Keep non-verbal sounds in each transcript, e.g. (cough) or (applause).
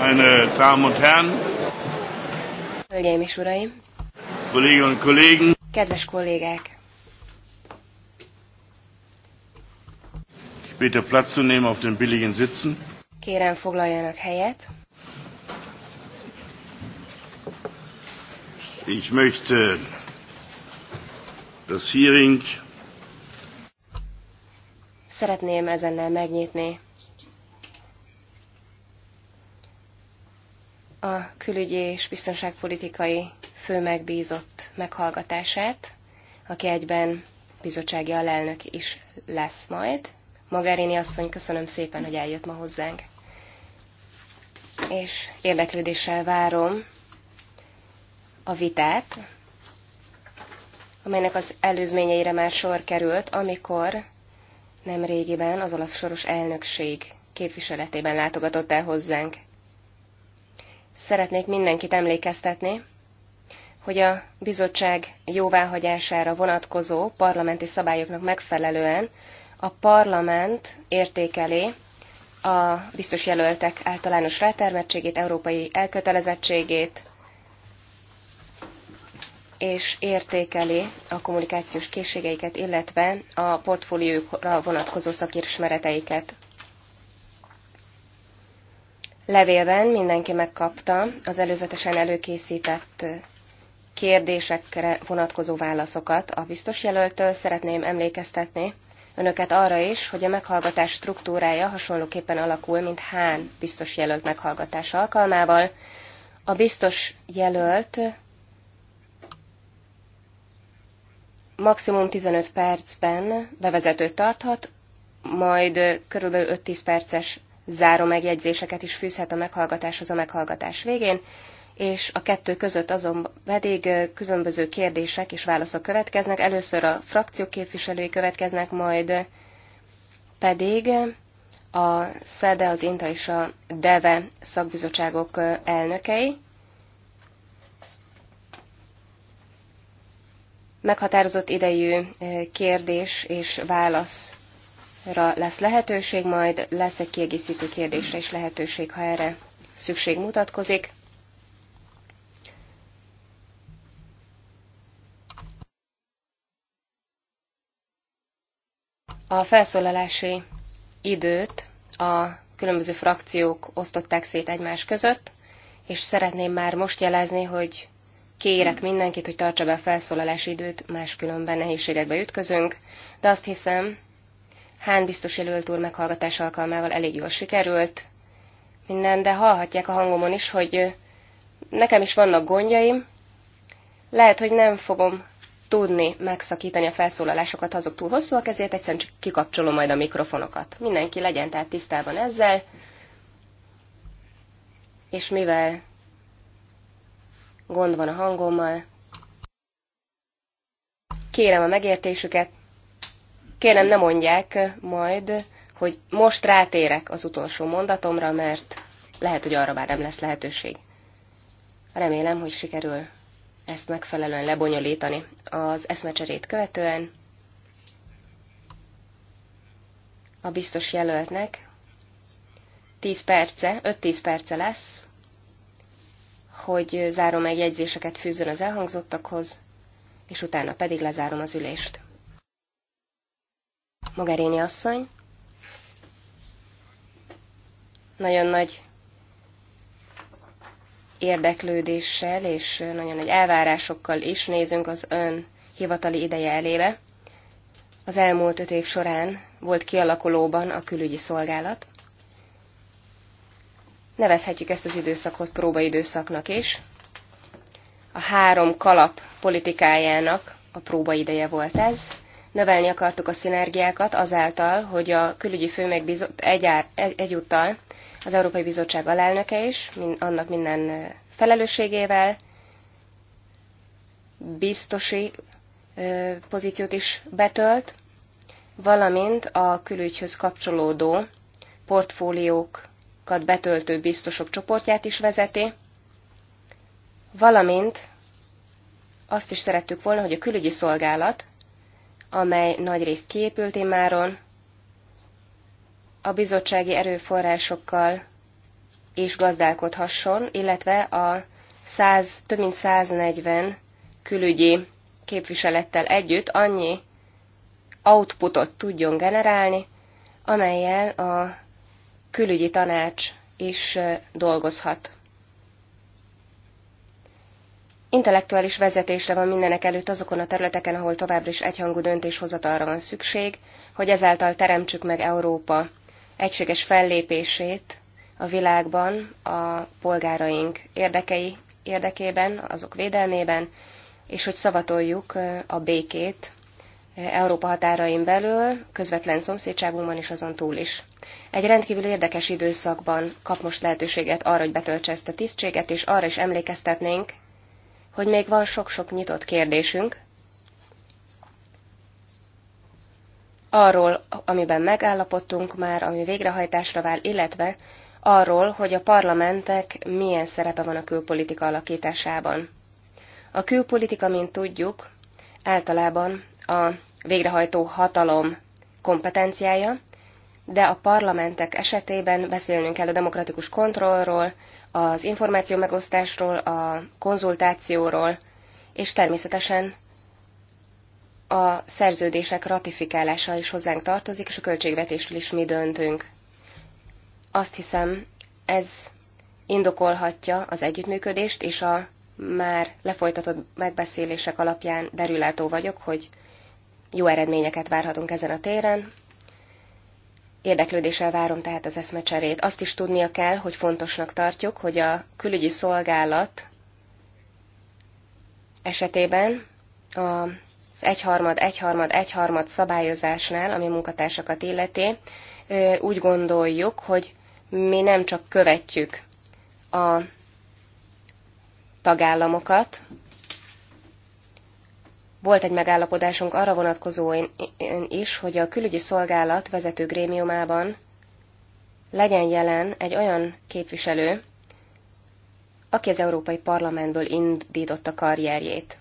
Meine Damen und Herren, Hölgyeim és Uraim, Kolleginnen und Kollegen, kedves kollégák, ich bitte Platz zu nehmen auf den billigen Sitzen. Kérem foglaljanak helyet. Ich möchte das Hearing Szeretném ezennel megnyitni a külügyi és biztonságpolitikai fő megbízott meghallgatását, aki egyben bizottsági alelnök is lesz majd. Magárini asszony, köszönöm szépen, hogy eljött ma hozzánk. És érdeklődéssel várom a vitát, amelynek az előzményeire már sor került, amikor nem régiben az olasz soros elnökség képviseletében látogatott el hozzánk. Szeretnék mindenkit emlékeztetni, hogy a bizottság jóváhagyására vonatkozó parlamenti szabályoknak megfelelően a parlament értékeli a biztos jelöltek általános rátermettségét, európai elkötelezettségét, és értékeli a kommunikációs készségeiket, illetve a portfóliókra vonatkozó szakismereteiket levélben mindenki megkapta az előzetesen előkészített kérdésekre vonatkozó válaszokat a biztos jelöltől. Szeretném emlékeztetni önöket arra is, hogy a meghallgatás struktúrája hasonlóképpen alakul, mint Hán biztos jelölt meghallgatás alkalmával. A biztos jelölt maximum 15 percben bevezetőt tarthat, majd körülbelül 5-10 perces záró megjegyzéseket is fűzhet a meghallgatáshoz a meghallgatás végén, és a kettő között azon pedig különböző kérdések és válaszok következnek. Először a frakciók képviselői következnek, majd pedig a SZEDE, az INTA és a DEVE szakbizottságok elnökei. Meghatározott idejű kérdés és válasz lesz lehetőség, majd lesz egy kiegészítő kérdésre is lehetőség, ha erre szükség mutatkozik. A felszólalási időt a különböző frakciók osztották szét egymás között, és szeretném már most jelezni, hogy kérek mindenkit, hogy tartsa be a felszólalási időt, máskülönben nehézségekbe ütközünk, de azt hiszem, Hán biztos jelölt úr meghallgatás alkalmával elég jól sikerült minden, de hallhatják a hangomon is, hogy nekem is vannak gondjaim. Lehet, hogy nem fogom tudni megszakítani a felszólalásokat, azok túl hosszúak, ezért egyszerűen csak kikapcsolom majd a mikrofonokat. Mindenki legyen tehát tisztában ezzel. És mivel gond van a hangommal, kérem a megértésüket, Kérem, ne mondják majd, hogy most rátérek az utolsó mondatomra, mert lehet, hogy arra már nem lesz lehetőség. Remélem, hogy sikerül ezt megfelelően lebonyolítani. Az eszmecserét követően a biztos jelöltnek 10 perce, 5-10 perce lesz, hogy záró megjegyzéseket fűzön az elhangzottakhoz, és utána pedig lezárom az ülést. Mogherini asszony. Nagyon nagy érdeklődéssel és nagyon nagy elvárásokkal is nézünk az ön hivatali ideje elébe. Az elmúlt öt év során volt kialakulóban a külügyi szolgálat. Nevezhetjük ezt az időszakot próbaidőszaknak is. A három kalap politikájának a próbaideje volt ez. Növelni akartuk a szinergiákat azáltal, hogy a külügyi főmegbizott egy, egyúttal az Európai Bizottság alelnöke is, min, annak minden felelősségével, biztosi ö, pozíciót is betölt, valamint a külügyhöz kapcsolódó portfóliókat betöltő biztosok csoportját is vezeti, valamint azt is szerettük volna, hogy a külügyi szolgálat amely nagyrészt kiépült immáron, a bizottsági erőforrásokkal is gazdálkodhasson, illetve a 100, több mint 140 külügyi képviselettel együtt annyi outputot tudjon generálni, amelyel a külügyi tanács is dolgozhat. Intellektuális vezetésre van mindenek előtt azokon a területeken, ahol továbbra is egyhangú döntéshozatalra van szükség, hogy ezáltal teremtsük meg Európa egységes fellépését a világban a polgáraink érdekei érdekében, azok védelmében, és hogy szavatoljuk a békét Európa határain belül, közvetlen szomszédságunkban és azon túl is. Egy rendkívül érdekes időszakban kap most lehetőséget arra, hogy betöltse ezt a tisztséget, és arra is emlékeztetnénk hogy még van sok-sok nyitott kérdésünk arról, amiben megállapodtunk már, ami végrehajtásra vál, illetve arról, hogy a parlamentek milyen szerepe van a külpolitika alakításában. A külpolitika, mint tudjuk, általában a végrehajtó hatalom kompetenciája, de a parlamentek esetében beszélnünk kell a demokratikus kontrollról, az információ megosztásról, a konzultációról, és természetesen a szerződések ratifikálása is hozzánk tartozik, és a költségvetésről is mi döntünk. Azt hiszem, ez indokolhatja az együttműködést, és a már lefolytatott megbeszélések alapján derülátó vagyok, hogy jó eredményeket várhatunk ezen a téren, Érdeklődéssel várom tehát az eszmecserét. Azt is tudnia kell, hogy fontosnak tartjuk, hogy a külügyi szolgálat esetében az egyharmad, egyharmad, egyharmad szabályozásnál, ami munkatársakat illeti, úgy gondoljuk, hogy mi nem csak követjük a tagállamokat, volt egy megállapodásunk arra vonatkozóan is, hogy a külügyi szolgálat vezető grémiumában legyen jelen egy olyan képviselő, aki az Európai Parlamentből indította karrierjét.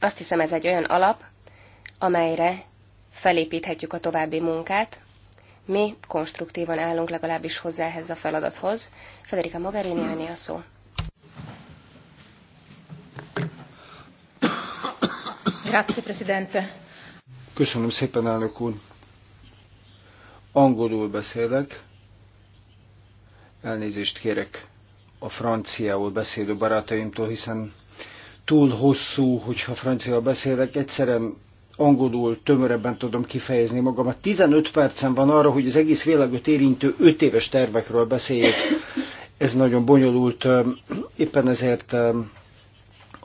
Azt hiszem ez egy olyan alap, amelyre felépíthetjük a további munkát. Mi konstruktívan állunk legalábbis hozzá ehhez a feladathoz. Federica Mogherini, a szó. Grazie, Presidente. Köszönöm szépen, elnök úr. Angolul beszélek. Elnézést kérek a franciául beszélő barátaimtól, hiszen túl hosszú, hogyha franciául beszélek, egyszerűen angolul tömörebben tudom kifejezni magam. A 15 percen van arra, hogy az egész világot érintő 5 éves tervekről beszéljek. Ez nagyon bonyolult, éppen ezért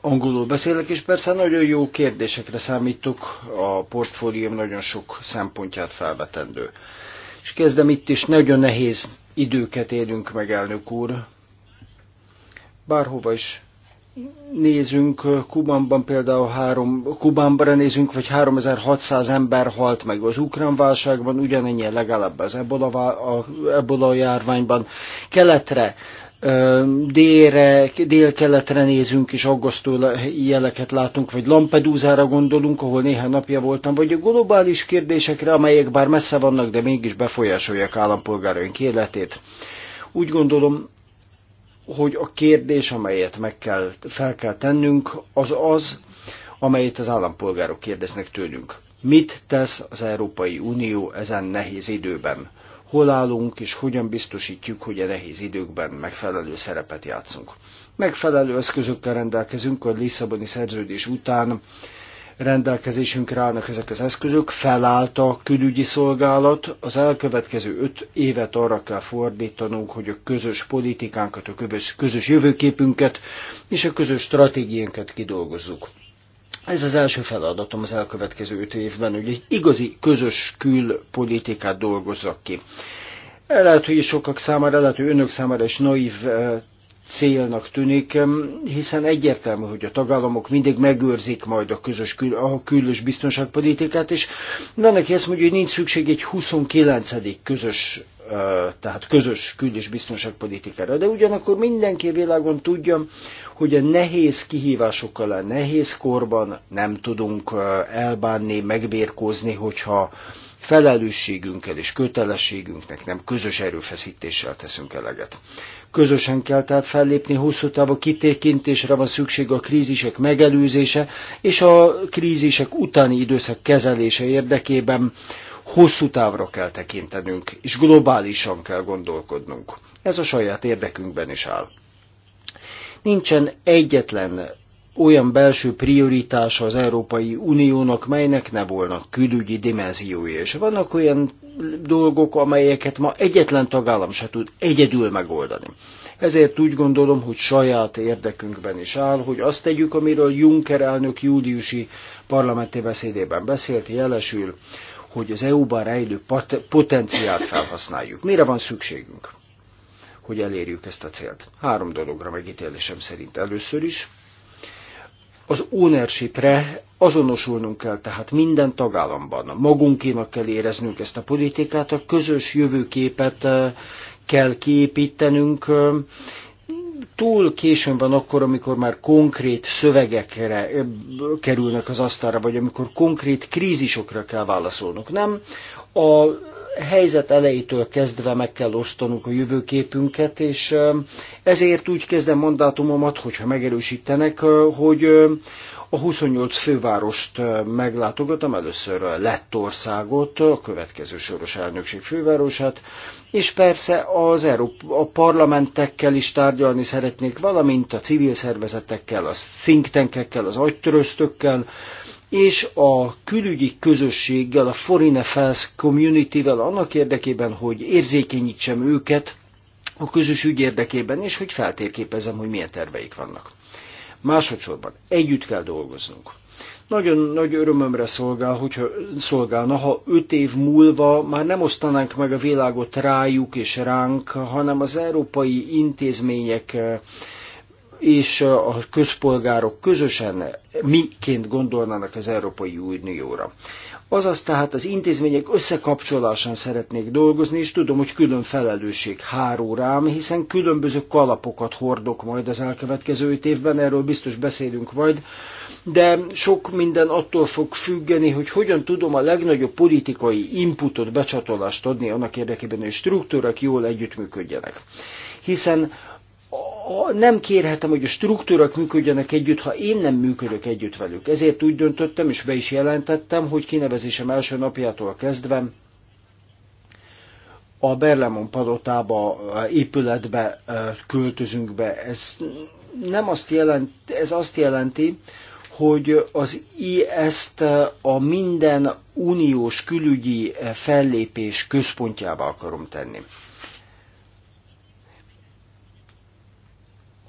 angolul beszélek, és persze nagyon jó kérdésekre számítok, a portfólióm nagyon sok szempontját felvetendő. És kezdem itt is, nagyon nehéz időket élünk meg, elnök úr. Bárhova is nézünk, Kubánban például három, Kubánban nézünk, vagy 3600 ember halt meg az ukrán válságban, ugyanennyi legalább az ebola, a, ebola járványban. Keletre délre, délkeletre nézünk, és aggasztó jeleket látunk, vagy Lampedúzára gondolunk, ahol néhány napja voltam, vagy a globális kérdésekre, amelyek bár messze vannak, de mégis befolyásolják állampolgáraink életét. Úgy gondolom, hogy a kérdés, amelyet meg kell, fel kell tennünk, az az, amelyet az állampolgárok kérdeznek tőlünk. Mit tesz az Európai Unió ezen nehéz időben? hol állunk és hogyan biztosítjuk, hogy a nehéz időkben megfelelő szerepet játszunk. Megfelelő eszközökkel rendelkezünk, a Lisszaboni szerződés után rendelkezésünkre állnak ezek az eszközök, felállt a külügyi szolgálat, az elkövetkező öt évet arra kell fordítanunk, hogy a közös politikánkat, a közös jövőképünket és a közös stratégiánkat kidolgozzuk. Ez az első feladatom az elkövetkező öt évben, hogy egy igazi közös külpolitikát dolgozzak ki. Lehet, hogy sokak számára, lehet, hogy önök számára is naív eh, célnak tűnik, hiszen egyértelmű, hogy a tagállamok mindig megőrzik majd a közös kül- a külös biztonságpolitikát, és van, neki azt mondja, hogy nincs szükség egy 29. közös tehát közös kül- és biztonságpolitikára. De ugyanakkor mindenki világon tudja, hogy a nehéz kihívásokkal, a nehéz korban nem tudunk elbánni, megbérkózni, hogyha felelősségünkkel és kötelességünknek nem közös erőfeszítéssel teszünk eleget. Közösen kell tehát fellépni, hosszú távú kitékintésre van szükség a krízisek megelőzése és a krízisek utáni időszak kezelése érdekében, hosszú távra kell tekintenünk, és globálisan kell gondolkodnunk. Ez a saját érdekünkben is áll. Nincsen egyetlen olyan belső prioritása az Európai Uniónak, melynek ne volna külügyi dimenziója, és vannak olyan dolgok, amelyeket ma egyetlen tagállam se tud egyedül megoldani. Ezért úgy gondolom, hogy saját érdekünkben is áll, hogy azt tegyük, amiről Juncker elnök júliusi parlamenti beszédében beszélt, jelesül, hogy az EU-ban rejlő potenciált felhasználjuk. Mire van szükségünk, hogy elérjük ezt a célt? Három dologra megítélésem szerint először is. Az ownershipre azonosulnunk kell, tehát minden tagállamban magunkénak kell éreznünk ezt a politikát, a közös jövőképet eh, kell kiépítenünk, eh, túl későn van akkor, amikor már konkrét szövegekre kerülnek az asztalra, vagy amikor konkrét krízisokra kell válaszolnunk. Nem, a helyzet elejétől kezdve meg kell osztanunk a jövőképünket, és ezért úgy kezdem mandátumomat, hogyha megerősítenek, hogy a 28 fővárost meglátogatom, először Lettországot, a következő soros elnökség fővárosát, és persze az Európa, a parlamentekkel is tárgyalni szeretnék, valamint a civil szervezetekkel, a think tankekkel, az agytöröztökkel, és a külügyi közösséggel, a Foreign Affairs Community-vel annak érdekében, hogy érzékenyítsem őket a közös ügy érdekében, és hogy feltérképezem, hogy milyen terveik vannak. Másodszorban együtt kell dolgoznunk. Nagyon nagy örömömre szolgál, hogyha szolgálna, ha öt év múlva már nem osztanánk meg a világot rájuk és ránk, hanem az európai intézmények eh, és a közpolgárok közösen miként gondolnának az Európai Unióra. Azaz tehát az intézmények összekapcsolásán szeretnék dolgozni, és tudom, hogy külön felelősség háró rám, hiszen különböző kalapokat hordok majd az elkövetkező öt évben, erről biztos beszélünk majd, de sok minden attól fog függeni, hogy hogyan tudom a legnagyobb politikai inputot, becsatolást adni annak érdekében, hogy struktúrák jól együttműködjenek. Hiszen nem kérhetem, hogy a struktúrak működjenek együtt, ha én nem működök együtt velük. Ezért úgy döntöttem, és be is jelentettem, hogy kinevezésem első napjától kezdve a Berlemon palotába eh, épületbe eh, költözünk be. Ez nem azt jelent, ez azt jelenti, hogy az is a minden uniós külügyi eh, fellépés központjába akarom tenni.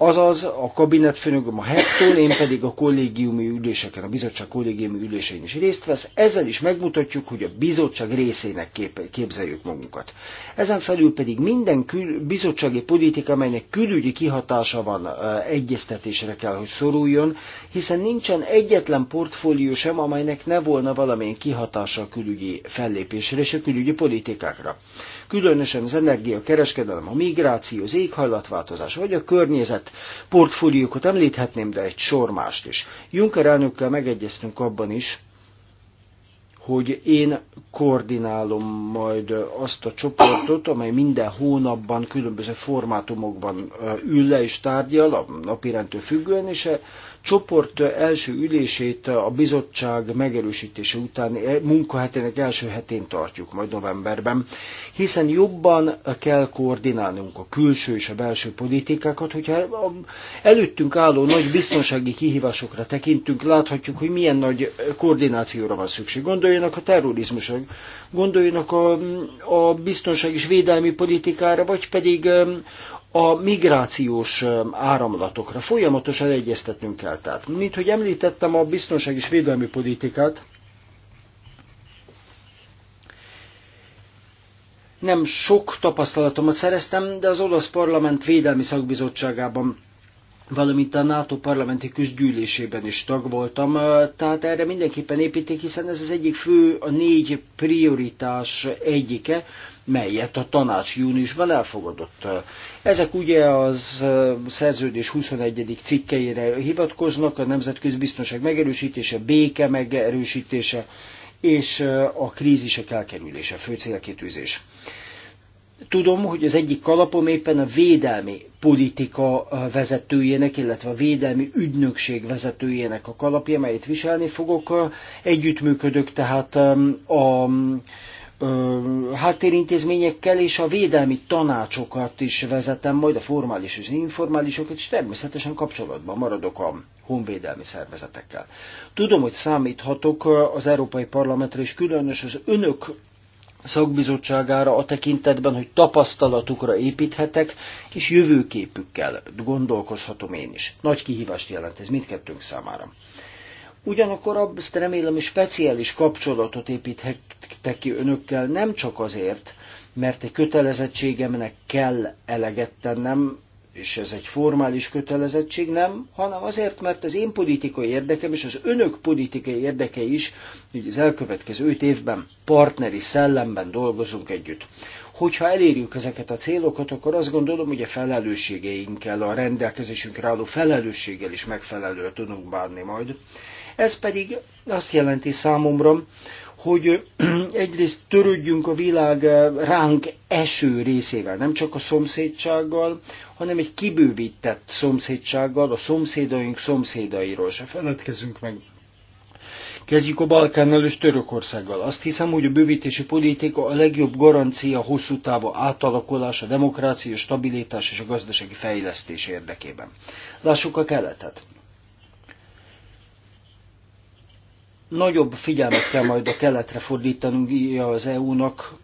Azaz a kabinetfőnököm a hektól, én pedig a kollégiumi üléseken, a bizottság kollégiumi ülésein is részt vesz. Ezzel is megmutatjuk, hogy a bizottság részének kép- képzeljük magunkat. Ezen felül pedig minden kül- bizottsági politika, amelynek külügyi kihatása van, egyeztetésre kell, hogy szoruljon, hiszen nincsen egyetlen portfólió sem, amelynek ne volna valamilyen kihatása a külügyi fellépésre és a külügyi politikákra különösen az energiakereskedelem, a migráció, az éghajlatváltozás vagy a környezet portfóliókat említhetném, de egy sor mást is. Juncker elnökkel megegyeztünk abban is, hogy én koordinálom majd azt a csoportot, amely minden hónapban különböző formátumokban ül le és tárgyal, a napirendtől függően, és csoport első ülését a bizottság megerősítése után e, munkahetének első hetén tartjuk, majd novemberben, hiszen jobban kell koordinálnunk a külső és a belső politikákat, hogyha előttünk álló nagy biztonsági kihívásokra tekintünk, láthatjuk, hogy milyen nagy koordinációra van szükség. Gondoljanak a terrorizmusra, gondoljanak a, a biztonság és védelmi politikára, vagy pedig a migrációs áramlatokra. Folyamatosan egyeztetnünk kell. Tehát, mint hogy említettem, a biztonság és védelmi politikát nem sok tapasztalatomat szereztem, de az olasz parlament védelmi szakbizottságában valamint a NATO parlamenti közgyűlésében is tag voltam, tehát erre mindenképpen építék, hiszen ez az egyik fő, a négy prioritás egyike, melyet a tanács júniusban elfogadott. Ezek ugye az szerződés 21. cikkeire hivatkoznak, a nemzetközi biztonság megerősítése, béke megerősítése és a krízisek elkerülése, fő célkitűzés. Tudom, hogy az egyik kalapom éppen a védelmi politika eh, vezetőjének, illetve a védelmi ügynökség vezetőjének a kalapja, melyet viselni fogok. Eh, együttműködök tehát a eh, háttérintézményekkel és a védelmi tanácsokat is vezetem, majd a formális és informálisokat, és természetesen kapcsolatban maradok a honvédelmi szervezetekkel. Tudom, hogy számíthatok az Európai Parlamentre, és különös az önök szakbizottságára a tekintetben, hogy tapasztalatukra építhetek, és jövőképükkel gondolkozhatom én is. Nagy kihívást jelent ez mindkettőnk számára. Ugyanakkor azt remélem, hogy speciális kapcsolatot építhetek ki önökkel, nem csak azért, mert egy kötelezettségemnek kell eleget tennem, és ez egy formális kötelezettség, nem, hanem azért, mert az én politikai érdekem és az önök politikai érdeke is, hogy az elkövetkező öt évben partneri szellemben dolgozunk együtt. Hogyha elérjük ezeket a célokat, akkor azt gondolom, hogy a felelősségeinkkel, a rendelkezésünkre álló felelősséggel is megfelelően tudunk bánni majd. Ez pedig azt jelenti számomra, hogy (clears throat) egyrészt törődjünk a világ ránk eső részével, nem csak a szomszédsággal, hanem egy kibővített szomszédsággal, a szomszédaink szomszédairól se feledkezünk meg. Kezdjük a Balkánnal és Törökországgal. Azt hiszem, hogy a bővítési politika a legjobb garancia hosszú távú átalakulás, a demokrácia, a stabilitás és a gazdasági fejlesztés érdekében. Lássuk a keletet. Nagyobb figyelmet kell majd a keletre fordítanunk az EU-nak,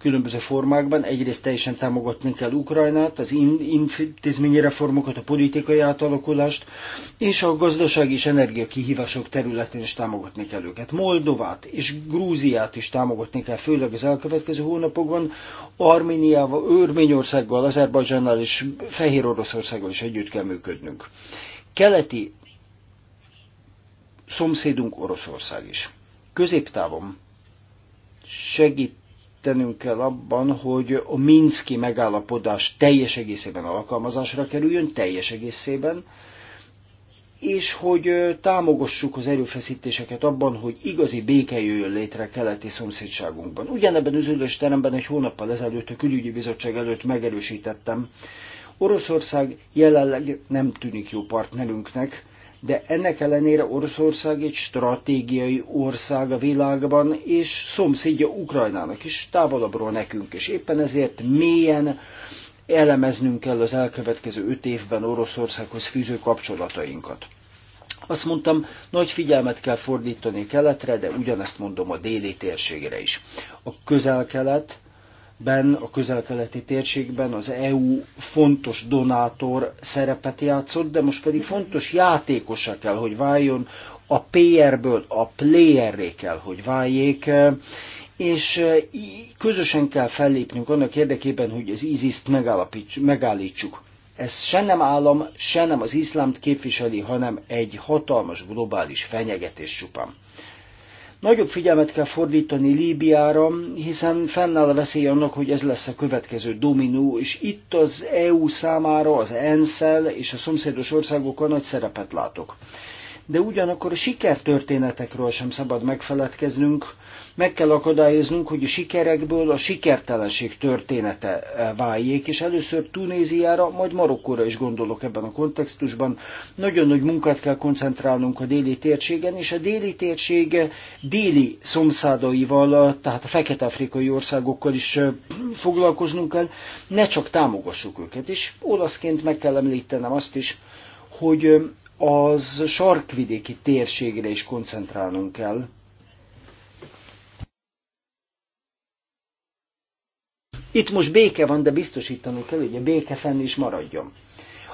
különböző formákban. Egyrészt teljesen támogatni kell Ukrajnát, az intézményi reformokat, a politikai átalakulást, és a gazdasági és energia kihívások területén is támogatni kell őket. Moldovát és Grúziát is támogatni kell, főleg az elkövetkező hónapokban, Arméniával, Örményországgal, Azerbajdzsánnal és Fehér Oroszországgal is együtt kell működnünk. Keleti szomszédunk Oroszország is. Középtávon segít segítenünk kell abban, hogy a Minszki megállapodás teljes egészében alkalmazásra kerüljön, teljes egészében, és hogy támogassuk az erőfeszítéseket abban, hogy igazi béke jöjjön létre keleti szomszédságunkban. Ugyanebben az teremben egy hónappal ezelőtt a külügyi bizottság előtt megerősítettem, Oroszország jelenleg nem tűnik jó partnerünknek, de ennek ellenére Oroszország egy stratégiai ország a világban, és szomszédja Ukrajnának is, távolabbról nekünk, és éppen ezért mélyen elemeznünk kell az elkövetkező öt évben Oroszországhoz fűző kapcsolatainkat. Azt mondtam, nagy figyelmet kell fordítani keletre, de ugyanezt mondom a déli térségre is. A közel-kelet ben, a közelkeleti térségben az EU fontos donátor szerepet játszott, de most pedig fontos játékosa kell, hogy váljon, a PR-ből a playerré kell, hogy váljék, és eh, közösen kell fellépnünk annak érdekében, hogy az ISIS-t megállítsuk. Ez se nem állam, se nem az iszlámt képviseli, hanem egy hatalmas globális fenyegetés csupán. Nagyobb figyelmet kell fordítani Líbiára, hiszen fennáll a veszély annak, hogy ez lesz a következő dominó, és itt az EU számára, az ensz és a szomszédos országokkal nagy szerepet látok de ugyanakkor a sikertörténetekről sem szabad megfeledkeznünk, meg kell akadályoznunk, hogy a sikerekből a sikertelenség története eh, váljék, és először Tunéziára, majd Marokkóra is gondolok ebben a kontextusban. Nagyon nagy munkát kell koncentrálnunk a déli térségen, és a déli térség eh, déli szomszádaival, eh, tehát a fekete-afrikai országokkal is (clears throat) foglalkoznunk kell, ne csak támogassuk őket, és olaszként meg kell említenem azt is, hogy az sarkvidéki térségre is koncentrálnunk kell. Itt most béke van, de biztosítanunk kell, hogy a béke fenn is maradjon.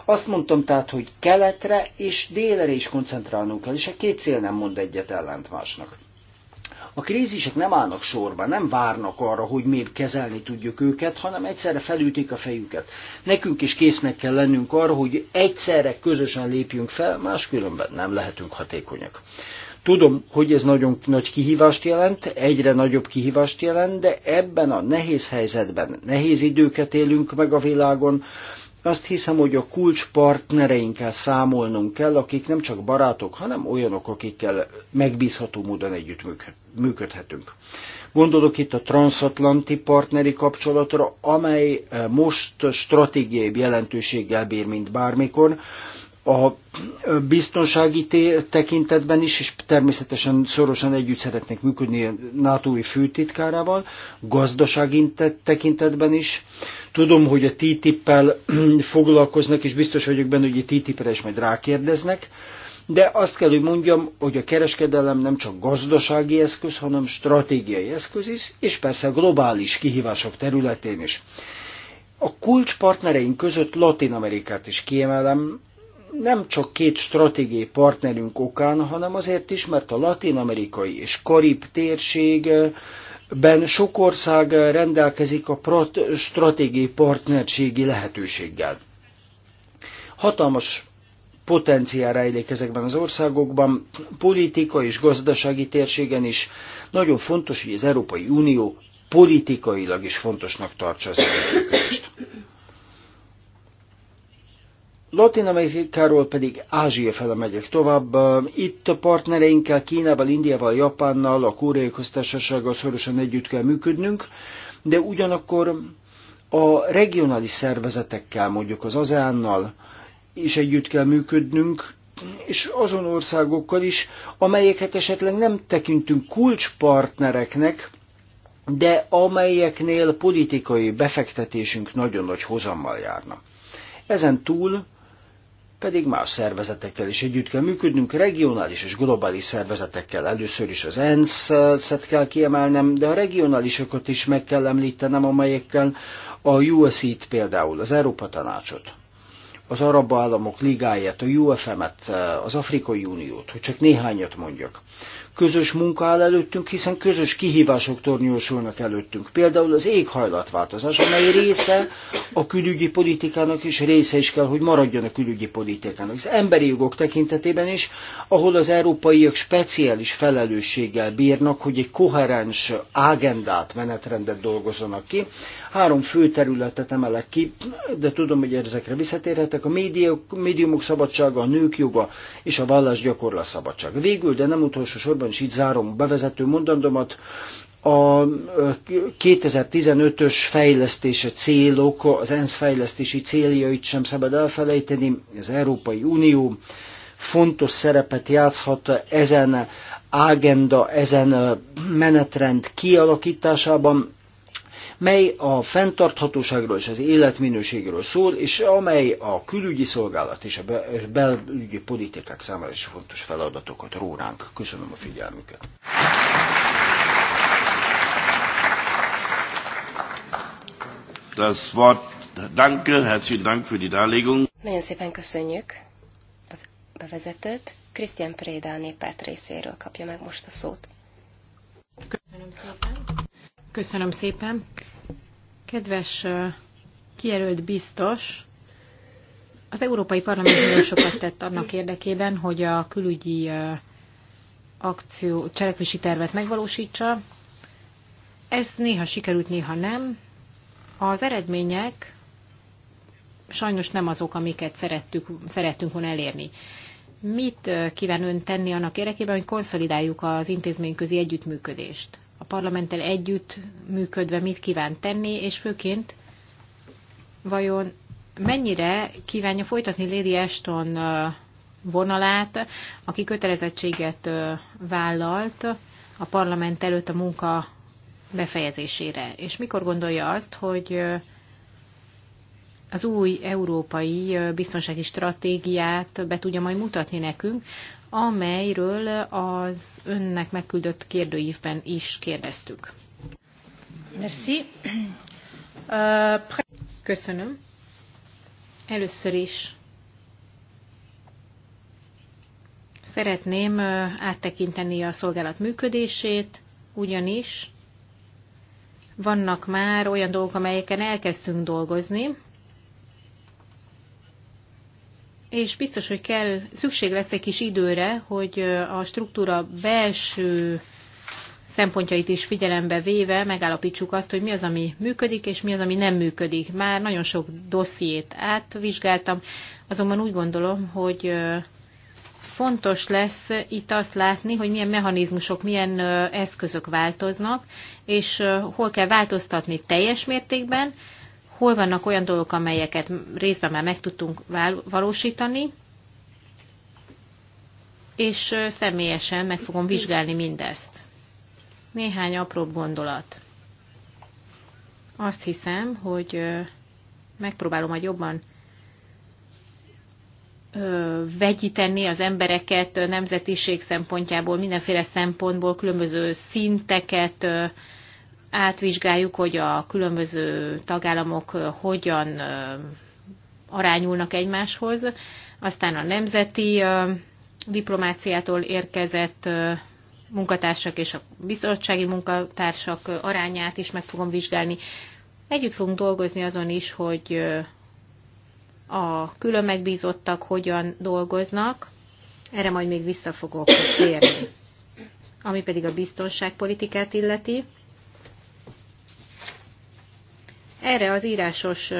Azt mondtam tehát, hogy keletre és délre is koncentrálnunk kell, és a két cél nem mond egyet ellentmásnak. másnak. A krízisek nem állnak sorba, nem várnak arra, hogy miért kezelni tudjuk őket, hanem egyszerre felütik a fejüket. Nekünk is késznek kell lennünk arra, hogy egyszerre közösen lépjünk fel, máskülönben nem lehetünk hatékonyak. Tudom, hogy ez nagyon nagy kihívást jelent, egyre nagyobb kihívást jelent, de ebben a nehéz helyzetben, nehéz időket élünk meg a világon, azt hiszem, hogy a kulcspartnereinkkel számolnunk kell, akik nem csak barátok, hanem olyanok, akikkel megbízható módon együtt működhetünk. Gondolok itt a transatlanti partneri kapcsolatra, amely eh, most stratégiai jelentőséggel bír, mint bármikor. A eh, biztonsági tekintetben is, és természetesen szorosan együtt szeretnék működni a NATO-i főtitkárával, gazdasági tekintetben is. Tudom, hogy a TTIP-pel (clears throat) foglalkoznak, és biztos vagyok benne, hogy a TTIP-re is majd rákérdeznek, de azt kell, hogy mondjam, hogy a kereskedelem nem csak gazdasági eszköz, hanem stratégiai eszköz is, és persze globális kihívások területén is. A kulcspartnereink között Latin Amerikát is kiemelem, nem csak két stratégiai partnerünk okán, hanem azért is, mert a latin-amerikai és karib térség ben sok ország eh, rendelkezik a stratégiai partnerségi lehetőséggel. Hatalmas potenciál rejlik ezekben az országokban, politika és gazdasági térségen is. Nagyon fontos, hogy az Európai Unió politikailag is fontosnak tartsa az együttműködést. Latin Amerikáról pedig Ázsia fele megyek tovább. Itt a partnereinkkel, Kínával, Indiával, Japánnal, a Koreai Köztársasággal szorosan együtt kell működnünk, de ugyanakkor a regionális szervezetekkel, mondjuk az ASEAN-nal is együtt kell működnünk, és azon országokkal is, amelyeket esetleg nem tekintünk kulcspartnereknek, de amelyeknél politikai befektetésünk nagyon nagy hozammal járna. Ezen túl pedig más szervezetekkel is együtt kell működnünk, regionális és globális szervezetekkel. Először is az ENSZ-et kell kiemelnem, de a regionálisokat is meg kell említenem, amelyekkel a USC-t például, az Európa Tanácsot, az Arab Államok Ligáját, a UFM-et, az Afrikai Uniót, hogy csak néhányat mondjak közös munka áll előttünk, hiszen közös kihívások tornyosulnak előttünk. Például az éghajlatváltozás, amely része a külügyi politikának, és része is kell, hogy maradjon a külügyi politikának. Az emberi jogok tekintetében is, ahol az európaiak speciális felelősséggel bírnak, hogy egy koherens ágendát, menetrendet dolgozzanak ki, Három fő területet emelek ki, de tudom, hogy ezekre visszatérhetek. A médiumok szabadsága, a nők joga és a vallás gyakorlás szabadság. Végül, de nem utolsó sorban is így zárom bevezető mondandomat, a 2015-ös fejlesztése célok, az ENSZ fejlesztési céljait sem szabad elfelejteni, az Európai Unió fontos szerepet játszhat ezen ágenda, ezen menetrend kialakításában, mely a fenntarthatóságról és az életminőségről szól, és amely a külügyi szolgálat és a belügyi politikák számára is fontos feladatokat róránk. Köszönöm a figyelmüket. Das Wort, danke, herzlichen Dank für die Darlegung. Nagyon szépen köszönjük az bevezetőt. Christian Préda a néppárt részéről kapja meg most a szót. Köszönöm szépen. Köszönöm szépen. Kedves kijelölt biztos, az Európai Parlament nagyon sokat tett annak érdekében, hogy a külügyi akció, cselekvési tervet megvalósítsa. Ez néha sikerült, néha nem. Az eredmények sajnos nem azok, amiket szerettük, szerettünk volna elérni. Mit kíván ön tenni annak érdekében, hogy konszolidáljuk az intézményközi együttműködést? a parlamenttel együtt működve mit kíván tenni, és főként vajon mennyire kívánja folytatni Lady Ashton vonalát, aki kötelezettséget vállalt a parlament előtt a munka befejezésére. És mikor gondolja azt, hogy az új európai biztonsági stratégiát be tudja majd mutatni nekünk, amelyről az önnek megküldött kérdőívben is kérdeztük. Merci. Köszönöm. Először is szeretném áttekinteni a szolgálat működését, ugyanis vannak már olyan dolgok, amelyeken elkezdtünk dolgozni, és biztos, hogy kell, szükség lesz egy kis időre, hogy a struktúra belső szempontjait is figyelembe véve megállapítsuk azt, hogy mi az, ami működik, és mi az, ami nem működik. Már nagyon sok dossziét átvizsgáltam, azonban úgy gondolom, hogy fontos lesz itt azt látni, hogy milyen mechanizmusok, milyen eszközök változnak, és hol kell változtatni teljes mértékben, hol vannak olyan dolgok, amelyeket részben már meg tudtunk valósítani, és személyesen meg fogom vizsgálni mindezt. Néhány apróbb gondolat. Azt hiszem, hogy megpróbálom majd jobban vegyíteni az embereket nemzetiség szempontjából, mindenféle szempontból, különböző szinteket, átvizsgáljuk, hogy a különböző tagállamok hogyan arányulnak egymáshoz. Aztán a nemzeti diplomáciától érkezett munkatársak és a bizottsági munkatársak arányát is meg fogom vizsgálni. Együtt fogunk dolgozni azon is, hogy a külön megbízottak hogyan dolgoznak. Erre majd még vissza fogok térni. Ami pedig a biztonságpolitikát illeti, erre az írásos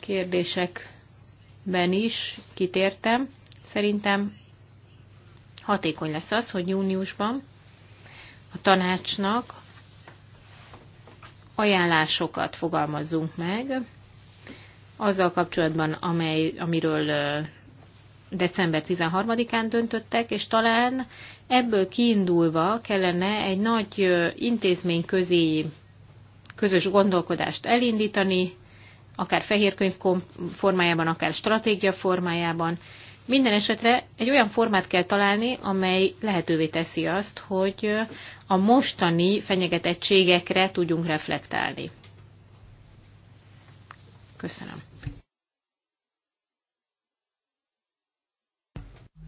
kérdésekben is kitértem. Szerintem hatékony lesz az, hogy júniusban a tanácsnak ajánlásokat fogalmazzunk meg, azzal kapcsolatban, amely, amiről december 13-án döntöttek, és talán ebből kiindulva kellene egy nagy intézményközi közös gondolkodást elindítani, akár fehérkönyv formájában, akár stratégia formájában. Minden esetre egy olyan formát kell találni, amely lehetővé teszi azt, hogy a mostani fenyegetettségekre tudjunk reflektálni. Köszönöm.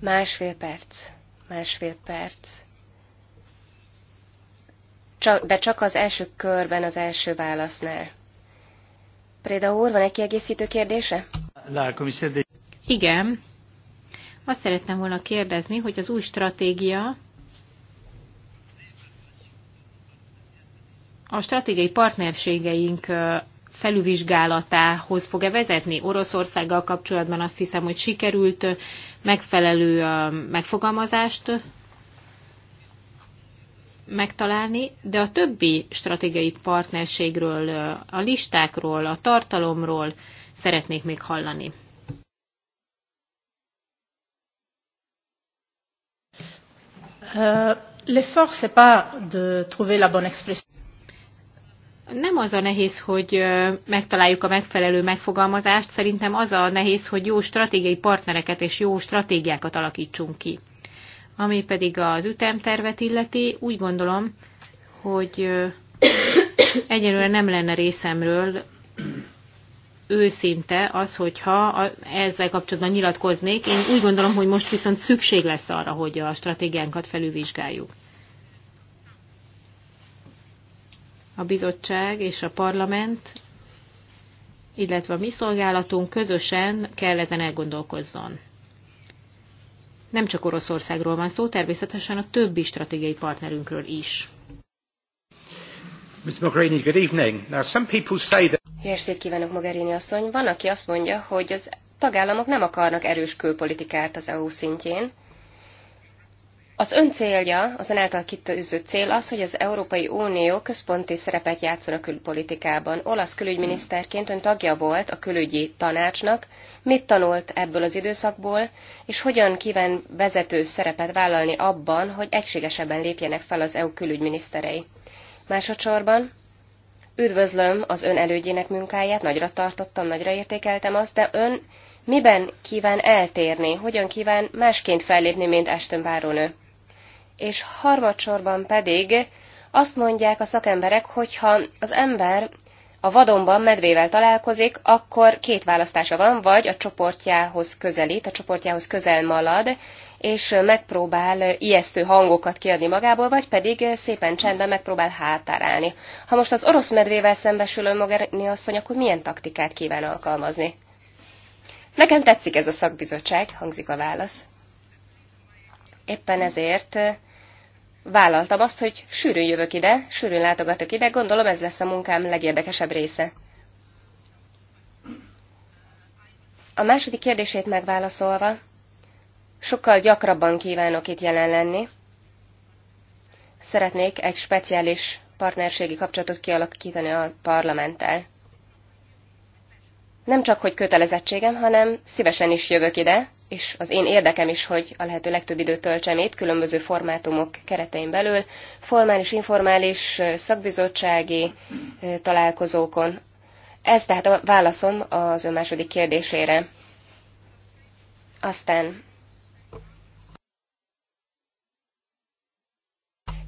Másfél perc. Másfél perc csak, de csak az első körben az első válasznál. Préda úr, van egy kiegészítő kérdése? Igen. Azt szerettem volna kérdezni, hogy az új stratégia a stratégiai partnerségeink felülvizsgálatához fog-e vezetni? Oroszországgal kapcsolatban azt hiszem, hogy sikerült megfelelő megfogalmazást megtalálni, de a többi stratégiai partnerségről, a listákról, a tartalomról szeretnék még hallani. Euh, de Nem az a nehéz, hogy megtaláljuk a megfelelő megfogalmazást, szerintem az a nehéz, hogy jó stratégiai partnereket és jó stratégiákat alakítsunk ki. Ami pedig az ütemtervet illeti, úgy gondolom, hogy egyelőre nem lenne részemről őszinte az, hogyha ezzel kapcsolatban nyilatkoznék. Én úgy gondolom, hogy most viszont szükség lesz arra, hogy a stratégiánkat felülvizsgáljuk. A bizottság és a parlament, illetve a mi szolgálatunk közösen kell ezen elgondolkozzon. Nem csak Oroszországról van szó, természetesen a többi stratégiai partnerünkről is. Ms. Mogherini, good evening. Now, some people say that... Jó estét kívánok, Mogherini asszony. Van, aki azt mondja, hogy az tagállamok nem akarnak erős külpolitikát az EU szintjén, az ön célja, az ön által kitűzött cél az, hogy az Európai Unió központi szerepet játszon a külpolitikában. Olasz külügyminiszterként ön tagja volt a külügyi tanácsnak. Mit tanult ebből az időszakból, és hogyan kíván vezető szerepet vállalni abban, hogy egységesebben lépjenek fel az EU külügyminiszterei? Másodszorban üdvözlöm az ön elődjének munkáját, nagyra tartottam, nagyra értékeltem azt, de ön miben kíván eltérni, hogyan kíván másként fellépni, mint Ashton Báronő? és harmadsorban pedig azt mondják a szakemberek, hogyha az ember a vadonban medvével találkozik, akkor két választása van, vagy a csoportjához közelít, a csoportjához közel malad, és megpróbál ijesztő hangokat kiadni magából, vagy pedig szépen csendben megpróbál hátárálni. Ha most az orosz medvével szembesülő Mogherini asszony, akkor milyen taktikát kíván alkalmazni? Nekem tetszik ez a szakbizottság, hangzik a válasz. Éppen ezért vállaltam azt, hogy sűrűn jövök ide, sűrűn látogatok ide, gondolom ez lesz a munkám legérdekesebb része. A második kérdését megválaszolva, sokkal gyakrabban kívánok itt jelen lenni. Szeretnék egy speciális partnerségi kapcsolatot kialakítani a parlamenttel nem csak, hogy kötelezettségem, hanem szívesen is jövök ide, és az én érdekem is, hogy a lehető legtöbb időt töltsem itt, különböző formátumok keretein belül, formális, informális, szakbizottsági találkozókon. Ez tehát a válaszom az ön második kérdésére. Aztán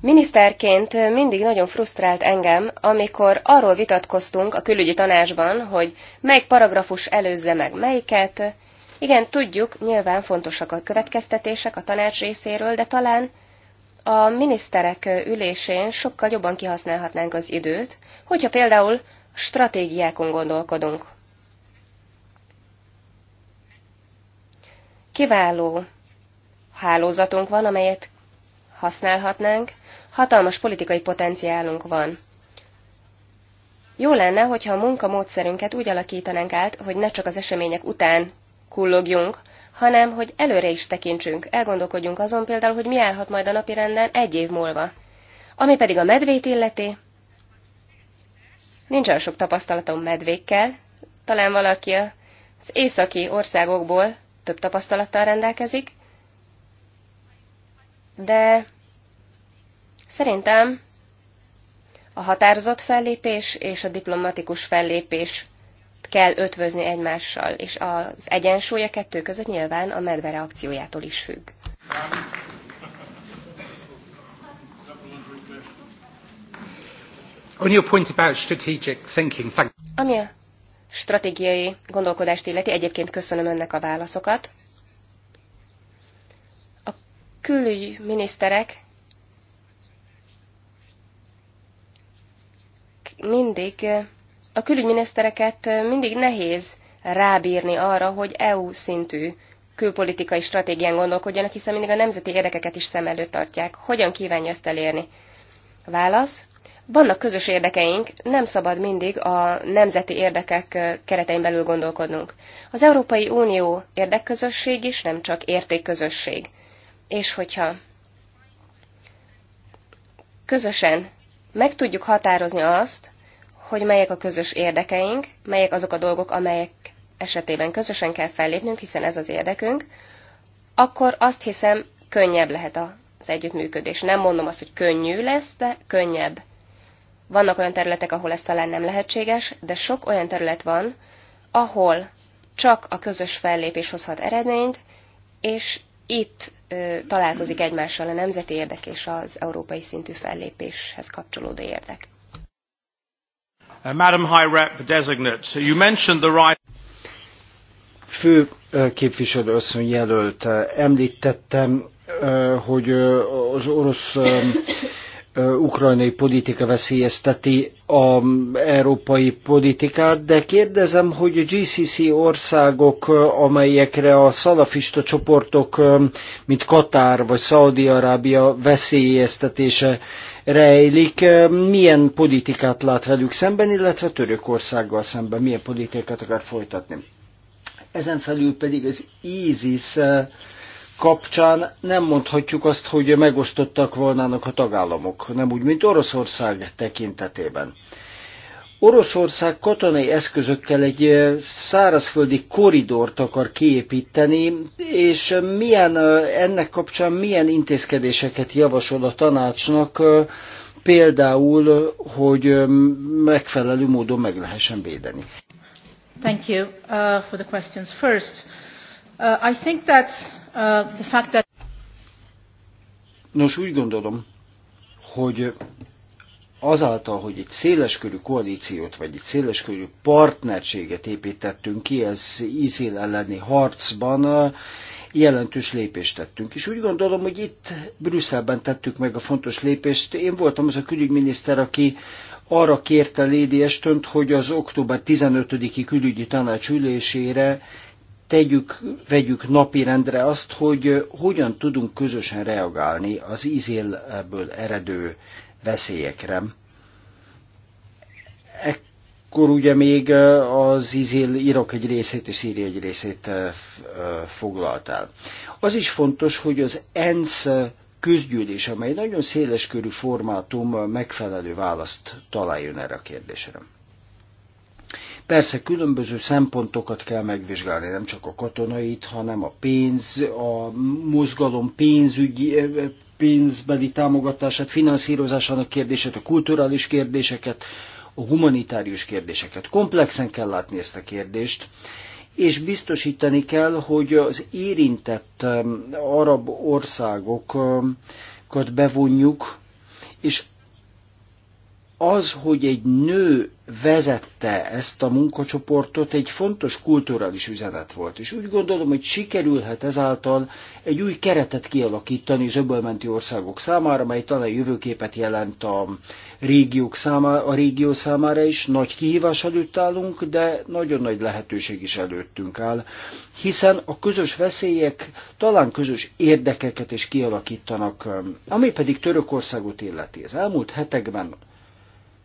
Miniszterként mindig nagyon frusztrált engem, amikor arról vitatkoztunk a külügyi tanácsban, hogy melyik paragrafus előzze meg melyiket. Igen, tudjuk, nyilván fontosak a következtetések a tanács részéről, de talán a miniszterek ülésén sokkal jobban kihasználhatnánk az időt, hogyha például stratégiákon gondolkodunk. Kiváló hálózatunk van, amelyet használhatnánk, hatalmas politikai potenciálunk van. Jó lenne, hogyha a munkamódszerünket úgy alakítanánk át, hogy ne csak az események után kullogjunk, hanem hogy előre is tekintsünk, elgondolkodjunk azon például, hogy mi állhat majd a napirenden egy év múlva. Ami pedig a medvét illeti, nincs olyan sok tapasztalatom medvékkel, talán valaki az északi országokból több tapasztalattal rendelkezik, de szerintem a határozott fellépés és a diplomatikus fellépés kell ötvözni egymással, és az egyensúly a kettő között nyilván a medve reakciójától is függ. On your point about strategic thinking, thank Ami a stratégiai gondolkodást illeti, egyébként köszönöm önnek a válaszokat miniszterek mindig, a külügyminisztereket mindig nehéz rábírni arra, hogy EU szintű külpolitikai stratégián gondolkodjanak, hiszen mindig a nemzeti érdekeket is szem előtt tartják. Hogyan kívánja ezt elérni? Válasz. Vannak közös érdekeink, nem szabad mindig a nemzeti érdekek keretein belül gondolkodnunk. Az Európai Unió érdekközösség is nem csak értékközösség és hogyha közösen meg tudjuk határozni azt, hogy melyek a közös érdekeink, melyek azok a dolgok, amelyek esetében közösen kell fellépnünk, hiszen ez az érdekünk, akkor azt hiszem könnyebb lehet az együttműködés. Nem mondom azt, hogy könnyű lesz, de könnyebb. Vannak olyan területek, ahol ez talán nem lehetséges, de sok olyan terület van, ahol csak a közös fellépés hozhat eredményt, és itt találkozik egymással a nemzeti érdek és az európai szintű fellépéshez kapcsolódó érdek. Uh, Madam High Rep Designate, you mentioned the right... Fő képviselő asszony jelölt, említettem, hogy az orosz ukrajnai politika veszélyezteti a európai politikát, de kérdezem, hogy a GCC országok, amelyekre a szalafista csoportok, mint Katár vagy Szaudi-Arábia veszélyeztetése rejlik, milyen politikát lát velük szemben, illetve Törökországgal szemben, milyen politikát akar folytatni. Ezen felül pedig az ISIS kapcsán nem mondhatjuk azt, hogy megosztottak volnának a tagállamok, nem úgy, mint Oroszország tekintetében. Oroszország katonai eszközökkel egy szárazföldi koridort akar kiépíteni, és milyen, ennek kapcsán milyen intézkedéseket javasol a tanácsnak, például, hogy megfelelő módon meg lehessen védeni. Thank you uh, for the questions. First, uh, I think that Uh, the fact that... Nos, úgy gondolom, hogy azáltal, hogy egy széleskörű koalíciót, vagy egy széleskörű partnerséget építettünk ki, ez ízél elleni harcban, uh, jelentős lépést tettünk. És úgy gondolom, hogy itt Brüsszelben tettük meg a fontos lépést. Én voltam az a külügyminiszter, aki arra kérte Lady Estönt, hogy az október 15-i külügyi tanács ülésére tegyük, vegyük napirendre azt, hogy hogyan tudunk közösen reagálni az ízélből eredő veszélyekre. Ekkor ugye még az ízél Irak egy részét és Szíria egy részét foglaltál. Az is fontos, hogy az ENSZ közgyűlés, amely nagyon széleskörű formátum megfelelő választ találjon erre a kérdésre. Persze különböző szempontokat kell megvizsgálni, nem csak a katonait, hanem a pénz, a mozgalom pénzügyi, eh, pénzbeli támogatását, finanszírozásának kérdését, a kulturális kérdéseket, a humanitárius kérdéseket. Komplexen kell látni ezt a kérdést, és biztosítani kell, hogy az érintett eh, arab országokat bevonjuk, és az, hogy egy nő vezette ezt a munkacsoportot, egy fontos kulturális üzenet volt. És úgy gondolom, hogy sikerülhet ezáltal egy új keretet kialakítani az öbölmenti országok számára, mely talán jövőképet jelent a, régiók számára, a régió számára is. Nagy kihívás előtt állunk, de nagyon nagy lehetőség is előttünk áll, hiszen a közös veszélyek talán közös érdekeket is kialakítanak, ami pedig Törökországot illeti. Az elmúlt hetekben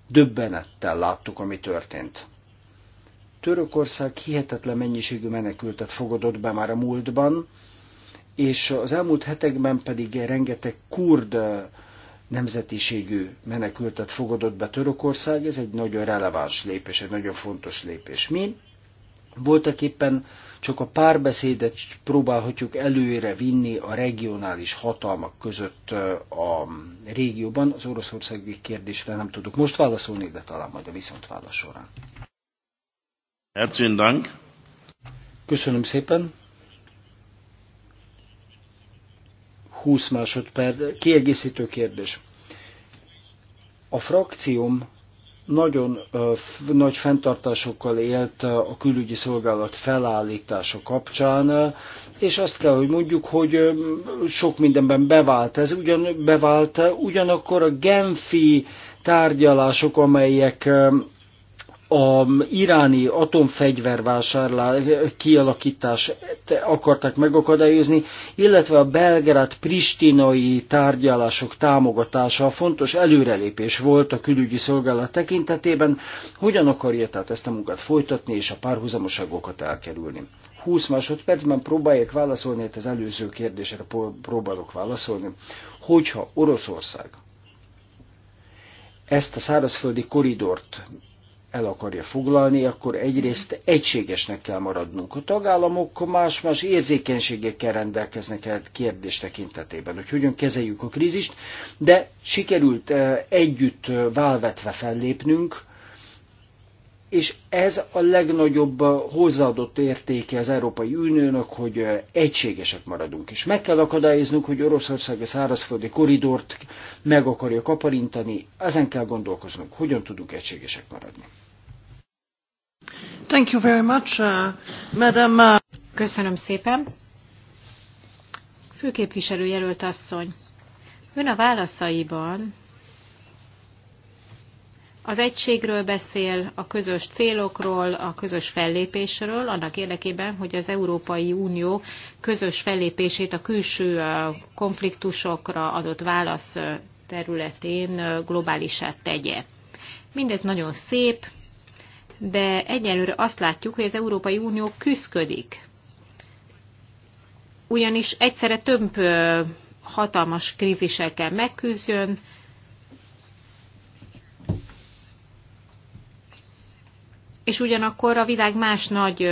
Döbbenettel láttuk, ami történt. Törökország hihetetlen mennyiségű menekültet fogadott be már a múltban, és az elmúlt hetekben pedig rengeteg kurd nemzetiségű menekültet fogadott be Törökország, ez egy nagyon releváns lépés, egy nagyon fontos lépés. Mi voltak éppen csak a párbeszédet próbálhatjuk előre vinni a regionális hatalmak között a régióban. Az oroszországi kérdésre nem tudok most válaszolni, de talán majd a viszontválasz során. Herzlichen Dank. Köszönöm szépen. 20 másodperc. Kiegészítő kérdés. A frakcióm nagyon nagy fenntartásokkal élt a külügyi szolgálat felállítása kapcsán, és azt kell, hogy mondjuk, hogy sok mindenben bevált ez, ugyan, bevált, ugyanakkor a Genfi tárgyalások, amelyek a iráni atomfegyvervásárlás kialakítását akarták megakadályozni, illetve a belgrád-pristinai tárgyalások támogatása fontos előrelépés volt a külügyi szolgálat tekintetében, hogyan akarja tehát ezt a munkát folytatni és a párhuzamoságokat elkerülni. 20 másodpercben próbáljak válaszolni, itt hát az előző kérdésre próbálok válaszolni, hogyha Oroszország ezt a szárazföldi koridort el akarja foglalni, akkor egyrészt egységesnek kell maradnunk. A tagállamok más-más érzékenységekkel rendelkeznek el kérdés tekintetében, hogy hogyan kezeljük a krízist, de sikerült e, együtt e, válvetve fellépnünk, és ez a legnagyobb e, hozzáadott értéke az Európai Uniónak, hogy egységesek maradunk. És meg kell akadályoznunk, hogy Oroszország a szárazföldi koridort meg akarja kaparintani, ezen kell gondolkoznunk, hogyan tudunk egységesek maradni. Uh, uh, Köszönöm szépen. Főképviselő jelölt asszony, ön a válaszaiban az egységről beszél, a közös célokról, a közös fellépésről, annak érdekében, hogy az Európai Unió közös fellépését a külső uh, konfliktusokra adott válasz területén globálisát tegye. Mindez nagyon szép, de egyelőre azt látjuk, hogy az Európai Unió küzdködik. Ugyanis egyszerre több hatalmas krízissel kell megküzdjön, és ugyanakkor a világ más nagy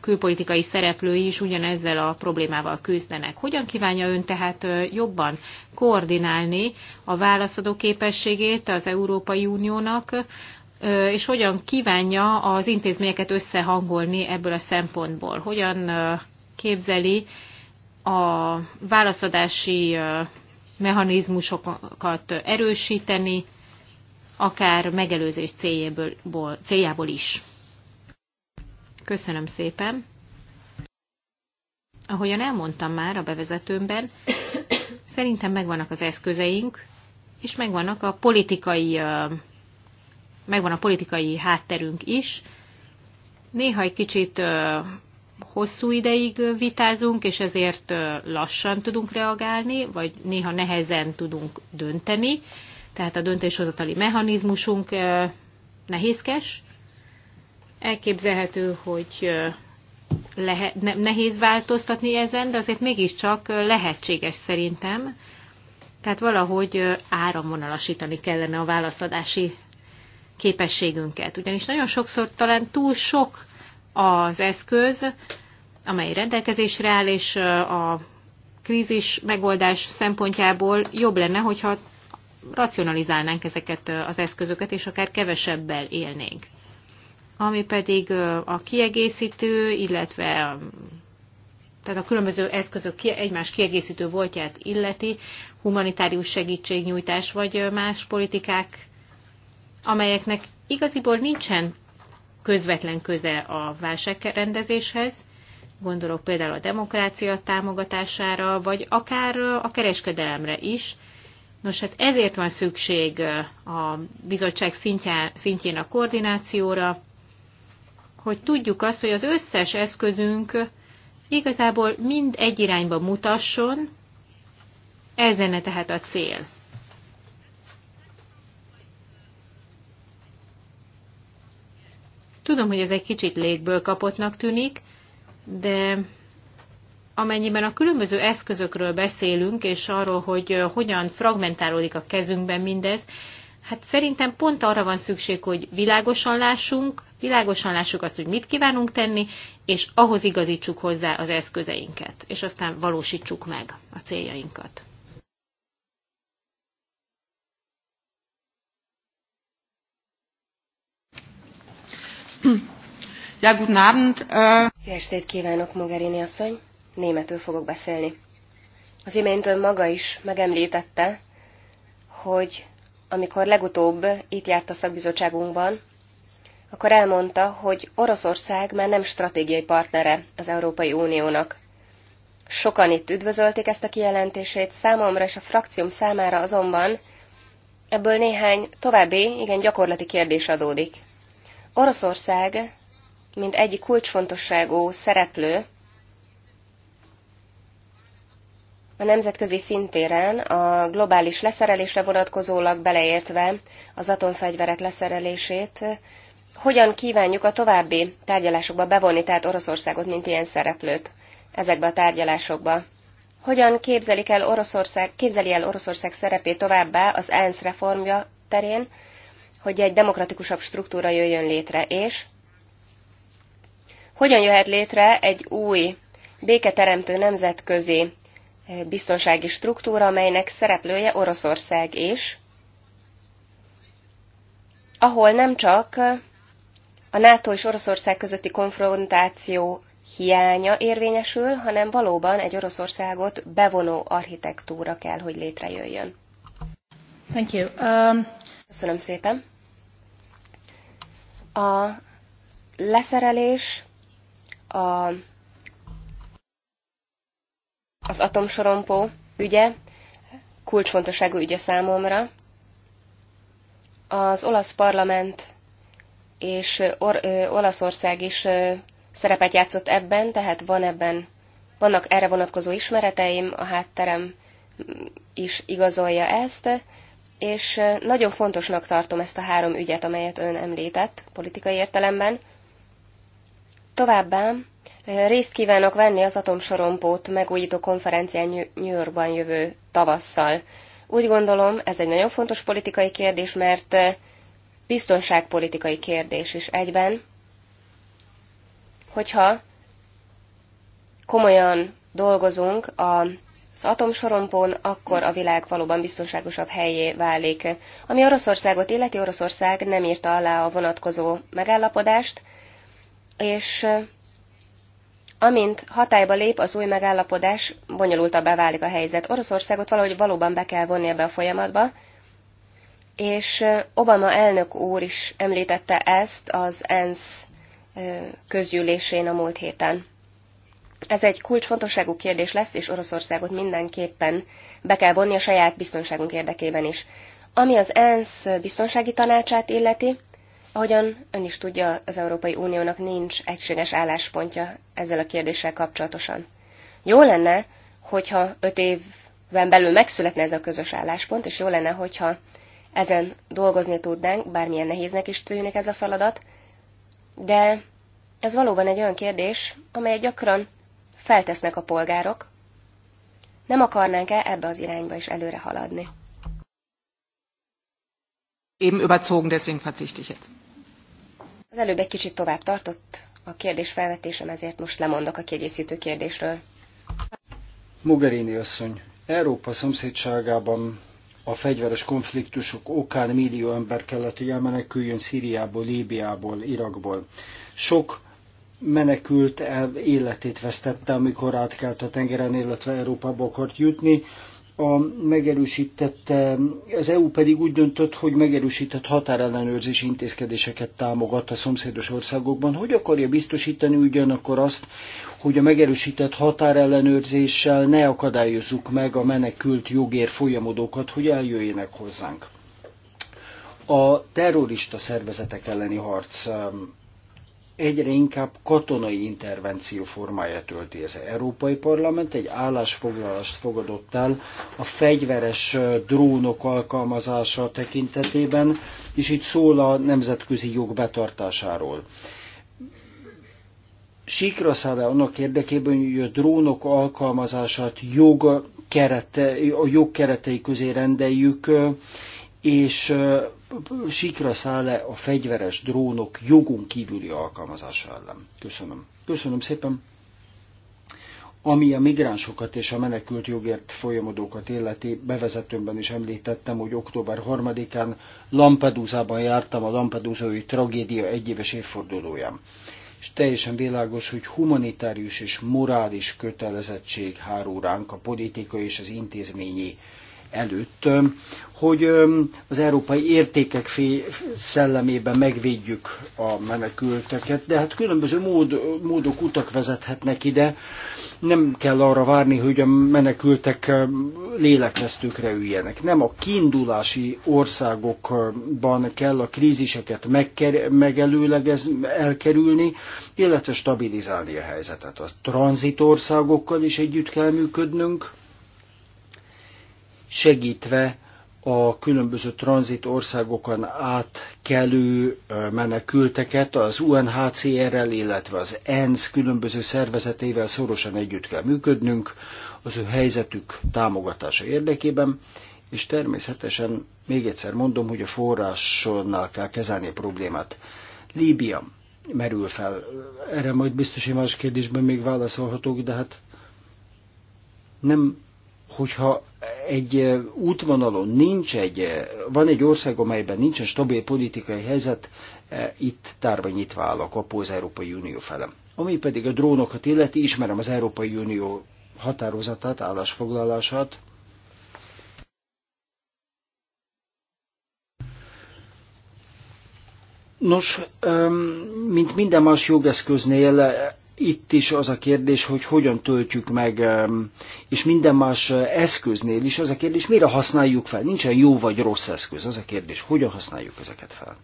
külpolitikai szereplői is ugyanezzel a problémával küzdenek. Hogyan kívánja ön tehát jobban koordinálni a válaszadó képességét az Európai Uniónak és hogyan kívánja az intézményeket összehangolni ebből a szempontból. Hogyan képzeli a válaszadási mechanizmusokat erősíteni, akár megelőzés céljából, céljából is. Köszönöm szépen! Ahogyan elmondtam már a bevezetőmben, szerintem megvannak az eszközeink, és megvannak a politikai megvan a politikai hátterünk is. Néha egy kicsit hosszú ideig vitázunk, és ezért lassan tudunk reagálni, vagy néha nehezen tudunk dönteni. Tehát a döntéshozatali mechanizmusunk nehézkes. Elképzelhető, hogy lehet, nehéz változtatni ezen, de azért mégiscsak lehetséges szerintem. Tehát valahogy áramvonalasítani kellene a válaszadási képességünket. Ugyanis nagyon sokszor talán túl sok az eszköz, amely rendelkezésre áll, és a krízis megoldás szempontjából jobb lenne, hogyha racionalizálnánk ezeket az eszközöket, és akár kevesebbel élnénk. Ami pedig a kiegészítő, illetve tehát a különböző eszközök egymás kiegészítő voltját illeti, humanitárius segítségnyújtás vagy más politikák amelyeknek igaziból nincsen közvetlen köze a válságrendezéshez, gondolok például a demokrácia támogatására, vagy akár a kereskedelemre is. Nos, hát ezért van szükség a bizottság szintján, szintjén a koordinációra, hogy tudjuk azt, hogy az összes eszközünk igazából mind egy irányba mutasson, ez lenne tehát a cél. Tudom, hogy ez egy kicsit légből kapottnak tűnik, de amennyiben a különböző eszközökről beszélünk, és arról, hogy hogyan fragmentálódik a kezünkben mindez, hát szerintem pont arra van szükség, hogy világosan lássunk, világosan lássuk azt, hogy mit kívánunk tenni, és ahhoz igazítsuk hozzá az eszközeinket, és aztán valósítsuk meg a céljainkat. Ja, guten Abend. Äh, Jó estét kívánok, Mogherini asszony. Németül fogok beszélni. Az imént ön maga is megemlítette, hogy amikor legutóbb itt járt a szakbizottságunkban, akkor elmondta, hogy Oroszország már nem stratégiai partnere az Európai Uniónak. Sokan itt üdvözölték ezt a kijelentését, számomra és a frakcióm számára azonban ebből néhány további, igen gyakorlati kérdés adódik. Oroszország, mint egyik kulcsfontosságú szereplő a nemzetközi szintéren a globális leszerelésre vonatkozólag beleértve az atomfegyverek leszerelését, hogyan kívánjuk a további tárgyalásokba bevonni tehát Oroszországot, mint ilyen szereplőt ezekbe a tárgyalásokba? Hogyan képzelik el Oroszország, képzeli el Oroszország szerepét továbbá az ENSZ reformja terén, hogy egy demokratikusabb struktúra jöjjön létre, és hogyan jöhet létre egy új, béketeremtő nemzetközi eh, biztonsági struktúra, amelynek szereplője Oroszország is, ahol nem csak a NATO és Oroszország közötti konfrontáció hiánya érvényesül, hanem valóban egy Oroszországot bevonó architektúra kell, hogy létrejöjjön. Thank you. Um... Köszönöm szépen. A leszerelés, a, az atomsorompó ügye kulcsfontosságú ügye számomra. Az olasz parlament és Or- ö, Olaszország is ö, szerepet játszott ebben, tehát van ebben, vannak erre vonatkozó ismereteim, a hátterem is igazolja ezt és nagyon fontosnak tartom ezt a három ügyet, amelyet ön említett politikai értelemben. Továbbá részt kívánok venni az atomsorompót megújító konferencián New Yorkban jövő tavasszal. Úgy gondolom, ez egy nagyon fontos politikai kérdés, mert biztonságpolitikai kérdés is egyben, hogyha komolyan dolgozunk a az atomsorompón, akkor a világ valóban biztonságosabb helyé válik. Ami Oroszországot illeti, Oroszország nem írta alá a vonatkozó megállapodást, és amint hatályba lép az új megállapodás, bonyolultabbá válik a helyzet. Oroszországot valahogy valóban be kell vonni ebbe a folyamatba, és Obama elnök úr is említette ezt az ENSZ közgyűlésén a múlt héten. Ez egy kulcsfontosságú kérdés lesz, és Oroszországot mindenképpen be kell vonni a saját biztonságunk érdekében is. Ami az ENSZ biztonsági tanácsát illeti, ahogyan ön is tudja, az Európai Uniónak nincs egységes álláspontja ezzel a kérdéssel kapcsolatosan. Jó lenne, hogyha öt évben belül megszületne ez a közös álláspont, és jó lenne, hogyha ezen dolgozni tudnánk, bármilyen nehéznek is tűnik ez a feladat, de ez valóban egy olyan kérdés, amely gyakran feltesznek a polgárok, nem akarnánk-e ebbe az irányba is előre haladni? Eben überzogen, deswegen verzichte ich jetzt. Az előbb egy kicsit tovább tartott a kérdés felvetésem, ezért most lemondok a kiegészítő kérdésről. Mogherini asszony, Európa szomszédságában a fegyveres konfliktusok okán millió ember kellett, hogy elmeneküljön Szíriából, Líbiából, Irakból. Sok menekült el, életét vesztette, amikor átkelt a tengeren, illetve Európába akart jutni. A megerősítette, az EU pedig úgy döntött, hogy megerősített határellenőrzési intézkedéseket támogat a szomszédos országokban. Hogy akarja biztosítani ugyanakkor azt, hogy a megerősített határellenőrzéssel ne akadályozzuk meg a menekült jogér folyamodókat, hogy eljöjjenek hozzánk? A terrorista szervezetek elleni harc um, egyre inkább katonai intervenció formáját tölti Ez Európai Parlament egy állásfoglalást fogadott el a fegyveres drónok alkalmazása tekintetében, és itt szól a nemzetközi jog betartásáról. Sikra száll annak érdekében, hogy a drónok alkalmazását jog kerete, a jog keretei közé rendeljük, és sikra száll-e a fegyveres drónok jogon kívüli alkalmazása ellen. Köszönöm. Köszönöm szépen. Ami a migránsokat és a menekült jogért folyamodókat illeti, bevezetőmben is említettem, hogy október 3-án Lampedusában jártam a Lampedusai tragédia egyéves évfordulóján. És teljesen világos, hogy humanitárius és morális kötelezettség hárul ránk a politikai és az intézményi előtt, hogy az európai értékek szellemében megvédjük a menekülteket, de hát különböző mód, módok, utak vezethetnek ide. Nem kell arra várni, hogy a menekültek lélekvesztőkre üljenek. Nem a kiindulási országokban kell a kríziseket megker- megelőlegez, elkerülni, illetve stabilizálni a helyzetet. A tranzitországokkal is együtt kell működnünk, segítve a különböző tranzit országokon átkelő menekülteket az UNHCR-rel, illetve az ENSZ különböző szervezetével szorosan együtt kell működnünk az ő helyzetük támogatása érdekében, és természetesen még egyszer mondom, hogy a forrásonnal kell kezelni a problémát. Líbia merül fel. Erre majd biztos, hogy más kérdésben még válaszolhatok, de hát nem, hogyha egy útvonalon nincs egy, van egy ország, amelyben nincsen stabil politikai helyzet, itt tárva nyitva áll a kapu az Európai Unió felem. Ami pedig a drónokat illeti, ismerem az Európai Unió határozatát, állásfoglalását, Nos, mint minden más jogeszköznél, itt is az a kérdés, hogy hogyan töltjük meg, és minden más eh, eszköznél is az a kérdés, mire használjuk fel. Nincsen jó vagy rossz eszköz, az a kérdés, hogyan használjuk ezeket fel.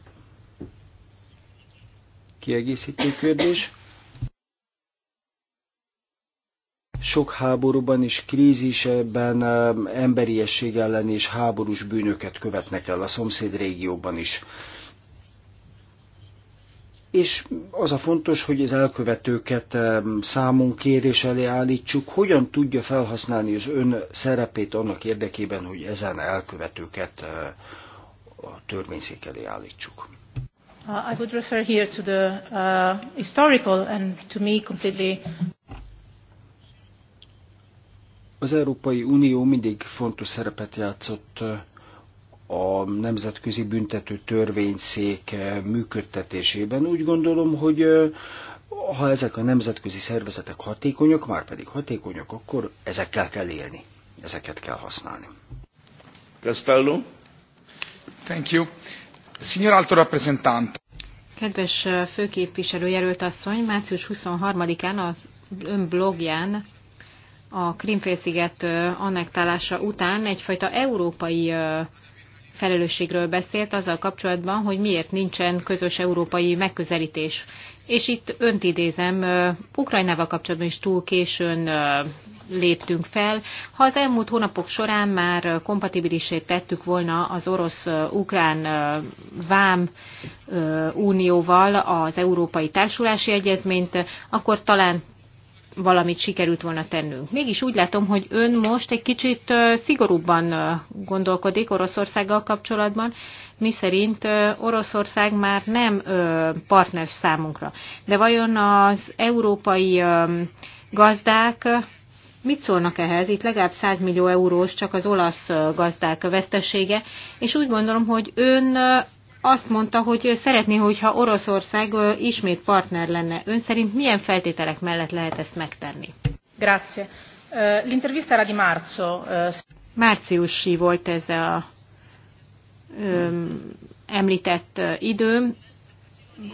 Kiegészítő kérdés. Sok háborúban és krízisben emberiesség ellen és háborús bűnöket követnek el a szomszéd régióban is és az a fontos, hogy az elkövetőket számon kérés elé állítsuk, hogyan tudja felhasználni az ön szerepét annak érdekében, hogy ezen elkövetőket a törvényszék elé állítsuk. Uh, I would refer here to the uh, historical and to me completely az Európai Unió mindig fontos szerepet játszott a Nemzetközi Büntető Törvényszék működtetésében. Úgy gondolom, hogy ha ezek a nemzetközi szervezetek hatékonyak, már pedig hatékonyak, akkor ezekkel kell élni, ezeket kell használni. Castello. Thank you. Signor Alto Rappresentante. Kedves főképviselő jelölt asszony, március 23-án az ön blogján a Krimfélsziget annektálása után egyfajta európai felelősségről beszélt azzal kapcsolatban, hogy miért nincsen közös európai megközelítés. És itt önt idézem, Ukrajnával kapcsolatban is túl későn léptünk fel. Ha az elmúlt hónapok során már kompatibilisét tettük volna az orosz-ukrán vám unióval az európai társulási egyezményt, akkor talán valamit sikerült volna tennünk. Mégis úgy látom, hogy ön most egy kicsit szigorúbban gondolkodik Oroszországgal kapcsolatban, miszerint Oroszország már nem partner számunkra. De vajon az európai gazdák mit szólnak ehhez? Itt legalább 100 millió eurós csak az olasz gazdák vesztesége, és úgy gondolom, hogy ön azt mondta, hogy szeretné, hogyha Oroszország ismét partner lenne. Ön szerint milyen feltételek mellett lehet ezt megtenni? Grazie. L'intervista era di marzo. Márciusi volt ez a öm, említett idő.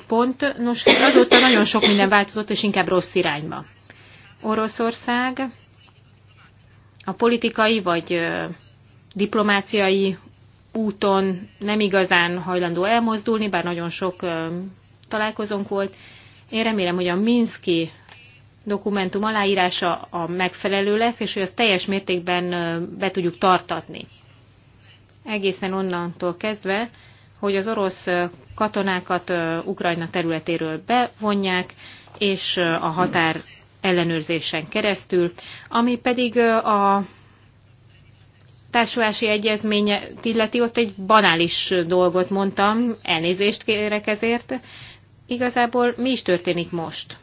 Pont, nos, azóta nagyon sok minden változott, és inkább rossz irányba. Oroszország a politikai vagy diplomáciai úton nem igazán hajlandó elmozdulni, bár nagyon sok találkozónk volt. Én remélem, hogy a Minszki dokumentum aláírása a megfelelő lesz, és hogy azt teljes mértékben be tudjuk tartatni. Egészen onnantól kezdve, hogy az orosz katonákat Ukrajna területéről bevonják, és a határ ellenőrzésen keresztül, ami pedig a társulási egyezménye illeti, ott egy banális dolgot mondtam, elnézést kérek ezért. Igazából mi is történik most?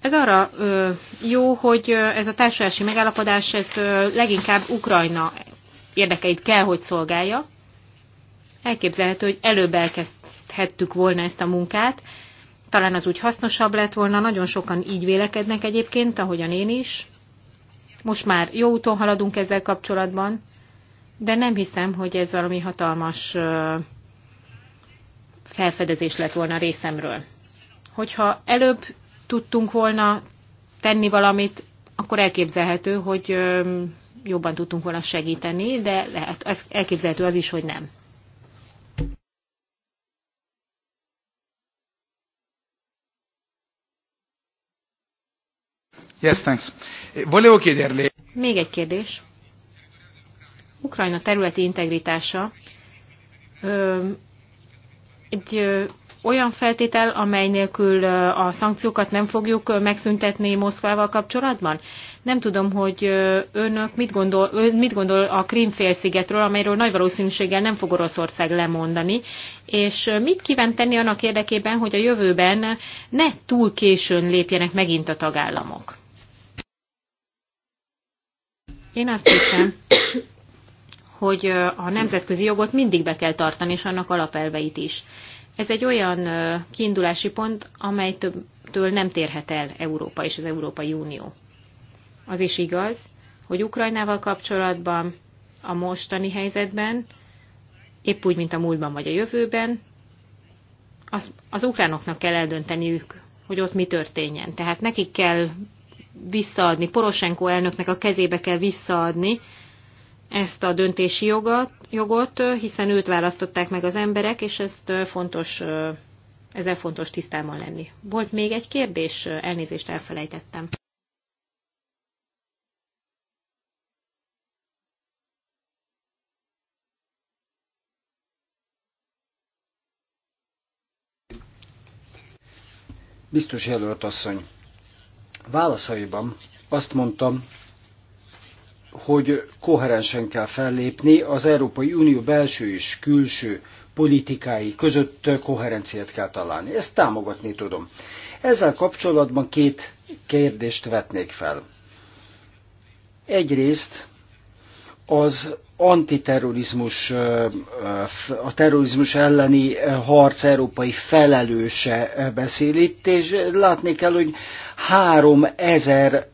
Ez arra ö, jó, hogy ez a társulási megállapodás ez, ö, leginkább Ukrajna érdekeit kell, hogy szolgálja. Elképzelhető, hogy előbb elkezdhettük volna ezt a munkát. Talán az úgy hasznosabb lett volna, nagyon sokan így vélekednek egyébként, ahogyan én is. Most már jó úton haladunk ezzel kapcsolatban, de nem hiszem, hogy ez valami hatalmas felfedezés lett volna részemről. Hogyha előbb tudtunk volna tenni valamit, akkor elképzelhető, hogy jobban tudtunk volna segíteni, de lehet, elképzelhető az is, hogy nem. Yes, thanks. Volevo chiederle... Még egy kérdés. Ukrajna területi integritása ö, egy ö, olyan feltétel, amely nélkül a szankciókat nem fogjuk megszüntetni Moszkvával kapcsolatban? Nem tudom, hogy önök mit gondol, ö, mit gondol a Krímfélszigetről, amelyről nagy valószínűséggel nem fog Oroszország lemondani, és mit kíván tenni annak érdekében, hogy a jövőben ne túl későn lépjenek megint a tagállamok? Én azt hiszem, hogy a nemzetközi jogot mindig be kell tartani, és annak alapelveit is. Ez egy olyan kiindulási pont, amelytől nem térhet el Európa és az Európai Unió. Az is igaz, hogy Ukrajnával kapcsolatban a mostani helyzetben, épp úgy, mint a múltban vagy a jövőben, az, az ukránoknak kell eldönteniük, hogy ott mi történjen. Tehát nekik kell visszaadni, Poroshenko elnöknek a kezébe kell visszaadni ezt a döntési jogot, jogot, hiszen őt választották meg az emberek, és ezt fontos, ezzel fontos tisztában lenni. Volt még egy kérdés, elnézést elfelejtettem. Biztos jelölt asszony, Válaszaiban azt mondtam, hogy koherensen kell fellépni, az Európai Unió belső és külső politikái között koherenciát kell találni. Ezt támogatni tudom. Ezzel kapcsolatban két kérdést vetnék fel. Egyrészt az antiterrorizmus, a terrorizmus elleni harc európai felelőse beszél itt, és látni kell, hogy három ezer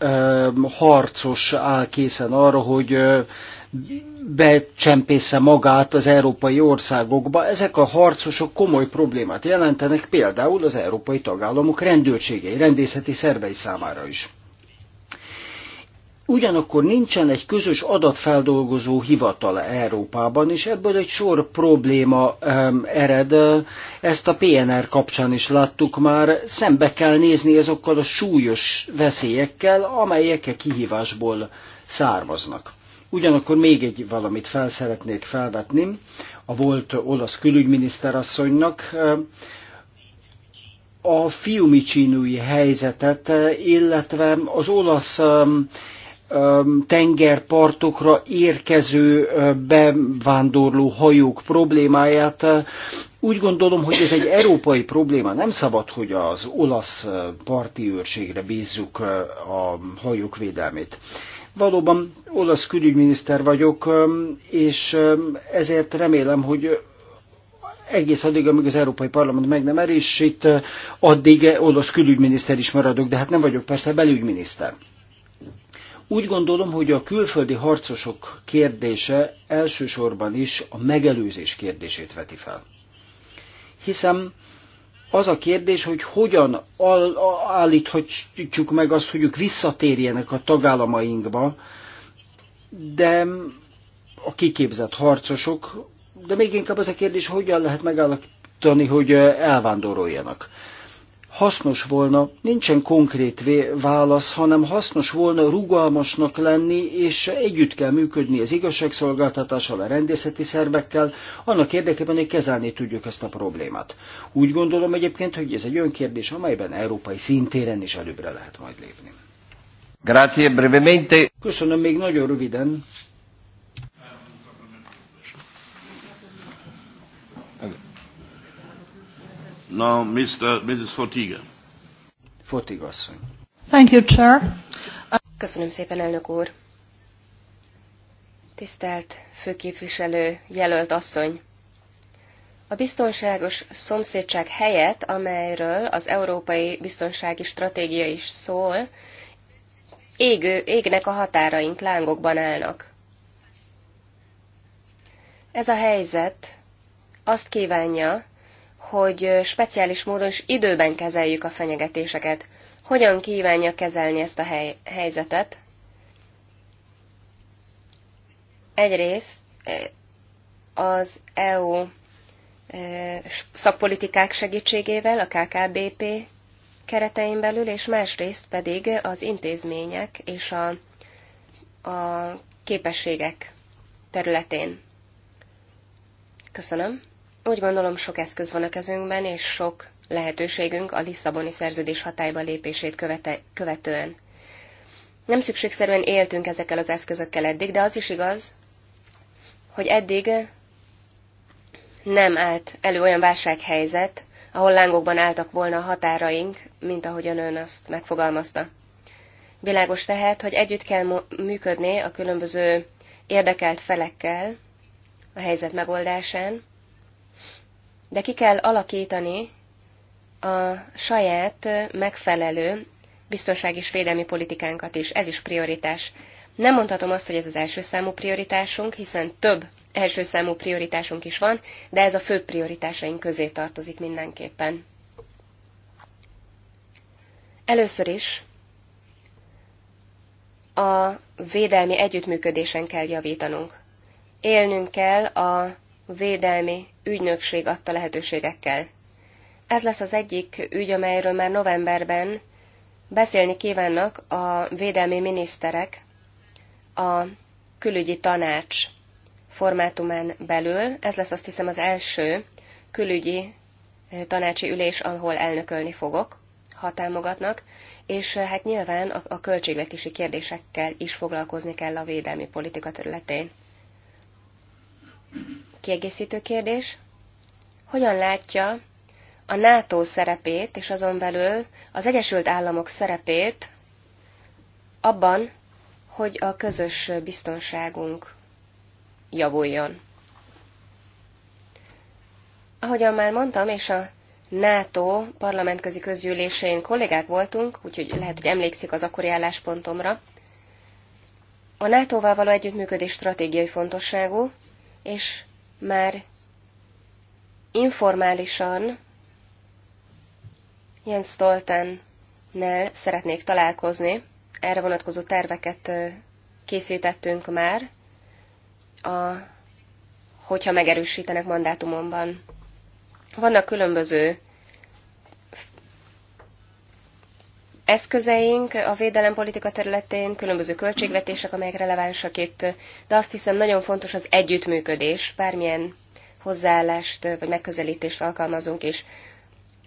harcos áll készen arra, hogy becsempésze magát az európai országokba. Ezek a harcosok komoly problémát jelentenek például az európai tagállamok rendőrségei, rendészeti szervei számára is. Ugyanakkor nincsen egy közös adatfeldolgozó hivatal Európában, és ebből egy sor probléma um, ered. Ezt a PNR kapcsán is láttuk már. Szembe kell nézni azokkal a súlyos veszélyekkel, amelyek a kihívásból származnak. Ugyanakkor még egy valamit fel szeretnék felvetni. A volt olasz külügyminiszterasszonynak a fiumicsinúi helyzetet, illetve az olasz um, tengerpartokra érkező bevándorló hajók problémáját. Úgy gondolom, hogy ez egy európai probléma. Nem szabad, hogy az olasz parti őrségre bízzuk a hajók védelmét. Valóban olasz külügyminiszter vagyok, és ezért remélem, hogy egész addig, amíg az Európai Parlament meg nem erősít, addig olasz külügyminiszter is maradok, de hát nem vagyok persze belügyminiszter. Úgy gondolom, hogy a külföldi harcosok kérdése elsősorban is a megelőzés kérdését veti fel. Hiszen az a kérdés, hogy hogyan állíthatjuk meg azt, hogy ők visszatérjenek a tagállamainkba, de a kiképzett harcosok, de még inkább az a kérdés, hogyan lehet megállapítani, hogy eh, elvándoroljanak hasznos volna, nincsen konkrét válasz, hanem hasznos volna rugalmasnak lenni, és együtt kell működni az igazságszolgáltatással, a rendészeti szervekkel, annak érdekében, hogy kezelni tudjuk ezt a problémát. Úgy gondolom egyébként, hogy ez egy önkérdés, amelyben európai szintéren is előbbre lehet majd lépni. Grazie brevemente. Köszönöm még nagyon röviden Now, Mr. Mrs. Fortiga. Fortiga asszony. Thank you, Chair. Köszönöm szépen, elnök úr. Tisztelt főképviselő, jelölt asszony! A biztonságos szomszédság helyett, amelyről az Európai Biztonsági Stratégia is szól, égő, égnek a határaink lángokban állnak. Ez a helyzet azt kívánja, hogy speciális módon és időben kezeljük a fenyegetéseket. Hogyan kívánja kezelni ezt a hely, helyzetet? Egyrészt eh, az EU eh, szakpolitikák segítségével, a KKBP keretein belül, és másrészt pedig az intézmények és a, a képességek területén. Köszönöm. Úgy gondolom, sok eszköz van a kezünkben, és sok lehetőségünk a Lisszaboni szerződés hatályba lépését követe, követően. Nem szükségszerűen éltünk ezekkel az eszközökkel eddig, de az is igaz, hogy eddig nem állt elő olyan válsághelyzet, ahol lángokban álltak volna a határaink, mint ahogyan ön azt megfogalmazta. Világos tehát, hogy együtt kell működni a különböző érdekelt felekkel a helyzet megoldásán, de ki kell alakítani a saját megfelelő biztonság és védelmi politikánkat is. Ez is prioritás. Nem mondhatom azt, hogy ez az első számú prioritásunk, hiszen több első számú prioritásunk is van, de ez a fő prioritásaink közé tartozik mindenképpen. Először is a védelmi együttműködésen kell javítanunk. Élnünk kell a védelmi ügynökség adta lehetőségekkel. Ez lesz az egyik ügy, amelyről már novemberben beszélni kívánnak a védelmi miniszterek a külügyi tanács formátumán belül. Ez lesz azt hiszem az első külügyi eh, tanácsi ülés, ahol elnökölni fogok, ha támogatnak, és eh, hát nyilván a, költségvetési kérdésekkel is foglalkozni kell a védelmi politika területén. Kiegészítő kérdés. Hogyan látja a NATO szerepét, és azon belül az Egyesült Államok szerepét abban, hogy a közös biztonságunk javuljon? Ahogyan már mondtam, és a NATO parlamentközi közgyűlésén kollégák voltunk, úgyhogy lehet, hogy emlékszik az akkori álláspontomra. A NATO-val való együttműködés stratégiai fontosságú, és már informálisan Jens Stoltennel szeretnék találkozni. Erre vonatkozó terveket készítettünk már, a, hogyha megerősítenek mandátumomban. Vannak különböző eszközeink a védelempolitika területén, különböző költségvetések, amelyek relevánsak itt, de azt hiszem nagyon fontos az együttműködés, bármilyen hozzáállást vagy megközelítést alkalmazunk is.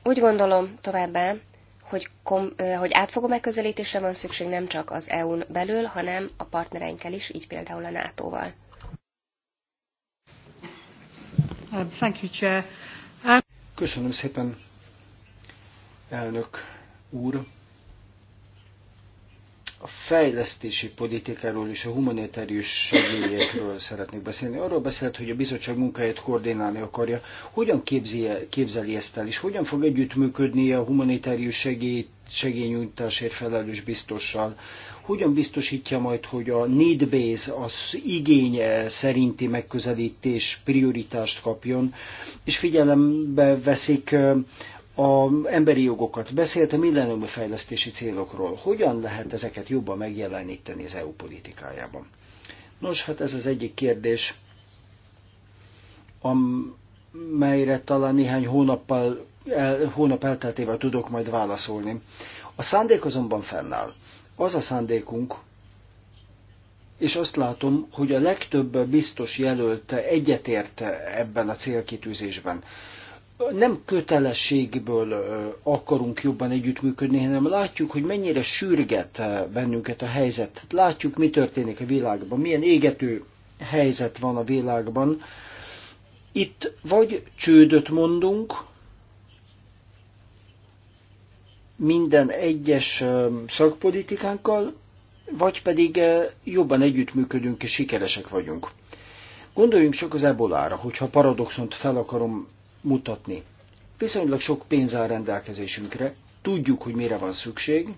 Úgy gondolom továbbá, hogy, kom, hogy átfogó megközelítésre van szükség nem csak az EU-n belül, hanem a partnereinkkel is, így például a NATO-val. Uh, um, Köszönöm szépen, elnök úr a fejlesztési politikáról és a humanitárius segélyekről szeretnék beszélni. Arról beszélt, hogy a bizottság munkáját koordinálni akarja. Hogyan képzi, képzeli ezt el, és hogyan fog együttműködni a humanitárius segély, segélynyújtásért felelős biztossal? Hogyan biztosítja majd, hogy a need base, az igény szerinti megközelítés prioritást kapjon, és figyelembe veszik a emberi jogokat, beszélt a millenniumi fejlesztési célokról. Hogyan lehet ezeket jobban megjeleníteni az EU politikájában? Nos, hát ez az egyik kérdés, amelyre talán néhány hónappal, el, hónap elteltével tudok majd válaszolni. A szándék azonban fennáll. Az a szándékunk, és azt látom, hogy a legtöbb biztos jelölt egyetért ebben a célkitűzésben nem kötelességből akarunk jobban együttműködni, hanem látjuk, hogy mennyire sürget bennünket a helyzet. Hát látjuk, mi történik a világban, milyen égető helyzet van a világban. Itt vagy csődöt mondunk, minden egyes szakpolitikánkkal, vagy pedig jobban együttműködünk és sikeresek vagyunk. Gondoljunk csak az ebolára, hogyha paradoxont fel akarom mutatni. Viszonylag sok pénz áll rendelkezésünkre, tudjuk, hogy mire van szükség,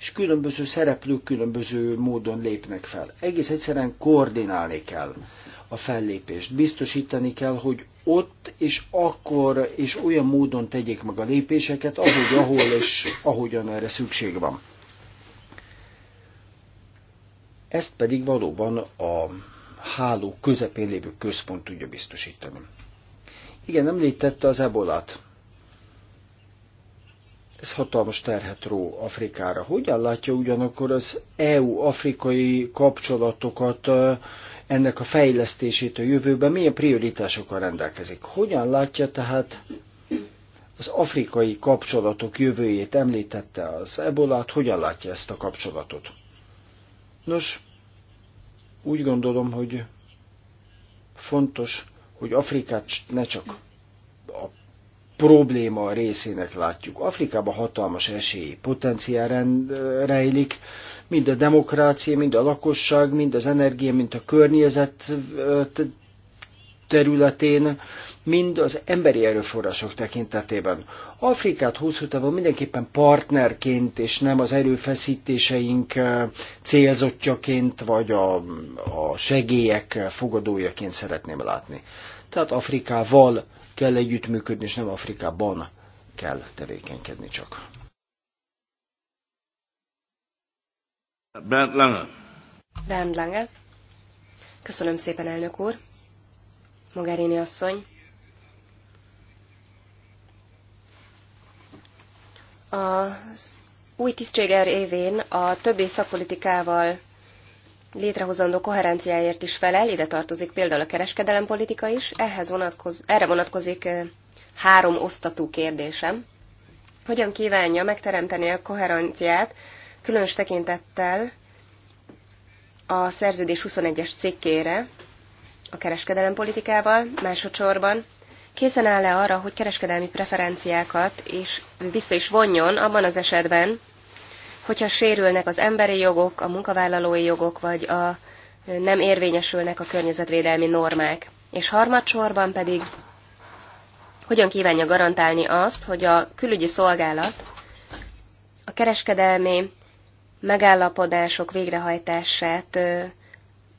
és különböző szereplők különböző módon lépnek fel. Egész egyszerűen koordinálni kell a fellépést. Biztosítani kell, hogy ott és akkor és olyan módon tegyék meg a lépéseket, ahogy, ahol és ahogyan erre szükség van. Ezt pedig valóban a háló közepén lévő központ tudja biztosítani. Igen, említette az ebolat. Ez hatalmas terhet ró Afrikára. Hogyan látja ugyanakkor az EU-afrikai kapcsolatokat, ennek a fejlesztését a jövőben, milyen prioritásokkal rendelkezik? Hogyan látja tehát az afrikai kapcsolatok jövőjét említette az ebolát, hogyan látja ezt a kapcsolatot? Nos, úgy gondolom, hogy fontos hogy Afrikát ne csak a probléma részének látjuk. Afrikában hatalmas esélyi potenciál rejlik, mind a demokrácia, mind a lakosság, mind az energia, mind a környezet területén, mind az emberi erőforrások tekintetében. Afrikát hosszú távon mindenképpen partnerként, és nem az erőfeszítéseink célzottjaként, vagy a, a segélyek fogadójaként szeretném látni. Tehát Afrikával kell együttműködni, és nem Afrikában kell tevékenykedni csak. Bernd Lange. Bernd Lange. Köszönöm szépen, elnök úr. Mogherini asszony. Az új tisztséger évén a többi szakpolitikával létrehozandó koherenciáért is felel, ide tartozik például a kereskedelempolitika is, ehhez vonatkoz, erre vonatkozik három osztatú kérdésem. Hogyan kívánja megteremteni a koherenciát, különös tekintettel a szerződés 21-es cikkére, a kereskedelempolitikával, másodszorban készen áll-e arra, hogy kereskedelmi preferenciákat is vissza is vonjon abban az esetben, hogyha sérülnek az emberi jogok, a munkavállalói jogok, vagy a nem érvényesülnek a környezetvédelmi normák. És harmadsorban pedig hogyan kívánja garantálni azt, hogy a külügyi szolgálat a kereskedelmi megállapodások végrehajtását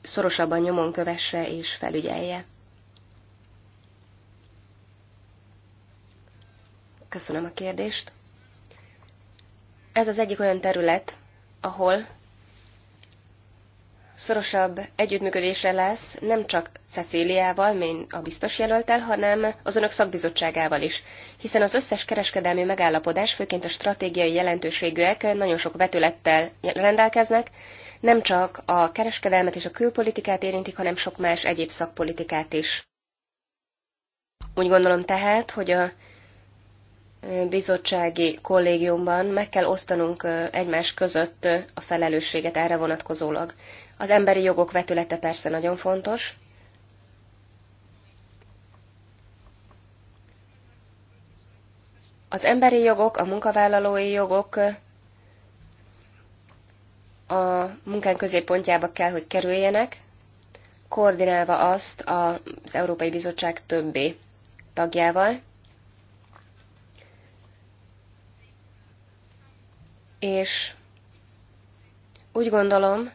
szorosabban nyomon kövesse és felügyelje. Köszönöm a kérdést. Ez az egyik olyan terület, ahol szorosabb együttműködésre lesz nem csak Cecíliával, mint a biztos jelöltel, hanem az önök szakbizottságával is, hiszen az összes kereskedelmi megállapodás, főként a stratégiai jelentőségűek nagyon sok vetülettel rendelkeznek, nem csak a kereskedelmet és a külpolitikát érintik, hanem sok más egyéb szakpolitikát is. Úgy gondolom tehát, hogy a bizottsági kollégiumban meg kell osztanunk egymás között a felelősséget erre vonatkozólag. Az emberi jogok vetülete persze nagyon fontos. Az emberi jogok, a munkavállalói jogok a munkánk középpontjába kell, hogy kerüljenek, koordinálva azt az Európai Bizottság többi tagjával. és úgy gondolom,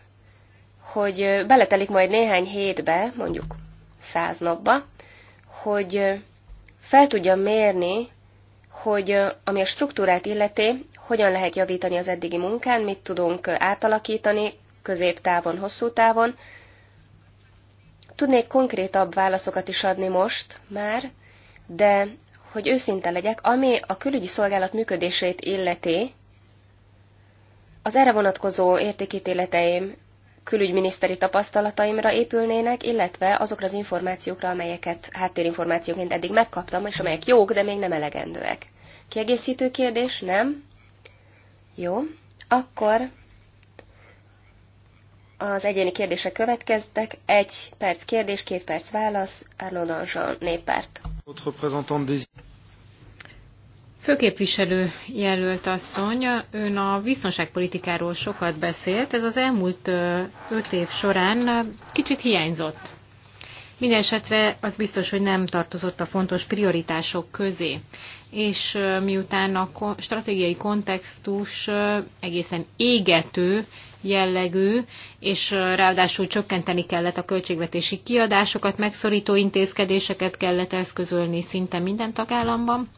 hogy beletelik majd néhány hétbe, mondjuk száz napba, hogy fel tudjam mérni, hogy ami a struktúrát illeti, hogyan lehet javítani az eddigi munkán, mit tudunk átalakítani középtávon, hosszú távon. Tudnék konkrétabb válaszokat is adni most már, de hogy őszinte legyek, ami a külügyi szolgálat működését illeti, az erre vonatkozó értékítéleteim külügyminiszteri tapasztalataimra épülnének, illetve azokra az információkra, amelyeket háttérinformációként eddig megkaptam, és amelyek jók, de még nem elegendőek. Kiegészítő kérdés? Nem? Jó. Akkor az egyéni kérdések következtek. Egy perc kérdés, két perc válasz. Arnaud Danjean, néppárt. Főképviselő jelölt asszony, ön a biztonságpolitikáról sokat beszélt, ez az elmúlt öt év során kicsit hiányzott. Mindenesetre az biztos, hogy nem tartozott a fontos prioritások közé. És miután a stratégiai kontextus egészen égető jellegű, és ráadásul csökkenteni kellett a költségvetési kiadásokat, megszorító intézkedéseket kellett eszközölni szinte minden tagállamban,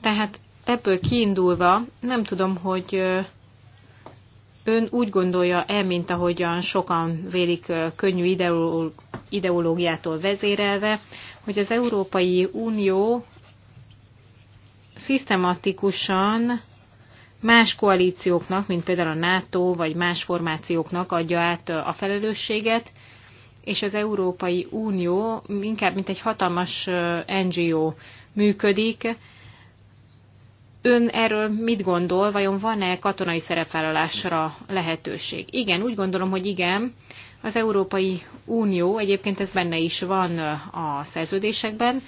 tehát ebből kiindulva nem tudom, hogy ön úgy gondolja-e, mint ahogyan sokan vélik könnyű ideológiától vezérelve, hogy az Európai Unió szisztematikusan más koalícióknak, mint például a NATO vagy más formációknak adja át a felelősséget, és az Európai Unió inkább mint egy hatalmas NGO működik, Ön erről mit gondol, vajon van-e katonai szerepvállalásra lehetőség? Igen, úgy gondolom, hogy igen. Az Európai Unió, egyébként ez benne is van a szerződésekben,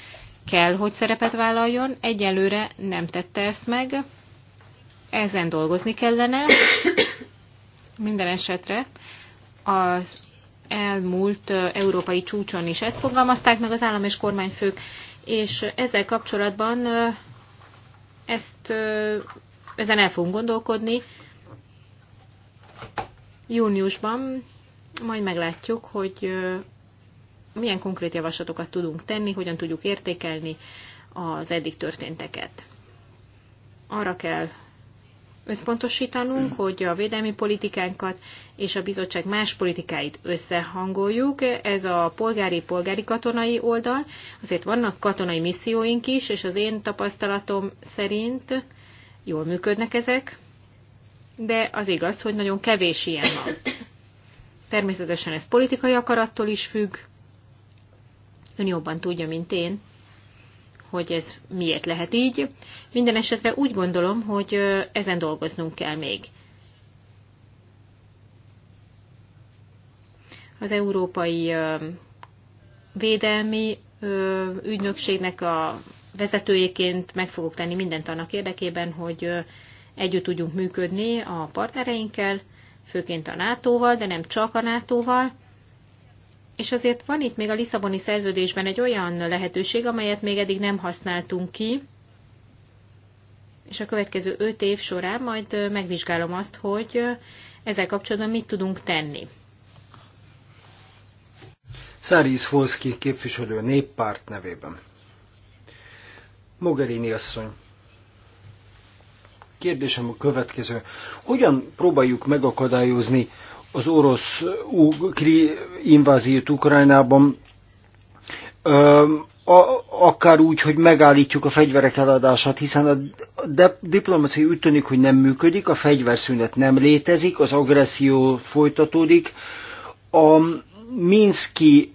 kell, hogy szerepet vállaljon, egyelőre nem tette ezt meg, ezen dolgozni kellene, minden esetre az elmúlt európai csúcson is ezt fogalmazták meg az állam és kormányfők, és ezzel kapcsolatban ezt ezen el fogunk gondolkodni. Júniusban majd meglátjuk, hogy milyen konkrét javaslatokat tudunk tenni, hogyan tudjuk értékelni az eddig történteket. Arra kell összpontosítanunk, hogy a védelmi politikánkat és a bizottság más politikáit összehangoljuk. Ez a polgári-polgári katonai oldal, azért vannak katonai misszióink is, és az én tapasztalatom szerint jól működnek ezek, de az igaz, hogy nagyon kevés ilyen van. Természetesen ez politikai akarattól is függ. Ön jobban tudja, mint én, hogy ez miért lehet így. Minden esetre úgy gondolom, hogy ezen dolgoznunk kell még. Az Európai Védelmi Ügynökségnek a vezetőjéként meg fogok tenni mindent annak érdekében, hogy együtt tudjunk működni a partnereinkkel, főként a NATO-val, de nem csak a NATO-val, és azért van itt még a Lisszaboni szerződésben egy olyan lehetőség, amelyet még eddig nem használtunk ki, és a következő öt év során majd megvizsgálom azt, hogy ezzel kapcsolatban mit tudunk tenni. Szári Iszfolszki képviselő néppárt nevében. Mogherini asszony. Kérdésem a következő. Hogyan próbáljuk megakadályozni az orosz inváziót Ukrajnában, akár úgy, hogy megállítjuk a fegyverek eladását, hiszen a diplomácia úgy tűnik, hogy nem működik, a fegyverszünet nem létezik, az agresszió folytatódik. A Minszki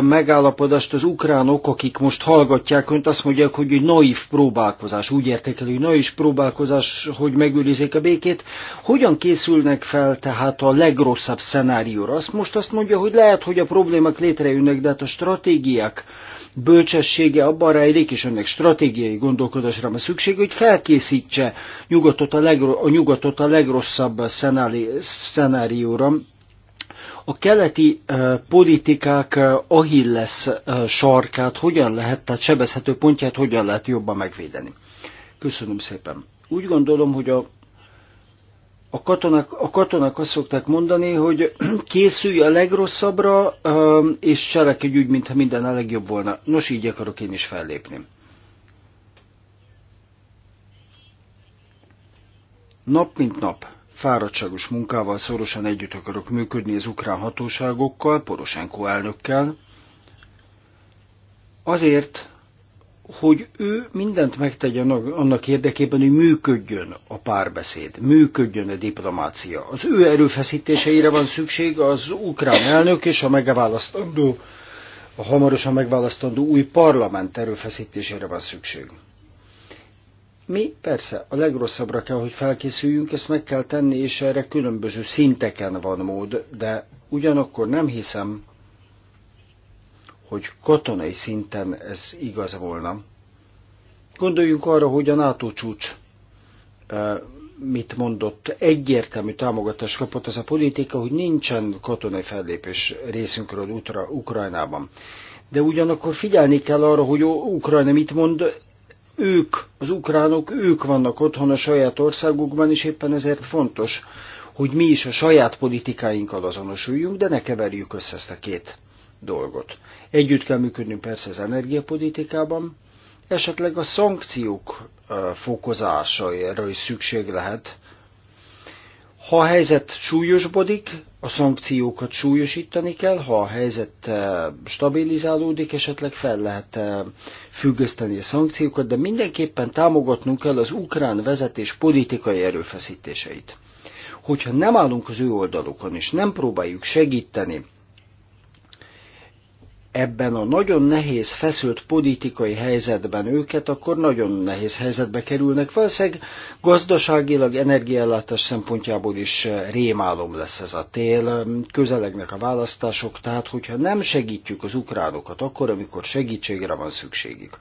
megállapodást az ukránok, akik most hallgatják önt, azt mondják, hogy egy naív próbálkozás, úgy értékelő, hogy naív próbálkozás, hogy megőrizzék a békét. Hogyan készülnek fel tehát a legrosszabb szenárióra? Azt most azt mondja, hogy lehet, hogy a problémák létrejönnek, de hát a stratégiák bölcsessége abban rejlik, és önnek stratégiai gondolkodásra van szükség, hogy felkészítse nyugatot a, legro- a nyugatot a legrosszabb szenári- szenárióra, a keleti politikák ahilles sarkát hogyan lehet, tehát sebezhető pontját hogyan lehet jobban megvédeni? Köszönöm szépen. Úgy gondolom, hogy a a katonák, a katonák azt szokták mondani, hogy (clears throat) készülj a legrosszabbra, és cselekedj úgy, mintha minden a legjobb volna. Nos, így akarok én is fellépni. Nap mint nap fáradtságos munkával szorosan együtt akarok működni az ukrán hatóságokkal, Poroshenko elnökkel, azért, hogy ő mindent megtegyen annak érdekében, hogy működjön a párbeszéd, működjön a diplomácia. Az ő erőfeszítéseire van szükség az ukrán elnök és a megválasztandó, a hamarosan megválasztandó új parlament erőfeszítésére van szükség. Mi persze a legrosszabbra kell, hogy felkészüljünk, ezt meg kell tenni, és erre különböző szinteken van mód, de ugyanakkor nem hiszem, hogy katonai szinten ez igaz volna. Gondoljunk arra, hogy a NATO csúcs mit mondott, egyértelmű támogatást kapott az a politika, hogy nincsen katonai fellépés részünkről útra Ukrajnában. De ugyanakkor figyelni kell arra, hogy Ukrajna mit mond, ők, az ukránok, ők vannak otthon a saját országukban, és éppen ezért fontos, hogy mi is a saját politikáinkkal azonosuljunk, de ne keverjük össze ezt a két dolgot. Együtt kell működnünk persze az energiapolitikában, esetleg a szankciók fokozásaira is szükség lehet. Ha a helyzet súlyosbodik, a szankciókat súlyosítani kell, ha a helyzet eh, stabilizálódik, esetleg fel lehet eh, függeszteni a szankciókat, de mindenképpen támogatnunk kell az ukrán vezetés politikai erőfeszítéseit. Hogyha nem állunk az ő oldalukon, és nem próbáljuk segíteni ebben a nagyon nehéz, feszült politikai helyzetben őket, akkor nagyon nehéz helyzetbe kerülnek. Valószínűleg gazdaságilag, energiállátás szempontjából is eh, rémálom lesz ez a tél. Közelegnek a választások, tehát hogyha nem segítjük az ukránokat, akkor, amikor segítségre van szükségük,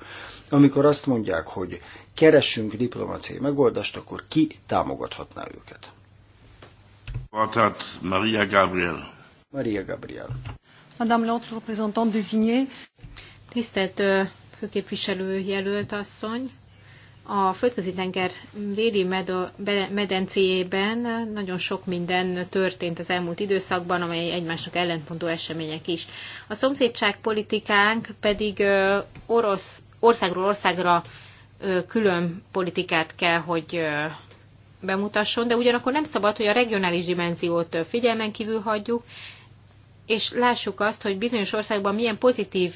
amikor azt mondják, hogy keressünk diplomáciai megoldást, akkor ki támogathatná őket? Hát Maria Gabriel. Maria Gabriel. Madame l'autre représentante désignée. Tisztelt főképviselő jelölt asszony, a földközi tenger déli medencéjében nagyon sok minden történt az elmúlt időszakban, amely egymások ellentmondó események is. A szomszédság politikánk pedig orosz, országról országra külön politikát kell, hogy bemutasson, de ugyanakkor nem szabad, hogy a regionális dimenziót figyelmen kívül hagyjuk, és lássuk azt, hogy bizonyos országban milyen pozitív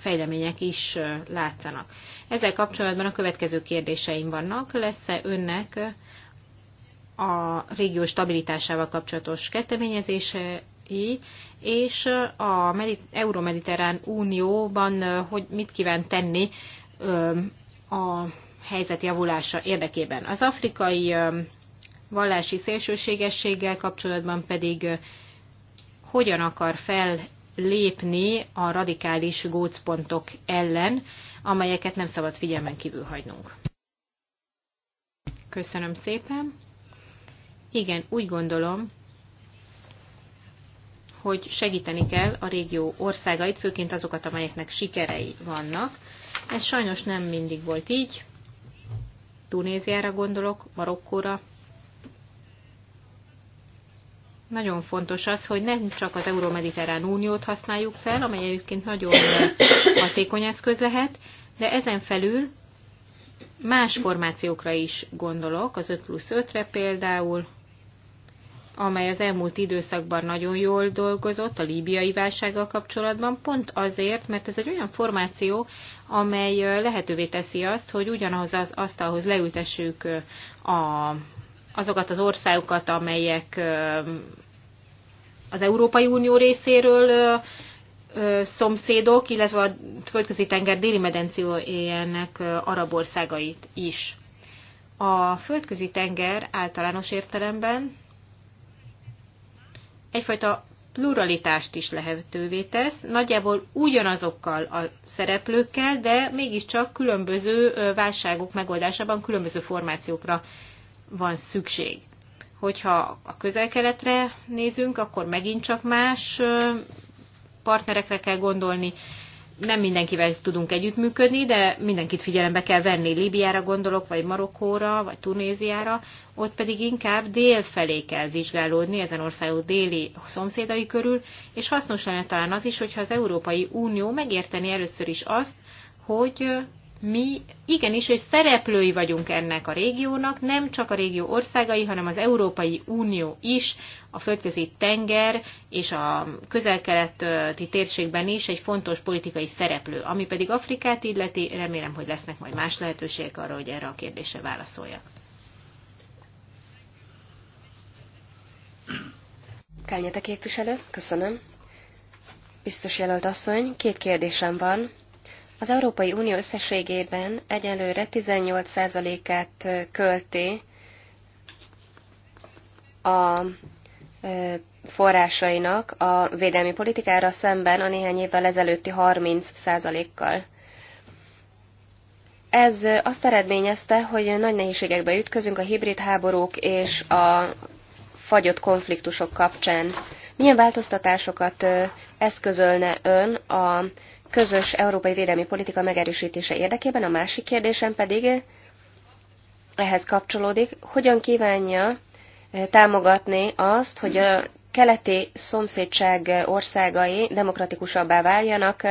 fejlemények is látszanak. Ezzel kapcsolatban a következő kérdéseim vannak. Lesz-e önnek a régió stabilitásával kapcsolatos kezdeményezései, és a euró-mediterrán Unióban hogy mit kíván tenni a helyzet javulása érdekében. Az afrikai vallási szélsőségességgel kapcsolatban pedig hogyan akar fellépni a radikális gócpontok ellen, amelyeket nem szabad figyelmen kívül hagynunk. Köszönöm szépen. Igen, úgy gondolom, hogy segíteni kell a régió országait, főként azokat, amelyeknek sikerei vannak. Ez sajnos nem mindig volt így. Tunéziára gondolok, Marokkóra, nagyon fontos az, hogy nem csak az Euró-Mediterrán Uniót használjuk fel, amely egyébként nagyon hatékony eszköz lehet, de ezen felül más formációkra is gondolok, az 5 plusz 5-re például, amely az elmúlt időszakban nagyon jól dolgozott a líbiai válsággal kapcsolatban, pont azért, mert ez egy olyan formáció, amely lehetővé teszi azt, hogy ugyanahoz az asztalhoz leültessük a azokat az országokat, amelyek az Európai Unió részéről szomszédok, illetve a földközi tenger déli medencéjének arab országait is. A földközi tenger általános értelemben egyfajta pluralitást is lehetővé tesz, nagyjából ugyanazokkal a szereplőkkel, de mégiscsak különböző válságok megoldásában különböző formációkra van szükség. Hogyha a közelkeletre nézünk, akkor megint csak más partnerekre kell gondolni. Nem mindenkivel tudunk együttműködni, de mindenkit figyelembe kell venni. Líbiára gondolok, vagy Marokkóra, vagy Tunéziára, ott pedig inkább dél felé kell vizsgálódni, ezen országok déli szomszédai körül, és hasznos lenne talán az is, hogyha az Európai Unió megérteni először is azt, hogy mi igenis, hogy szereplői vagyunk ennek a régiónak, nem csak a régió országai, hanem az Európai Unió is, a földközi tenger és a közel-keleti térségben is egy fontos politikai szereplő. Ami pedig Afrikát illeti, remélem, hogy lesznek majd más lehetőségek arra, hogy erre a kérdésre válaszoljak. Kányete képviselő, köszönöm. Biztos jelölt asszony, két kérdésem van. Az Európai Unió összességében egyelőre 18%-át költi a forrásainak a védelmi politikára szemben a néhány évvel ezelőtti 30%-kal. Ez azt eredményezte, hogy nagy nehézségekbe ütközünk a hibrid háborúk és a fagyott konfliktusok kapcsán. Milyen változtatásokat eszközölne ön a közös európai védelmi politika megerősítése érdekében, a másik kérdésem pedig ehhez kapcsolódik, hogyan kívánja eh, támogatni azt, hogy a keleti szomszédság országai demokratikusabbá váljanak,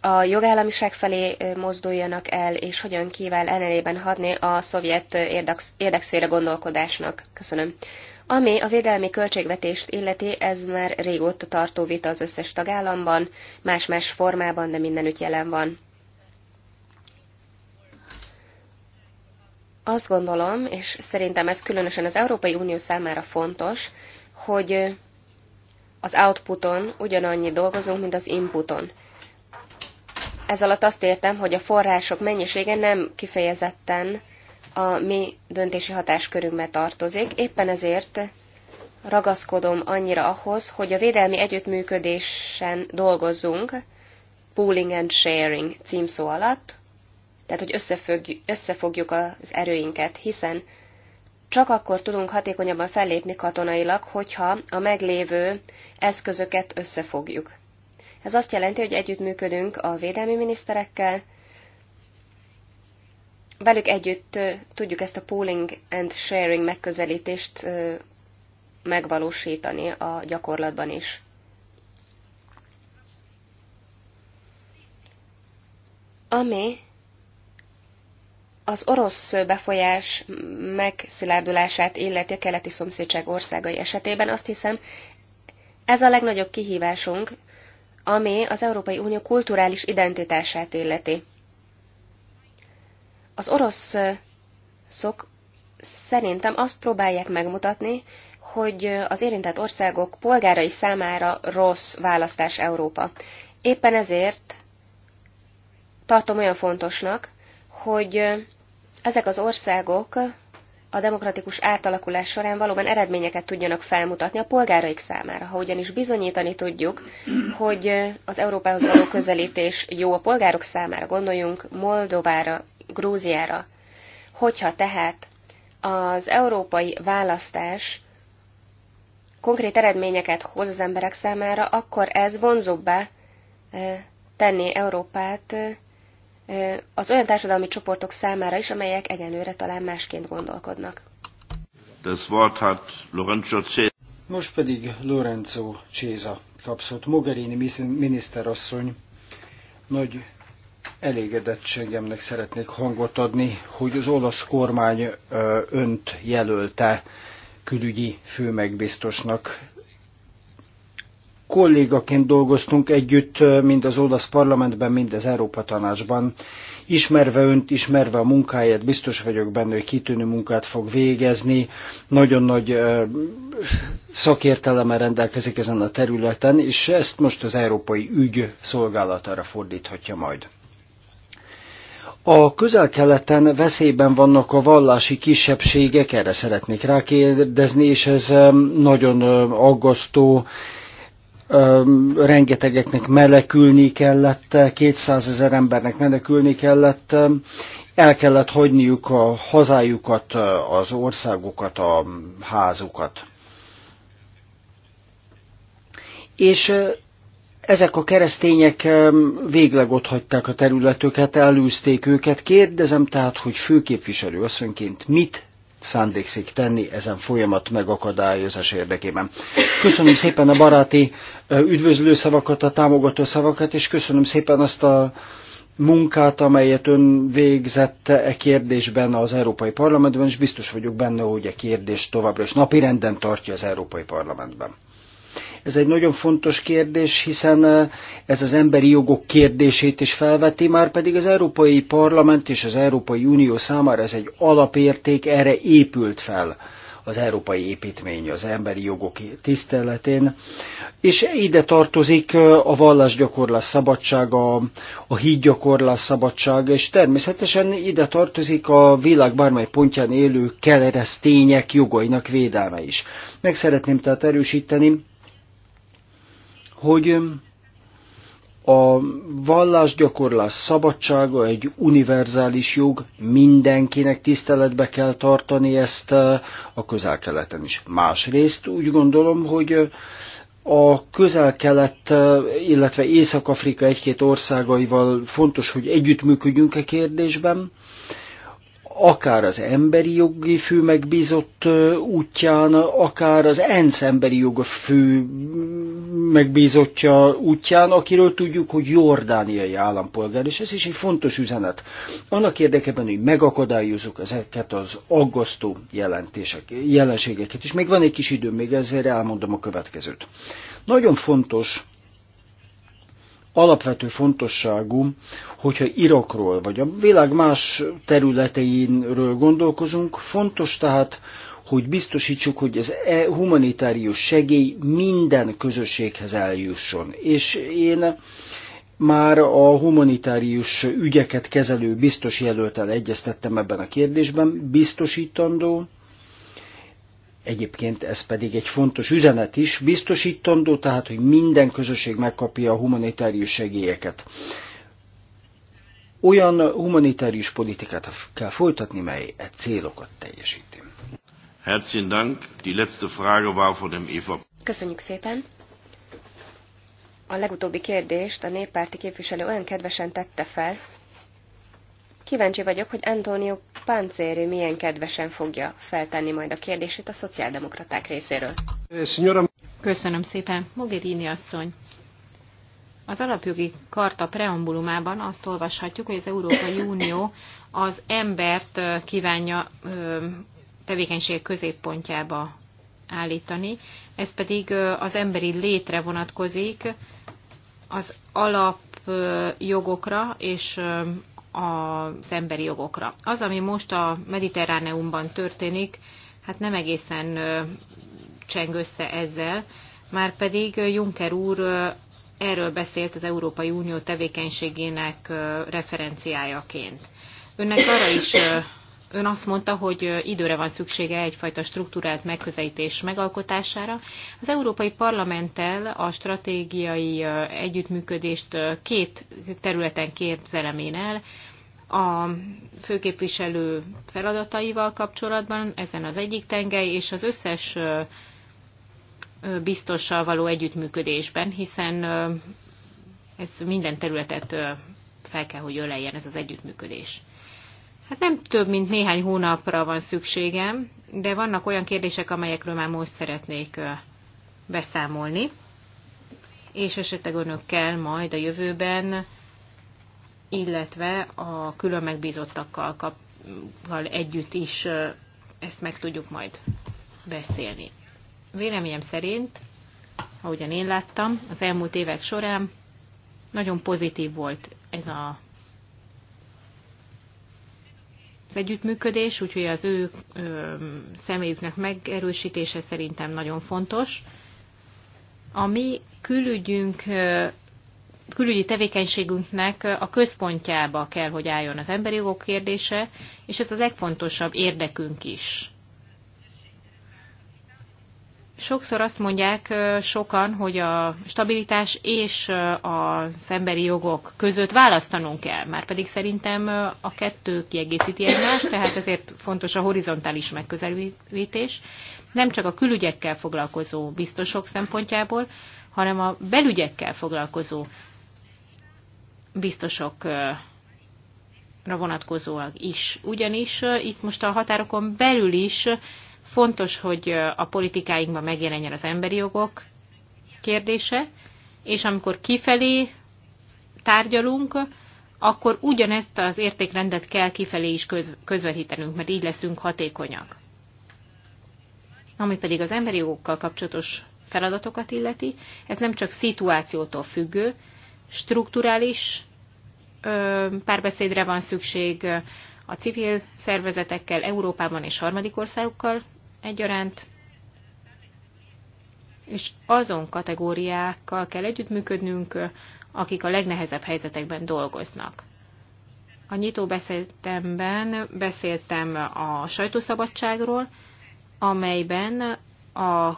a jogállamiság felé eh, mozduljanak el, és hogyan kíván ellenében hadni a szovjet érdekszféra gondolkodásnak. Köszönöm. Ami a védelmi költségvetést illeti, ez már régóta tartó vita az összes tagállamban, más-más formában, de mindenütt jelen van. Azt gondolom, és szerintem ez különösen az Európai Unió számára fontos, hogy az outputon ugyanannyi dolgozunk, mint az inputon. Ez alatt azt értem, hogy a források mennyisége nem kifejezetten a mi döntési hatáskörünkbe tartozik. Éppen ezért ragaszkodom annyira ahhoz, hogy a védelmi együttműködésen dolgozzunk, pooling and sharing címszó alatt, tehát hogy összefogjuk, az erőinket, hiszen csak akkor tudunk hatékonyabban fellépni katonailag, hogyha a meglévő eszközöket összefogjuk. Ez azt jelenti, hogy együttműködünk a védelmi miniszterekkel, velük együtt tudjuk ezt a pooling and sharing megközelítést megvalósítani a gyakorlatban is. Ami az orosz befolyás megszilárdulását illeti a keleti szomszédság országai esetében, azt hiszem, ez a legnagyobb kihívásunk, ami az Európai Unió kulturális identitását illeti. Az oroszok szerintem azt próbálják megmutatni, hogy az érintett országok polgárai számára rossz választás Európa. Éppen ezért tartom olyan fontosnak, hogy ezek az országok a demokratikus átalakulás során valóban eredményeket tudjanak felmutatni a polgáraik számára. Ha ugyanis bizonyítani tudjuk, hogy az Európához való közelítés jó a polgárok számára, gondoljunk Moldovára, Grúziára. Hogyha tehát az európai választás konkrét eredményeket hoz az emberek számára, akkor ez vonzóbbá tenni Európát az olyan társadalmi csoportok számára is, amelyek egyenlőre talán másként gondolkodnak. Das Wort hat Lorenzo Most pedig Lorenzo Cséza kapszott. Mogherini miniszterasszony nagy elégedettségemnek szeretnék hangot adni, hogy az olasz kormány önt jelölte külügyi főmegbiztosnak. Kollégaként dolgoztunk együtt, mind az olasz parlamentben, mind az Európa Tanácsban. Ismerve önt, ismerve a munkáját, biztos vagyok benne, hogy kitűnő munkát fog végezni. Nagyon nagy szakértelemmel rendelkezik ezen a területen, és ezt most az európai ügy szolgálatára fordíthatja majd. A közel-keleten veszélyben vannak a vallási kisebbségek, erre szeretnék rákérdezni, és ez nagyon aggasztó. Rengetegeknek melekülni kellett, 200 ezer embernek menekülni kellett, el kellett hagyniuk a hazájukat, az országukat, a házukat. És ezek a keresztények végleg otthagyták a területüket, elűzték őket. Kérdezem tehát, hogy főképviselő asszonyként mit szándékszik tenni ezen folyamat megakadályozás érdekében. Köszönöm szépen a baráti üdvözlő szavakat, a támogató szavakat, és köszönöm szépen azt a munkát, amelyet ön végzett e kérdésben az Európai Parlamentben, és biztos vagyok benne, hogy a e kérdés továbbra is napirenden tartja az Európai Parlamentben. Ez egy nagyon fontos kérdés, hiszen eh, ez az emberi jogok kérdését is felveti, már pedig az Európai Parlament és az Európai Unió számára ez egy alapérték, erre épült fel az európai építmény az emberi jogok tiszteletén, és ide tartozik eh, a vallásgyakorlás szabadsága, a hídgyakorlás szabadsága, és természetesen ide tartozik a világ bármely pontján élő keresztények jogainak védelme is. Meg szeretném tehát erősíteni, hogy a vallásgyakorlás szabadsága egy univerzális jog, mindenkinek tiszteletbe kell tartani ezt eh, a közel-keleten is. Másrészt úgy gondolom, hogy eh, a közel-kelet, eh, illetve Észak-Afrika egy-két országaival fontos, hogy együttműködjünk e kérdésben, akár az emberi jogi fő megbízott útján, akár az ENSZ emberi jogi fő megbízottja útján, akiről tudjuk, hogy jordániai állampolgár, és ez is egy fontos üzenet. Annak érdekében, hogy megakadályozzuk ezeket az aggasztó jelentések, jelenségeket. És még van egy kis időm, még ezért elmondom a következőt. Nagyon fontos, alapvető fontosságú, hogyha Irakról vagy a világ más területeinről gondolkozunk, fontos tehát, hogy biztosítsuk, hogy az e humanitárius segély minden közösséghez eljusson. És én már a humanitárius ügyeket kezelő biztos jelöltel egyeztettem ebben a kérdésben, biztosítandó, Egyébként ez pedig egy fontos üzenet is, biztosítandó, tehát, hogy minden közösség megkapja a humanitárius segélyeket. Olyan humanitárius politikát kell folytatni, mely e célokat teljesíti. Herzlichen Dank. Die letzte Frage war von dem Eva. Köszönjük szépen. A legutóbbi kérdést a néppárti képviselő olyan kedvesen tette fel. Kíváncsi vagyok, hogy Antonio páncéri milyen kedvesen fogja feltenni majd a kérdését a szociáldemokraták részéről. Köszönöm szépen, Mogherini asszony. Az alapjogi karta preambulumában azt olvashatjuk, hogy az Európai Unió az embert kívánja tevékenység középpontjába állítani, ez pedig az emberi létre vonatkozik, az alapjogokra és az emberi jogokra. Az, ami most a Mediterráneumban történik, hát nem egészen cseng össze ezzel, már pedig Juncker úr erről beszélt az Európai Unió tevékenységének referenciájaként. Önnek arra is ön azt mondta, hogy időre van szüksége egyfajta struktúrált megközelítés megalkotására. Az Európai Parlamenttel a stratégiai együttműködést két területen képzelem én el. A főképviselő feladataival kapcsolatban, ezen az egyik tengely, és az összes biztossal való együttműködésben, hiszen ez minden területet fel kell, hogy öleljen ez az együttműködés. Hát nem több, mint néhány hónapra van szükségem, de vannak olyan kérdések, amelyekről már most szeretnék beszámolni, és esetleg önökkel majd a jövőben, illetve a külön megbízottakkal kap, együtt is ezt meg tudjuk majd beszélni. Véleményem szerint, ahogyan én láttam, az elmúlt évek során nagyon pozitív volt ez a együttműködés, úgyhogy az ő ö, személyüknek megerősítése szerintem nagyon fontos. A mi külügyünk, ö, külügyi tevékenységünknek a központjába kell, hogy álljon az emberi jogok kérdése, és ez az legfontosabb érdekünk is. Sokszor azt mondják sokan, hogy a stabilitás és az emberi jogok között választanunk kell, már pedig szerintem a kettő kiegészíti egymást, tehát ezért fontos a horizontális megközelítés, nem csak a külügyekkel foglalkozó biztosok szempontjából, hanem a belügyekkel foglalkozó biztosok vonatkozóak is. Ugyanis itt most a határokon belül is Fontos, hogy a politikáinkban megjelenjen az emberi jogok kérdése, és amikor kifelé tárgyalunk, akkor ugyanezt az értékrendet kell kifelé is közvetítenünk, mert így leszünk hatékonyak. Ami pedig az emberi jogokkal kapcsolatos feladatokat illeti, ez nem csak szituációtól függő, strukturális párbeszédre van szükség a civil szervezetekkel, Európában és harmadik országokkal egyaránt, és azon kategóriákkal kell együttműködnünk, akik a legnehezebb helyzetekben dolgoznak. A nyitó beszéltemben beszéltem a sajtószabadságról, amelyben a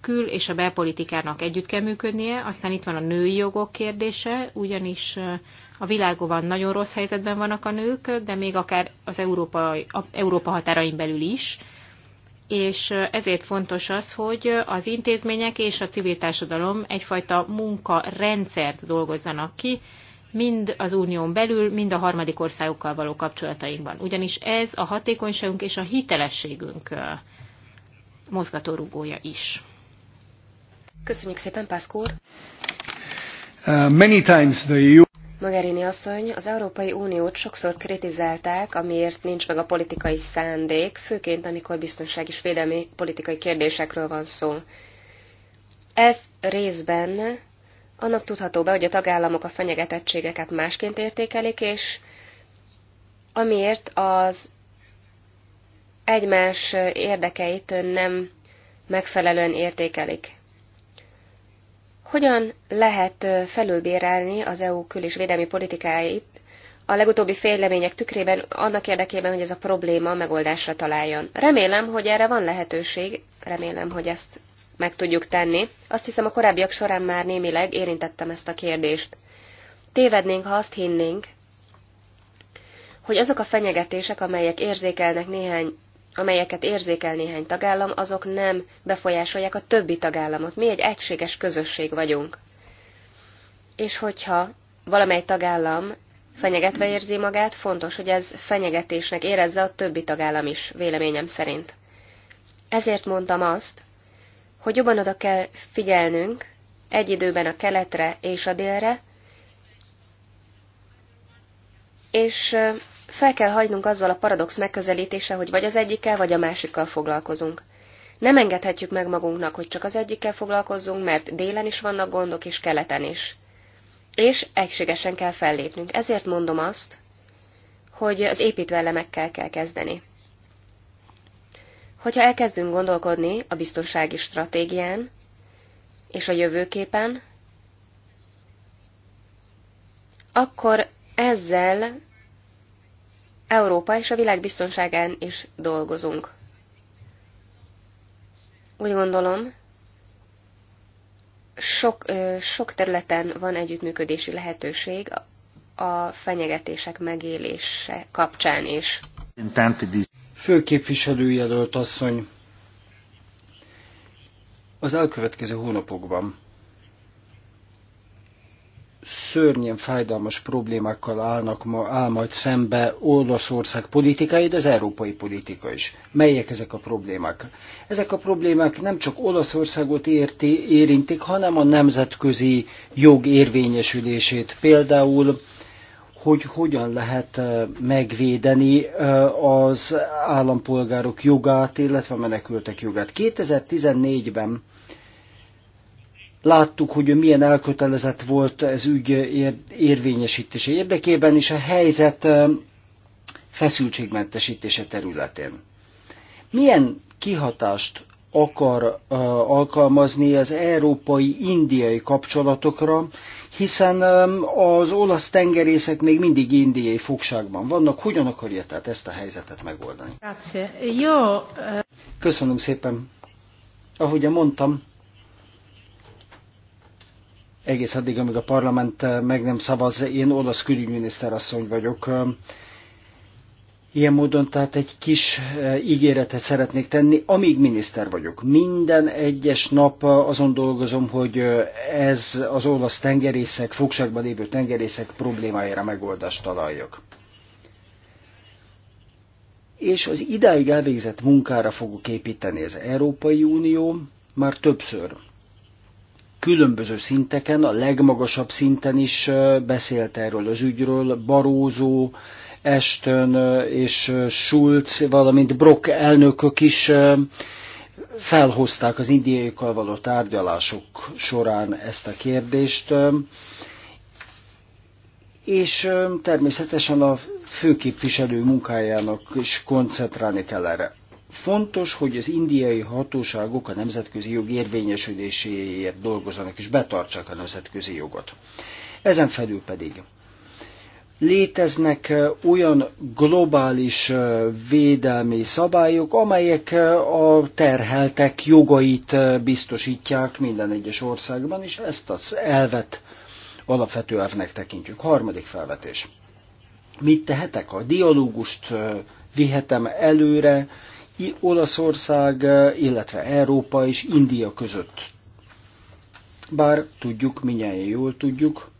kül- és a belpolitikának együtt kell működnie, aztán itt van a női jogok kérdése, ugyanis a világban nagyon rossz helyzetben vannak a nők, de még akár az Európa, Európa határain belül is, és ezért fontos az, hogy az intézmények és a civil társadalom egyfajta munkarendszert dolgozzanak ki, mind az unión belül, mind a harmadik országokkal való kapcsolatainkban. Ugyanis ez a hatékonyságunk és a hitelességünk mozgatórugója is. Köszönjük szépen, Pászkór! Uh, many times the EU Mogherini asszony, az Európai Uniót sokszor kritizálták, amiért nincs meg a politikai szándék, főként amikor biztonság és védelmi politikai kérdésekről van szó. Ez részben annak tudható be, hogy a tagállamok a fenyegetettségeket másként értékelik, és amiért az egymás érdekeit nem megfelelően értékelik. Hogyan lehet felülbérelni az EU kül- és védelmi politikáit a legutóbbi fejlemények tükrében annak érdekében, hogy ez a probléma megoldásra találjon? Remélem, hogy erre van lehetőség, remélem, hogy ezt meg tudjuk tenni. Azt hiszem, a korábbiak során már némileg érintettem ezt a kérdést. Tévednénk, ha azt hinnénk, hogy azok a fenyegetések, amelyek érzékelnek néhány amelyeket érzékel néhány tagállam, azok nem befolyásolják a többi tagállamot. Mi egy egységes közösség vagyunk. És hogyha valamely tagállam fenyegetve érzi magát, fontos, hogy ez fenyegetésnek érezze a többi tagállam is, véleményem szerint. Ezért mondtam azt, hogy jobban oda kell figyelnünk egy időben a keletre és a délre, és fel kell hagynunk azzal a paradox megközelítése, hogy vagy az egyikkel, vagy a másikkal foglalkozunk. Nem engedhetjük meg magunknak, hogy csak az egyikkel foglalkozzunk, mert délen is vannak gondok, és keleten is. És egységesen kell fellépnünk. Ezért mondom azt, hogy az építvelemekkel kell kezdeni. Hogyha elkezdünk gondolkodni a biztonsági stratégián és a jövőképen, akkor ezzel Európa és a világ biztonságán is dolgozunk. Úgy gondolom, sok, sok területen van együttműködési lehetőség a fenyegetések megélése kapcsán is. Főképviselőjelölt asszony, az elkövetkező hónapokban szörnyen fájdalmas problémákkal állnak ma, áll majd szembe Olaszország politikai, de az európai politika is. Melyek ezek a problémák? Ezek a problémák nem csak Olaszországot érti, érintik, hanem a nemzetközi jog érvényesülését. Például hogy hogyan lehet eh, megvédeni eh, az állampolgárok jogát, illetve a menekültek jogát. 2014-ben láttuk, hogy ő milyen elkötelezett volt ez ügy érvényesítése érdekében, és a helyzet feszültségmentesítése területén. Milyen kihatást akar uh, alkalmazni az európai-indiai kapcsolatokra, hiszen um, az olasz tengerészek még mindig indiai fogságban vannak. Hogyan akarja tehát ezt a helyzetet megoldani? Köszönöm szépen. Ahogy mondtam, egész addig, amíg a parlament eh, meg nem szavaz. Én olasz külügyminiszter asszony vagyok. Ilyen módon tehát egy kis eh, ígéretet szeretnék tenni, amíg miniszter vagyok. Minden egyes nap eh, azon dolgozom, hogy ez az olasz tengerészek, fogságban lévő tengerészek problémájára megoldást találjak. És az idáig elvégzett munkára fogok építeni az Európai Unió, már többször különböző szinteken, a legmagasabb szinten is beszélt erről az ügyről, Barózó, Estön és Schulz, valamint Brock elnökök is felhozták az indiaiakkal való tárgyalások során ezt a kérdést, és természetesen a főképviselő munkájának is koncentrálni kell erre. Fontos, hogy az indiai hatóságok a nemzetközi jog érvényesüléséért dolgozzanak és betartsák a nemzetközi jogot. Ezen felül pedig léteznek eh, olyan globális eh, védelmi szabályok, amelyek eh, a terheltek jogait biztosítják minden egyes országban, és ezt az elvet alapvető elvnek tekintjük. Harmadik felvetés. Mit tehetek? A dialógust vihetem előre, Olaszország, eh, illetve Európa és India között. Bár tudjuk, minnyáján jól tudjuk,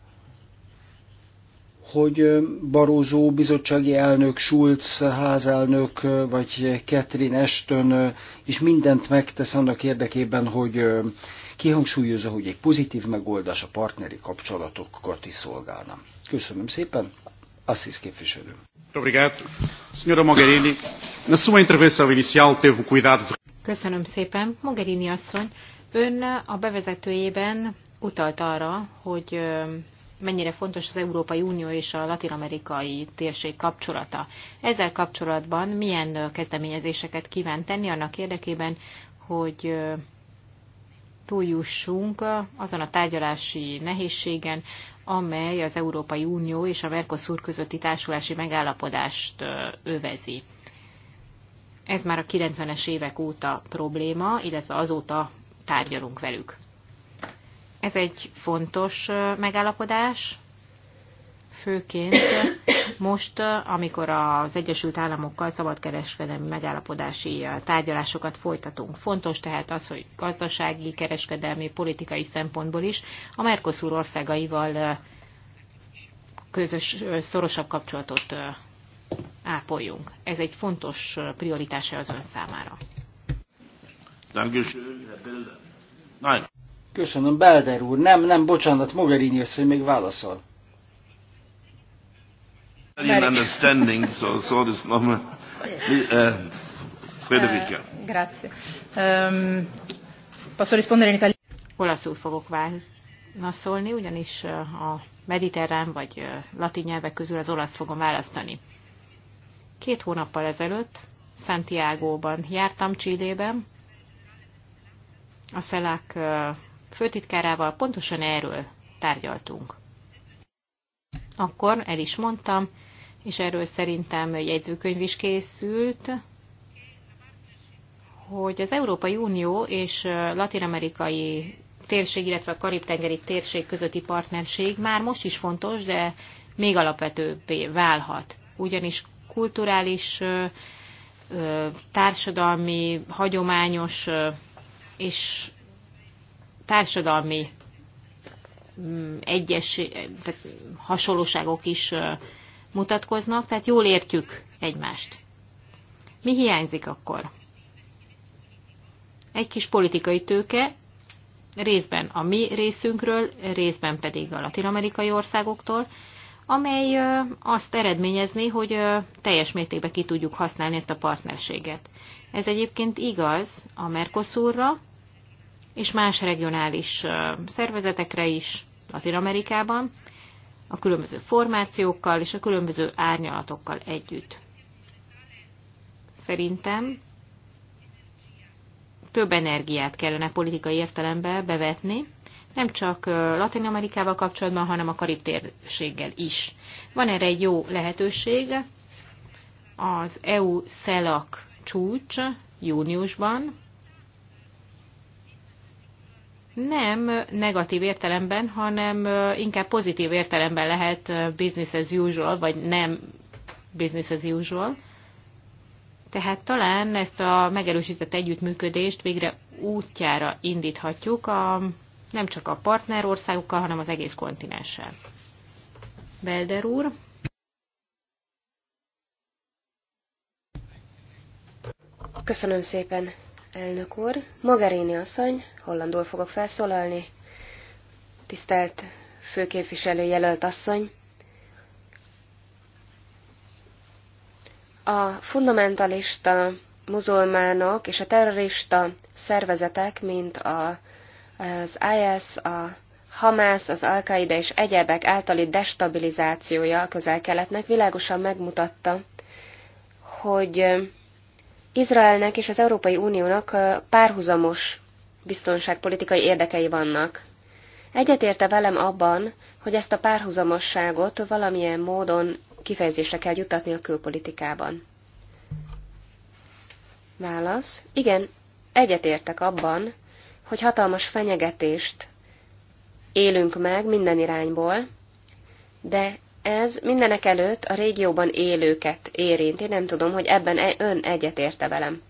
hogy eh, Barózó bizottsági elnök, Schulz házelnök, eh, vagy Catherine Ashton is mindent megtesz annak érdekében, hogy kihangsúlyozza, hogy egy pozitív megoldás a partneri kapcsolatokat is szolgálna. Köszönöm szépen, Assis képviselő. Köszönöm szépen. Mogherini asszony, ön a bevezetőjében utalt arra, hogy mennyire fontos az Európai Unió és a latin-amerikai térség kapcsolata. Ezzel kapcsolatban milyen kezdeményezéseket kíván tenni annak érdekében, hogy túljussunk azon a tárgyalási nehézségen, amely az Európai Unió és a Mercosur közötti társulási megállapodást övezi. Ez már a 90-es évek óta probléma, illetve azóta tárgyalunk velük. Ez egy fontos megállapodás, főként most, amikor az Egyesült Államokkal szabadkereskedelmi megállapodási tárgyalásokat folytatunk, fontos tehát az, hogy gazdasági, kereskedelmi, politikai szempontból is a Mercosur országaival közös, szorosabb kapcsolatot ápoljunk. Ez egy fontos prioritása az ön számára. Köszönöm, Belder úr. Nem, nem, bocsánat, Mogherini össze még válaszol. Italian understanding, so, so das nochmal. Äh, uh, Federica. Eh, grazie. Um, posso rispondere in italiano? Olaszul fogok válaszolni, ugyanis uh, a mediterrán vagy latin nyelvek közül az olasz fogom választani. Két hónappal ezelőtt Santiago-ban jártam Csillében, a szelák főtitkárával pontosan erről tárgyaltunk. Akkor el is mondtam, és erről szerintem jegyzőkönyv is készült, hogy az Európai Unió és latin-amerikai térség, illetve a karib-tengeri térség közötti partnerség már most is fontos, de még alapvetőbbé válhat. Ugyanis kulturális, társadalmi, hagyományos és társadalmi mm, egyes tehát hasonlóságok is mutatkoznak, tehát jól értjük egymást. Mi hiányzik akkor? Egy kis politikai tőke, részben a mi részünkről, részben pedig a latin-amerikai országoktól, amely azt eredményezné, hogy teljes mértékben ki tudjuk használni ezt a partnerséget. Ez egyébként igaz a Mercosurra és más regionális szervezetekre is Latin-Amerikában, a különböző formációkkal és a különböző árnyalatokkal együtt. Szerintem több energiát kellene politikai értelembe bevetni, nem csak Latin Amerikával kapcsolatban, hanem a Karib térséggel is. Van erre egy jó lehetőség, az EU-SZELAK csúcs júniusban, nem negatív értelemben, hanem inkább pozitív értelemben lehet business as usual, vagy nem business as usual. Tehát talán ezt a megerősített együttműködést végre útjára indíthatjuk a, nem csak a partner országokkal, hanem az egész kontinenssel. Belder úr. Köszönöm szépen, elnök úr. Magaréni asszony, hollandul fogok felszólalni. Tisztelt főképviselő jelölt asszony! A fundamentalista muzulmánok és a terrorista szervezetek, mint a, az IS, a Hamász, az Al-Qaida és egyebek általi destabilizációja a közel-keletnek világosan megmutatta, hogy Izraelnek és az Európai Uniónak párhuzamos biztonságpolitikai érdekei vannak. Egyetérte velem abban, hogy ezt a párhuzamosságot valamilyen módon kifejezésre kell juttatni a külpolitikában. Válasz. Igen, egyetértek abban, hogy hatalmas fenyegetést élünk meg minden irányból, de ez mindenek előtt a régióban élőket érinti, nem tudom, hogy ebben e- ön egyetérte velem.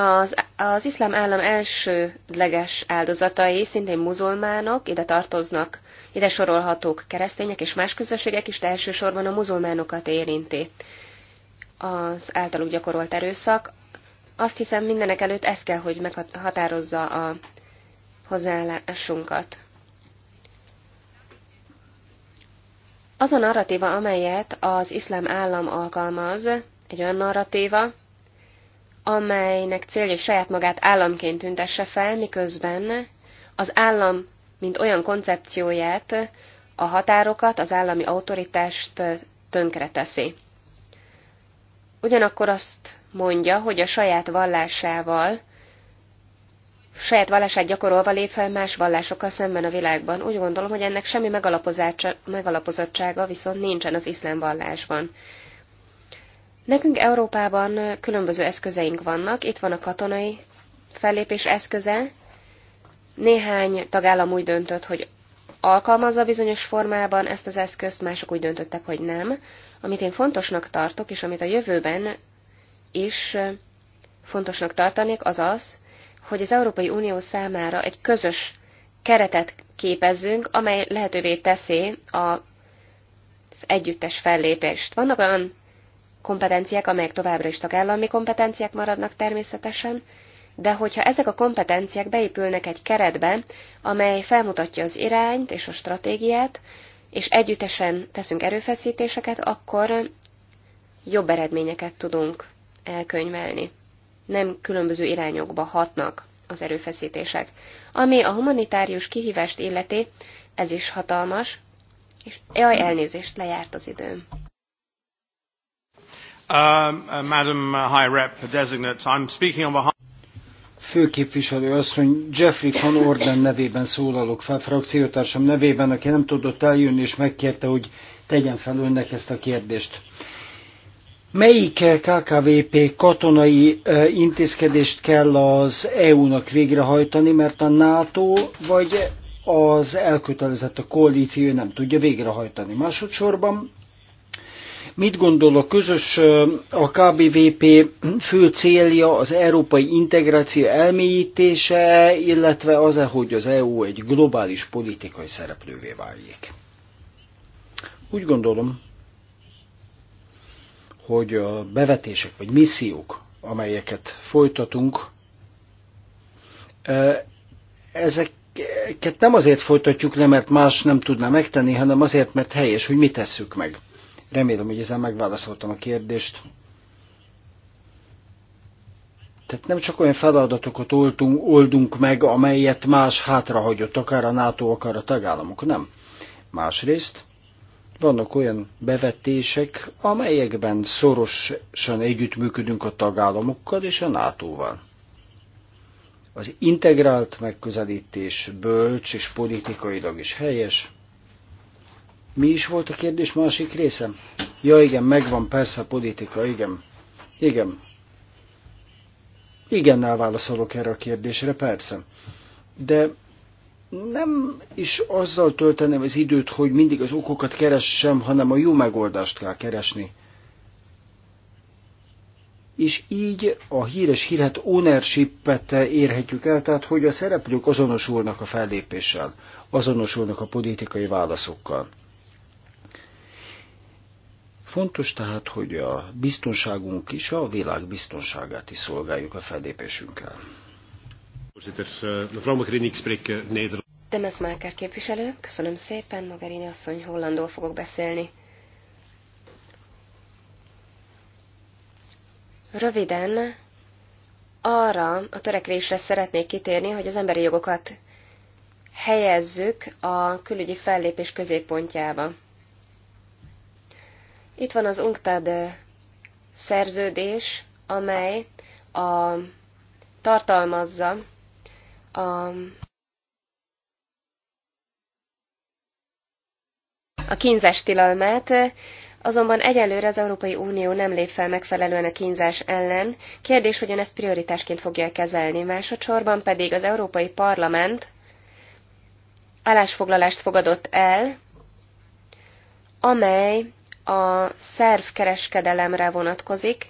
Az, az iszlám állam elsődleges áldozatai szintén muzulmánok, ide tartoznak, ide sorolhatók keresztények és más közösségek is, de elsősorban a muzulmánokat érinti az általuk gyakorolt erőszak. Azt hiszem mindenek előtt ez kell, hogy meghatározza a hozzáállásunkat. Az a narratíva, amelyet az iszlám állam alkalmaz, egy olyan narratíva, amelynek célja, saját magát államként tüntesse fel, miközben az állam, mint olyan koncepcióját, a határokat, az állami autoritást tönkre teszi. Ugyanakkor azt mondja, hogy a saját vallásával, saját vallását gyakorolva lép fel más vallásokkal szemben a világban. Úgy gondolom, hogy ennek semmi megalapozottsága viszont nincsen az iszlám vallásban. Nekünk Európában különböző eszközeink vannak. Itt van a katonai fellépés eszköze. Néhány tagállam úgy döntött, hogy alkalmazza bizonyos formában ezt az eszközt, mások úgy döntöttek, hogy nem. Amit én fontosnak tartok, és amit a jövőben is fontosnak tartanék, az az, hogy az Európai Unió számára egy közös keretet képezzünk, amely lehetővé teszi az együttes fellépést. Vannak olyan kompetenciák, amelyek továbbra is tagállami kompetenciák maradnak természetesen, de hogyha ezek a kompetenciák beépülnek egy keretbe, amely felmutatja az irányt és a stratégiát, és együttesen teszünk erőfeszítéseket, akkor jobb eredményeket tudunk elkönyvelni. Nem különböző irányokba hatnak az erőfeszítések. Ami a humanitárius kihívást illeti, ez is hatalmas, és jaj, elnézést, lejárt az időm. Um, uh, Madam uh, High Rep Designate, I'm speaking on behalf főképviselő asszony Jeffrey van Orden nevében szólalok fel, frakciótársam nevében, aki nem tudott eljönni, és megkérte, hogy tegyen fel önnek ezt a kérdést. Melyik KKVP katonai intézkedést kell az EU-nak végrehajtani, mert a NATO vagy az elkötelezett a koalíció nem tudja végrehajtani. Másodszorban Mit gondol a közös, a KBVP fő célja az európai integráció elmélyítése, illetve az -e, hogy az EU egy globális politikai szereplővé váljék? Úgy gondolom, hogy a bevetések vagy missziók, amelyeket folytatunk, ezeket nem azért folytatjuk le, mert más nem tudná megtenni, hanem azért, mert helyes, hogy mi tesszük meg. Remélem, hogy ezzel megválaszoltam a kérdést. Tehát nem csak olyan feladatokat oldunk, oldunk meg, amelyet más hátrahagyott, akár a NATO, akár a tagállamok, nem. Másrészt vannak olyan bevetések, amelyekben szorosan együttműködünk a tagállamokkal és a NATO-val. Az integrált megközelítés bölcs és politikailag is helyes, mi is volt a kérdés másik része? Ja igen, megvan persze a politika, igen. Igen. Igennel válaszolok erre a kérdésre, persze. De nem is azzal töltenem az időt, hogy mindig az okokat keressem, hanem a jó megoldást kell keresni. És így a híres hírhet ownership-et érhetjük el, tehát hogy a szereplők azonosulnak a fellépéssel, azonosulnak a politikai válaszokkal. Fontos tehát, hogy a biztonságunk is a világ biztonságát is szolgáljuk a fellépésünkkel. Eh, eh, Máker képviselő, köszönöm szépen, Magarini asszony, hollandól fogok beszélni. Röviden arra a törekvésre szeretnék kitérni, hogy az emberi jogokat helyezzük a külügyi fellépés középpontjába. Itt van az UNCTAD szerződés, amely a, tartalmazza a, a kínzás tilalmát, azonban egyelőre az Európai Unió nem lép fel megfelelően a kínzás ellen. Kérdés, hogyan ezt prioritásként fogja kezelni. Másodszorban pedig az Európai Parlament állásfoglalást fogadott el, amely a szervkereskedelemre vonatkozik.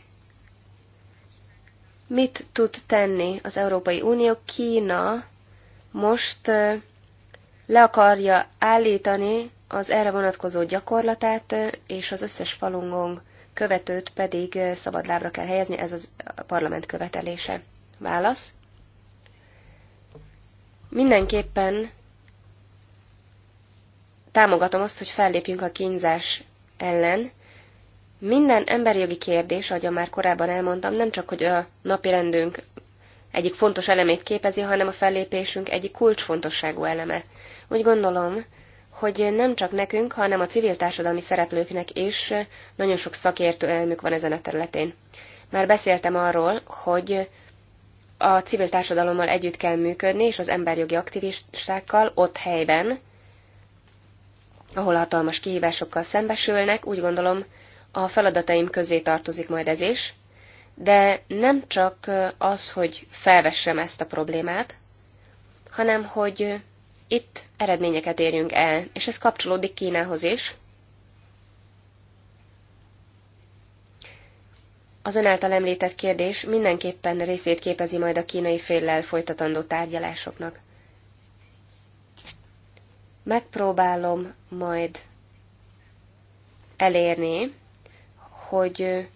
Mit tud tenni az Európai Unió? Kína most le akarja állítani az erre vonatkozó gyakorlatát, és az összes falungong követőt pedig szabadlábra kell helyezni, ez az a parlament követelése. Válasz. Mindenképpen támogatom azt, hogy fellépjünk a kínzás ellen. Minden emberjogi kérdés, ahogy már korábban elmondtam, nem csak, hogy a napi rendünk egyik fontos elemét képezi, hanem a fellépésünk egyik kulcsfontosságú eleme. Úgy gondolom, hogy nem csak nekünk, hanem a civil társadalmi szereplőknek is nagyon sok szakértő elmük van ezen a területén. Már beszéltem arról, hogy a civil társadalommal együtt kell működni, és az emberjogi aktivistákkal ott helyben, ahol hatalmas kihívásokkal szembesülnek, úgy gondolom a feladataim közé tartozik majd ez is, de nem csak az, hogy felvessem ezt a problémát, hanem hogy itt eredményeket érjünk el, és ez kapcsolódik Kínához is. Az ön által említett kérdés mindenképpen részét képezi majd a kínai féllel folytatandó tárgyalásoknak. Megpróbálom majd elérni, hogy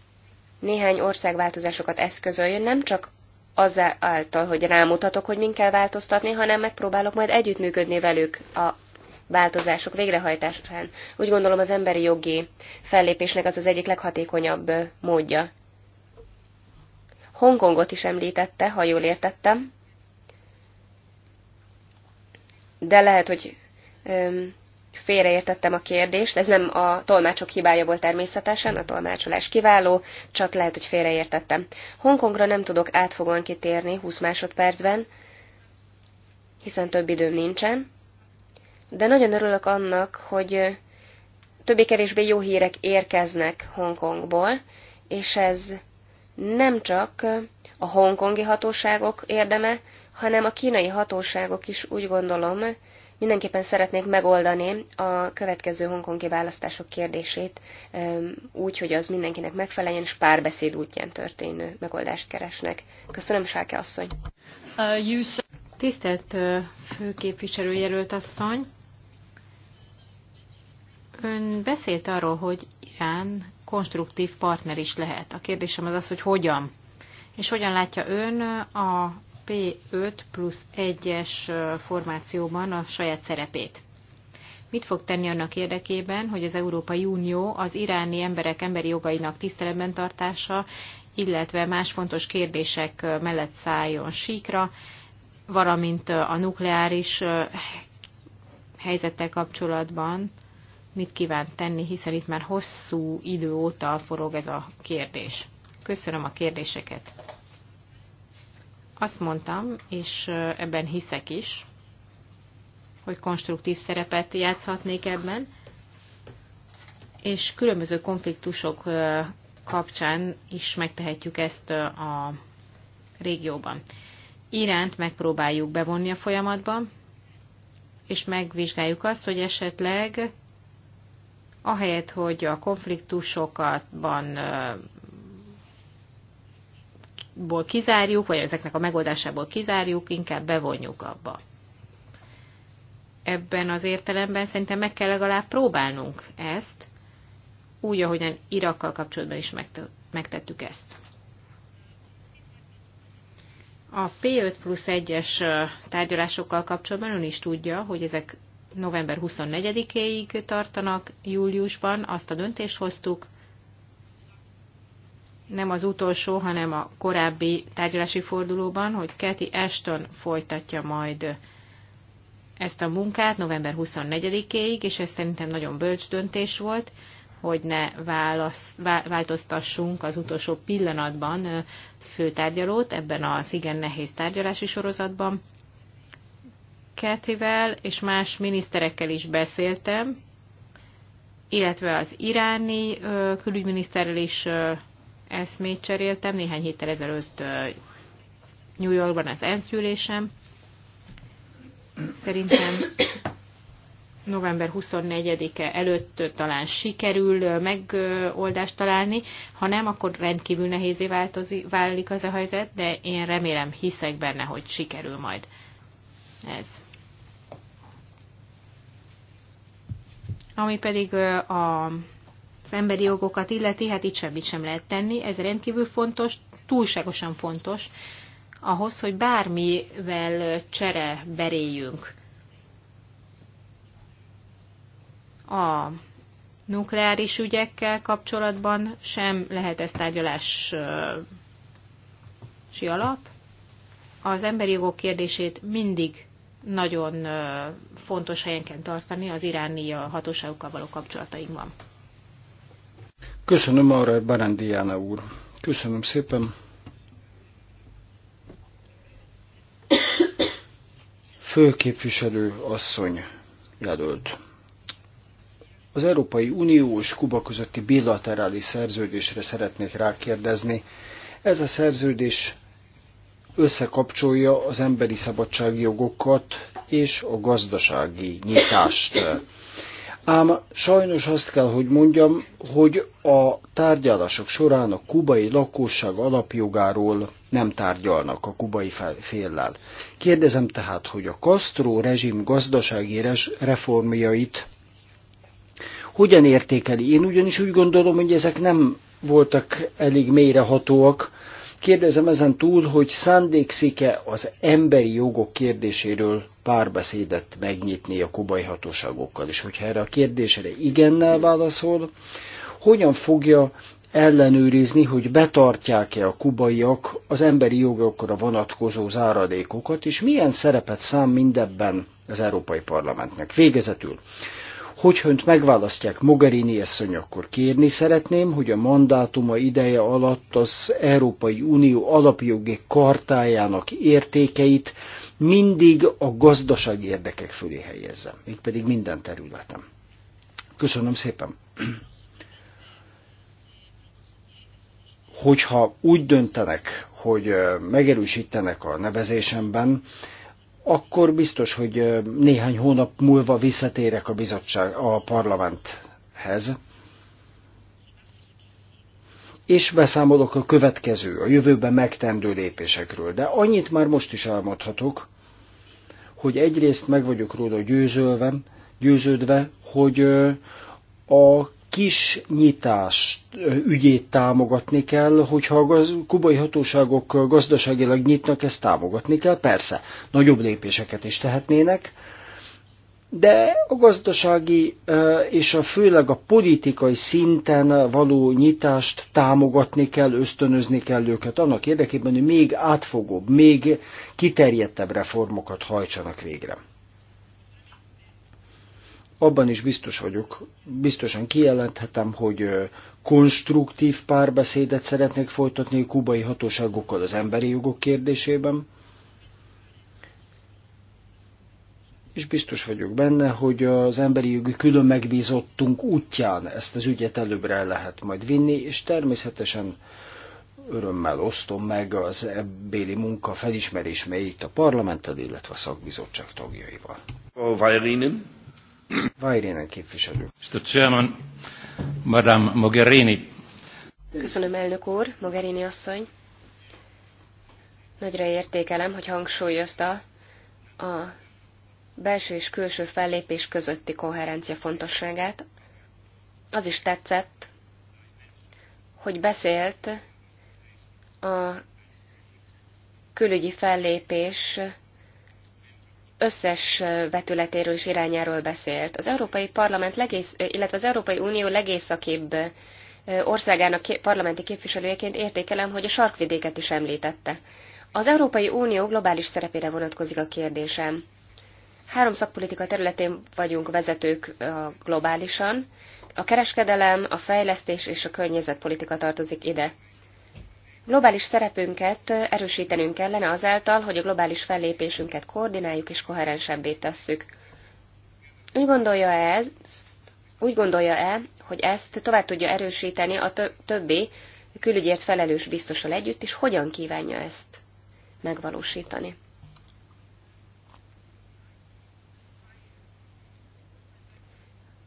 néhány ország változásokat eszközöljön, nem csak azáltal, hogy rámutatok, hogy min kell változtatni, hanem megpróbálok majd együttműködni velük a változások végrehajtásán. Úgy gondolom az emberi jogi fellépésnek az az egyik leghatékonyabb módja. Hongkongot is említette, ha jól értettem, de lehet, hogy félreértettem a kérdést, ez nem a tolmácsok hibája volt természetesen, a tolmácsolás kiváló, csak lehet, hogy félreértettem. Hongkongra nem tudok átfogóan kitérni 20 másodpercben, hiszen több időm nincsen, de nagyon örülök annak, hogy többé-kevésbé jó hírek érkeznek Hongkongból, és ez nem csak a hongkongi hatóságok érdeme, hanem a kínai hatóságok is úgy gondolom, Mindenképpen szeretnék megoldani a következő hongkongi választások kérdését úgy, hogy az mindenkinek megfeleljen, és párbeszéd útján történő megoldást keresnek. Köszönöm, Sáke asszony! Uh, Tisztelt főképviselőjelölt asszony! Ön beszélt arról, hogy Irán konstruktív partner is lehet. A kérdésem az az, hogy hogyan? És hogyan látja ön a P5 plusz 1-es formációban a saját szerepét. Mit fog tenni annak érdekében, hogy az Európai Unió az iráni emberek emberi jogainak tiszteletben tartása, illetve más fontos kérdések mellett szálljon síkra, valamint a nukleáris helyzettel kapcsolatban mit kíván tenni, hiszen itt már hosszú idő óta forog ez a kérdés. Köszönöm a kérdéseket! Azt mondtam, és ebben hiszek is, hogy konstruktív szerepet játszhatnék ebben, és különböző konfliktusok kapcsán is megtehetjük ezt a régióban. Iránt megpróbáljuk bevonni a folyamatba, és megvizsgáljuk azt, hogy esetleg ahelyett, hogy a konfliktusokatban ból kizárjuk, vagy ezeknek a megoldásából kizárjuk, inkább bevonjuk abba. Ebben az értelemben szerintem meg kell legalább próbálnunk ezt, úgy, ahogyan Irakkal kapcsolatban is megtettük ezt. A P5 plusz 1-es tárgyalásokkal kapcsolatban ön is tudja, hogy ezek november 24-éig tartanak, júliusban azt a döntést hoztuk, nem az utolsó, hanem a korábbi tárgyalási fordulóban, hogy Keti Ashton folytatja majd ezt a munkát november 24-éig, és ez szerintem nagyon bölcs döntés volt, hogy ne válasz, változtassunk az utolsó pillanatban főtárgyalót ebben az igen nehéz tárgyalási sorozatban. Kettivel és más miniszterekkel is beszéltem, illetve az iráni külügyminiszterrel is eszmét cseréltem néhány héttel ezelőtt New Yorkban az ENSZ ülésem. Szerintem november 24-e előtt talán sikerül megoldást találni, ha nem, akkor rendkívül nehézé változik, válik az a helyzet, de én remélem, hiszek benne, hogy sikerül majd ez. Ami pedig a az emberi jogokat illeti, hát itt semmit sem lehet tenni. Ez rendkívül fontos, túlságosan fontos ahhoz, hogy bármivel csere beréljünk. A nukleáris ügyekkel kapcsolatban sem lehet ez tárgyalási alap. Az emberi jogok kérdését mindig nagyon fontos helyen kell tartani az iráni hatóságokkal való kapcsolatainkban. Köszönöm arra, Barandiána úr. Köszönöm szépen. Főképviselő asszony jelölt. Az Európai Unió és Kuba közötti bilaterális szerződésre szeretnék rákérdezni. Ez a szerződés összekapcsolja az emberi szabadságjogokat és a gazdasági nyitást Ám sajnos azt kell, hogy mondjam, hogy a tárgyalások során a kubai lakosság alapjogáról nem tárgyalnak a kubai féllel. Kérdezem tehát, hogy a Castro rezsim gazdasági reformjait hogyan értékeli? Én ugyanis úgy gondolom, hogy ezek nem voltak elég mélyrehatóak, Kérdezem ezen túl, hogy szándékszik-e az emberi jogok kérdéséről párbeszédet megnyitni a kubai hatóságokkal, és hogyha erre a kérdésre igennel válaszol, hogyan fogja ellenőrizni, hogy betartják-e a kubaiak az emberi jogokra vonatkozó záradékokat, és milyen szerepet szám mindebben az Európai Parlamentnek. Végezetül, hogy önt megválasztják Mogherini eszony, akkor kérni szeretném, hogy a mandátuma ideje alatt az Európai Unió alapjogi kartájának értékeit mindig a gazdaság érdekek fölé helyezzem, mégpedig minden területen. Köszönöm szépen! Hogyha úgy döntenek, hogy megerősítenek a nevezésemben, akkor biztos, hogy néhány hónap múlva visszatérek a bizottság, a parlamenthez. És beszámolok a következő, a jövőben megtendő lépésekről. De annyit már most is elmondhatok, hogy egyrészt meg vagyok róla győzölve, győződve, hogy a kis nyitás ügyét támogatni kell, hogyha a gaz, kubai hatóságok gazdaságilag nyitnak, ezt támogatni kell, persze, nagyobb lépéseket is tehetnének, de a gazdasági és a főleg a politikai szinten való nyitást támogatni kell, ösztönözni kell őket annak érdekében, hogy még átfogóbb, még kiterjedtebb reformokat hajtsanak végre abban is biztos vagyok, biztosan kijelenthetem, hogy konstruktív párbeszédet szeretnék folytatni a kubai hatóságokkal az emberi jogok kérdésében, és biztos vagyok benne, hogy az emberi jogi külön megbízottunk útján ezt az ügyet előbbre lehet majd vinni, és természetesen örömmel osztom meg az ebbéli munka felismerésmeit a parlamenttel, illetve a szakbizottság tagjaival. A Vajrinen? Vajrénen képviselő. Mr. Chairman, Madame Mogherini. Köszönöm, elnök úr, Mogherini asszony. Nagyra értékelem, hogy hangsúlyozta a belső és külső fellépés közötti koherencia fontosságát. Az is tetszett, hogy beszélt a külügyi fellépés összes vetületéről és irányáról beszélt. Az Európai Parlament, legész, illetve az Európai Unió legészakibb országának parlamenti képviselőjeként értékelem, hogy a sarkvidéket is említette. Az Európai Unió globális szerepére vonatkozik a kérdésem. Három szakpolitika területén vagyunk vezetők globálisan. A kereskedelem, a fejlesztés és a környezetpolitika tartozik ide. Globális szerepünket erősítenünk kellene azáltal, hogy a globális fellépésünket koordináljuk és koherensebbé tesszük. Úgy gondolja -e ez, úgy gondolja-e, hogy ezt tovább tudja erősíteni a többi külügyért felelős biztosal együtt, és hogyan kívánja ezt megvalósítani?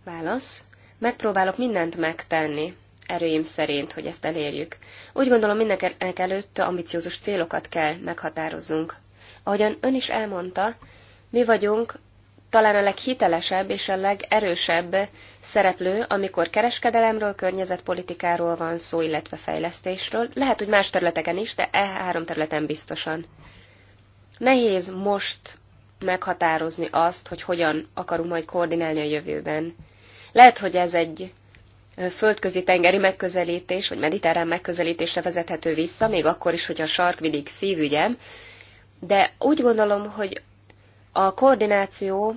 Válasz. Megpróbálok mindent megtenni erőim szerint, hogy ezt elérjük. Úgy gondolom, mindenek előtt ambiciózus célokat kell meghatározunk. Ahogyan ön is elmondta, mi vagyunk talán a leghitelesebb és a legerősebb szereplő, amikor kereskedelemről, környezetpolitikáról van szó, illetve fejlesztésről. Lehet, hogy más területeken is, de e három területen biztosan. Nehéz most meghatározni azt, hogy hogyan akarunk majd koordinálni a jövőben. Lehet, hogy ez egy földközi tengeri megközelítés, vagy mediterrán megközelítésre vezethető vissza, még akkor is, hogy a sarkvidék szívügyem, de úgy gondolom, hogy a koordináció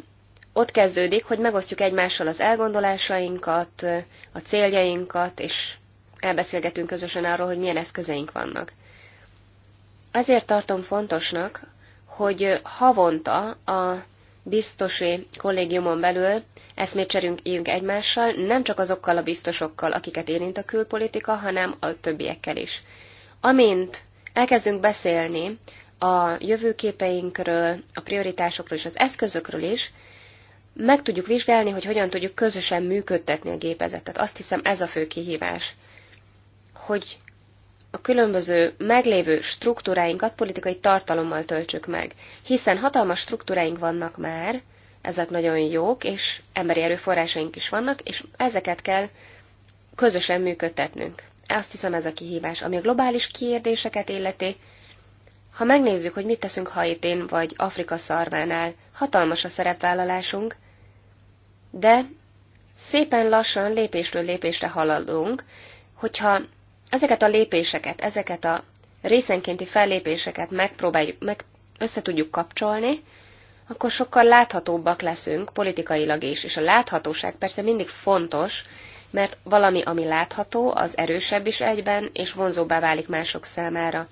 ott kezdődik, hogy megosztjuk egymással az elgondolásainkat, a céljainkat, és elbeszélgetünk közösen arról, hogy milyen eszközeink vannak. Ezért tartom fontosnak, hogy havonta a biztosi kollégiumon belül eszmét cserünk egymással, nem csak azokkal a biztosokkal, akiket érint a külpolitika, hanem a többiekkel is. Amint elkezdünk beszélni a jövőképeinkről, a prioritásokról és az eszközökről is, meg tudjuk vizsgálni, hogy hogyan tudjuk közösen működtetni a gépezetet. Azt hiszem ez a fő kihívás, hogy a különböző meglévő struktúráinkat politikai tartalommal töltsük meg, hiszen hatalmas struktúráink vannak már, ezek nagyon jók, és emberi erőforrásaink is vannak, és ezeket kell közösen működtetnünk. Azt hiszem ez a kihívás, ami a globális kérdéseket illeti. Ha megnézzük, hogy mit teszünk Haitén vagy Afrika szarvánál, hatalmas a szerepvállalásunk, de szépen lassan lépésről lépésre haladunk, hogyha ezeket a lépéseket, ezeket a részenkénti fellépéseket megpróbáljuk, meg össze tudjuk kapcsolni, akkor sokkal láthatóbbak leszünk politikailag is. És a láthatóság persze mindig fontos, mert valami, ami látható, az erősebb is egyben, és vonzóbbá válik mások számára.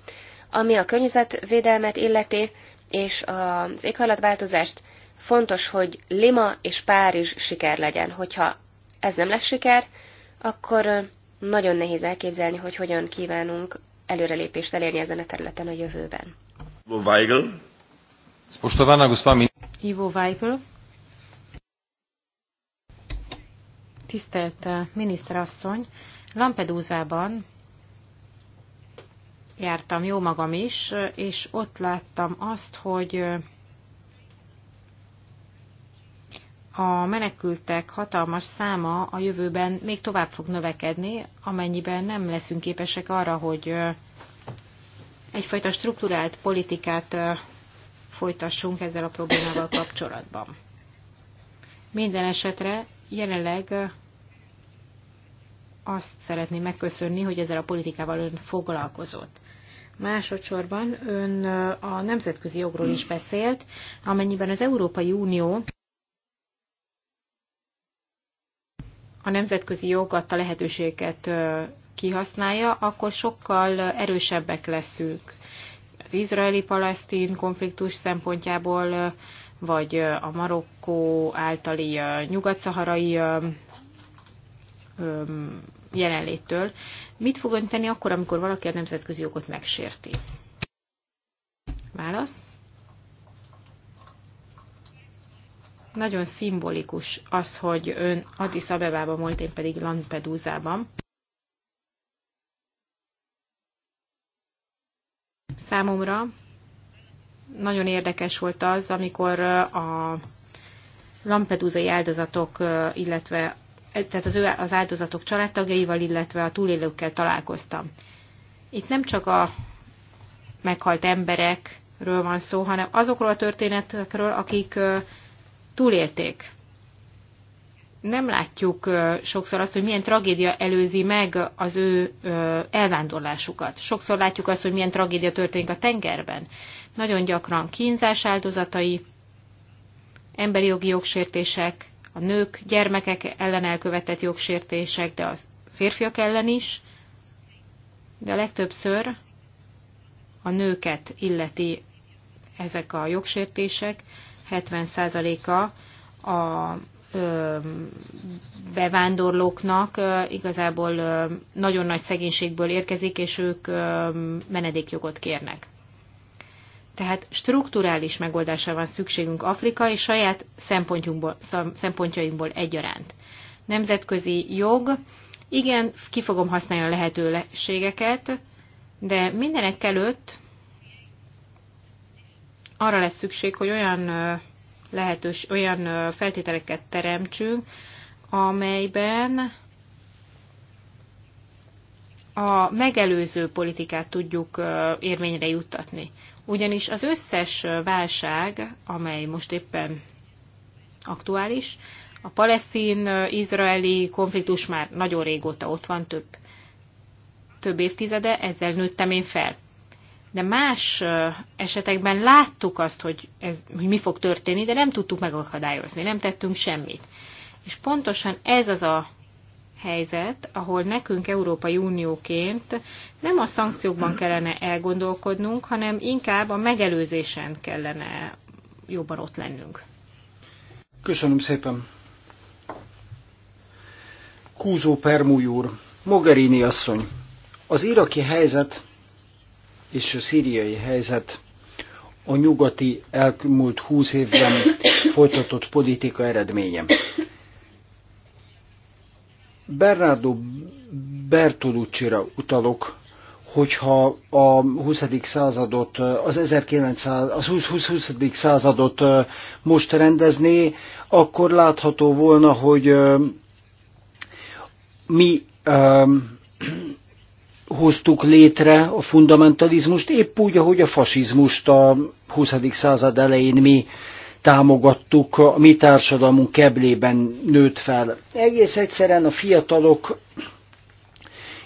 Ami a környezetvédelmet illeti, és az éghajlatváltozást, fontos, hogy Lima és Párizs siker legyen. Hogyha ez nem lesz siker, akkor nagyon nehéz elképzelni, hogy hogyan kívánunk előrelépést elérni ezen a területen a jövőben. Ivo Weigel. Spoštovana gospa Ivo Weigel. Tisztelt eh, miniszterasszony, Lampedúzában jártam jó magam is, eh, és ott láttam azt, hogy eh, a menekültek hatalmas száma a jövőben még tovább fog növekedni, amennyiben nem leszünk képesek arra, hogy egyfajta strukturált politikát folytassunk ezzel a problémával kapcsolatban. Minden esetre jelenleg azt szeretném megköszönni, hogy ezzel a politikával ön foglalkozott. Másodszorban ön a nemzetközi jogról is beszélt, amennyiben az Európai Unió a nemzetközi jog adta lehetőséget kihasználja, akkor sokkal erősebbek leszünk. Az izraeli-palesztin konfliktus szempontjából, vagy a Marokkó általi nyugat-szaharai jelenléttől. Mit fog ön tenni akkor, amikor valaki a nemzetközi jogot megsérti? Válasz? Nagyon szimbolikus az, hogy ön Addis Abebában volt, én pedig lampedúzában. Számomra nagyon érdekes volt az, amikor a lampedúzai áldozatok, illetve e, tehát az, ő, az áldozatok családtagjaival, illetve a túlélőkkel találkoztam. Itt nem csak a meghalt emberekről van szó, hanem azokról a történetekről, akik túlélték. Nem látjuk sokszor azt, hogy milyen tragédia előzi meg az ő elvándorlásukat. Sokszor látjuk azt, hogy milyen tragédia történik a tengerben. Nagyon gyakran kínzás áldozatai, emberi jogi jogsértések, a nők, gyermekek ellen elkövetett jogsértések, de a férfiak ellen is, de legtöbbször a nőket illeti ezek a jogsértések, 70%-a a bevándorlóknak igazából nagyon nagy szegénységből érkezik, és ők menedékjogot kérnek. Tehát strukturális megoldásra van szükségünk Afrika és saját szempontjunkból, szempontjainkból egyaránt. Nemzetközi jog, igen, ki fogom használni a lehetőségeket, de mindenek előtt arra lesz szükség, hogy olyan lehetős, olyan feltételeket teremtsünk, amelyben a megelőző politikát tudjuk érvényre juttatni. Ugyanis az összes válság, amely most éppen aktuális, a palesztin-izraeli konfliktus már nagyon régóta ott van, több, több évtizede, ezzel nőttem én fel de más esetekben láttuk azt, hogy, ez, hogy mi fog történni, de nem tudtuk megakadályozni, nem tettünk semmit. És pontosan ez az a helyzet, ahol nekünk Európai Unióként nem a szankciókban kellene elgondolkodnunk, hanem inkább a megelőzésen kellene jobban ott lennünk. Köszönöm szépen. Kúzó Permúj úr, Mogherini asszony, az iraki helyzet és a szíriai helyzet a nyugati elmúlt húsz évben folytatott politika eredménye. Bernardo bertolucci utalok, hogyha a 20. századot, az 1900, az 20. 20. századot most rendezné, akkor látható volna, hogy mi hoztuk létre a fundamentalizmust, épp úgy, ahogy a fasizmust a 20. század elején mi támogattuk, a mi társadalmunk keblében nőtt fel. Egész egyszerűen a fiatalok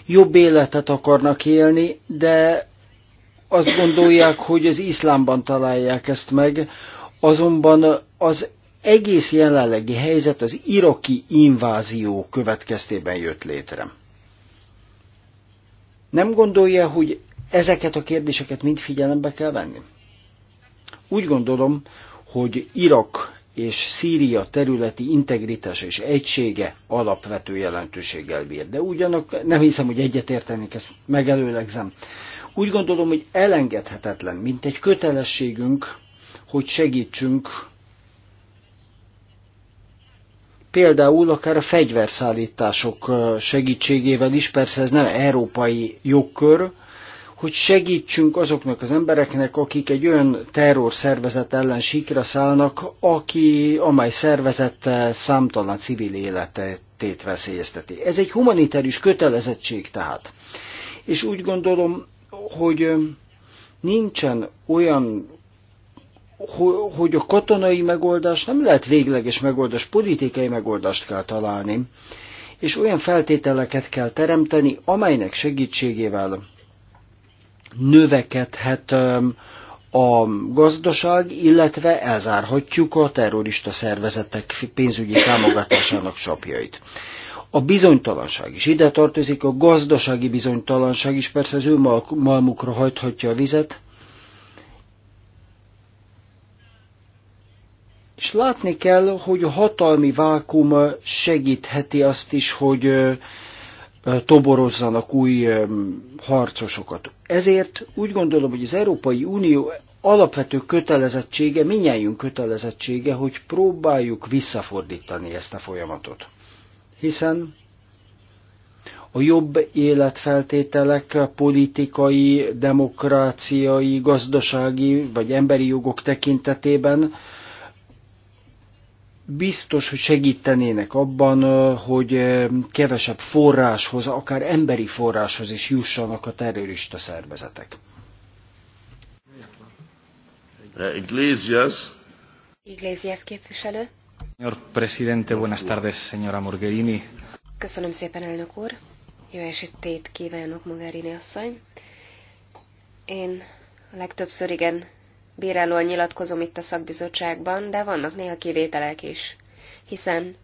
jobb életet akarnak élni, de azt gondolják, hogy az iszlámban találják ezt meg, azonban az egész jelenlegi helyzet az iraki invázió következtében jött létre. Nem gondolja, hogy ezeket a kérdéseket mind figyelembe kell venni? Úgy gondolom, hogy Irak és Szíria területi integritása és egysége alapvető jelentőséggel bír. De ugyanak nem hiszem, hogy egyetértenék, ezt megelőlegzem. Úgy gondolom, hogy elengedhetetlen, mint egy kötelességünk, hogy segítsünk például akár a fegyverszállítások segítségével is, persze ez nem európai jogkör, hogy segítsünk azoknak az embereknek, akik egy olyan terrorszervezet ellen sikra szállnak, aki, amely szervezet számtalan civil életét veszélyezteti. Ez egy humanitárius kötelezettség tehát. És úgy gondolom, hogy nincsen olyan hogy a katonai megoldás nem lehet végleges megoldás, politikai megoldást kell találni, és olyan feltételeket kell teremteni, amelynek segítségével növekedhet a gazdaság, illetve elzárhatjuk a terrorista szervezetek pénzügyi támogatásának csapjait. A bizonytalanság is ide tartozik, a gazdasági bizonytalanság is persze az ő malmukra hajthatja a vizet, És látni kell, hogy a hatalmi vákum segítheti azt is, hogy toborozzanak új harcosokat. Ezért úgy gondolom, hogy az Európai Unió alapvető kötelezettsége, minnyájunk kötelezettsége, hogy próbáljuk visszafordítani ezt a folyamatot. Hiszen a jobb életfeltételek politikai, demokráciai, gazdasági vagy emberi jogok tekintetében biztos, hogy segítenének abban, hogy kevesebb forráshoz, akár emberi forráshoz is jussanak a terrorista szervezetek. Iglesias. Iglesias képviselő. Señor presidente, buenas tardes, señora Morgherini. Köszönöm szépen, elnök úr. Jó esetét kívánok, Mogherini asszony. Én legtöbbször igen bírálóan nyilatkozom itt a szakbizottságban, de vannak néha kivételek is. Hiszen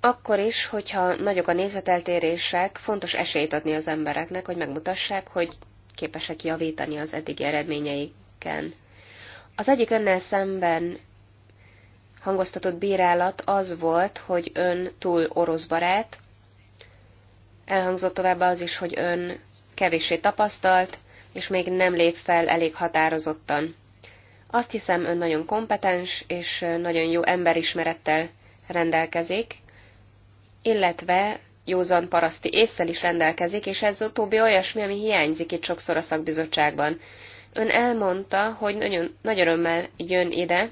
akkor is, hogyha nagyok a nézeteltérések, fontos esélyt adni az embereknek, hogy megmutassák, hogy képesek javítani az eddigi eredményeiken. Az egyik önnel szemben hangoztatott bírálat az volt, hogy ön túl orosz barát, elhangzott továbbá az is, hogy ön kevéssé tapasztalt, és még nem lép fel elég határozottan. Azt hiszem, ön nagyon kompetens és nagyon jó emberismerettel rendelkezik, illetve józan paraszti észsel is rendelkezik, és ez utóbbi olyasmi, ami hiányzik itt sokszor a szakbizottságban. Ön elmondta, hogy nagyon, nagy örömmel jön ide,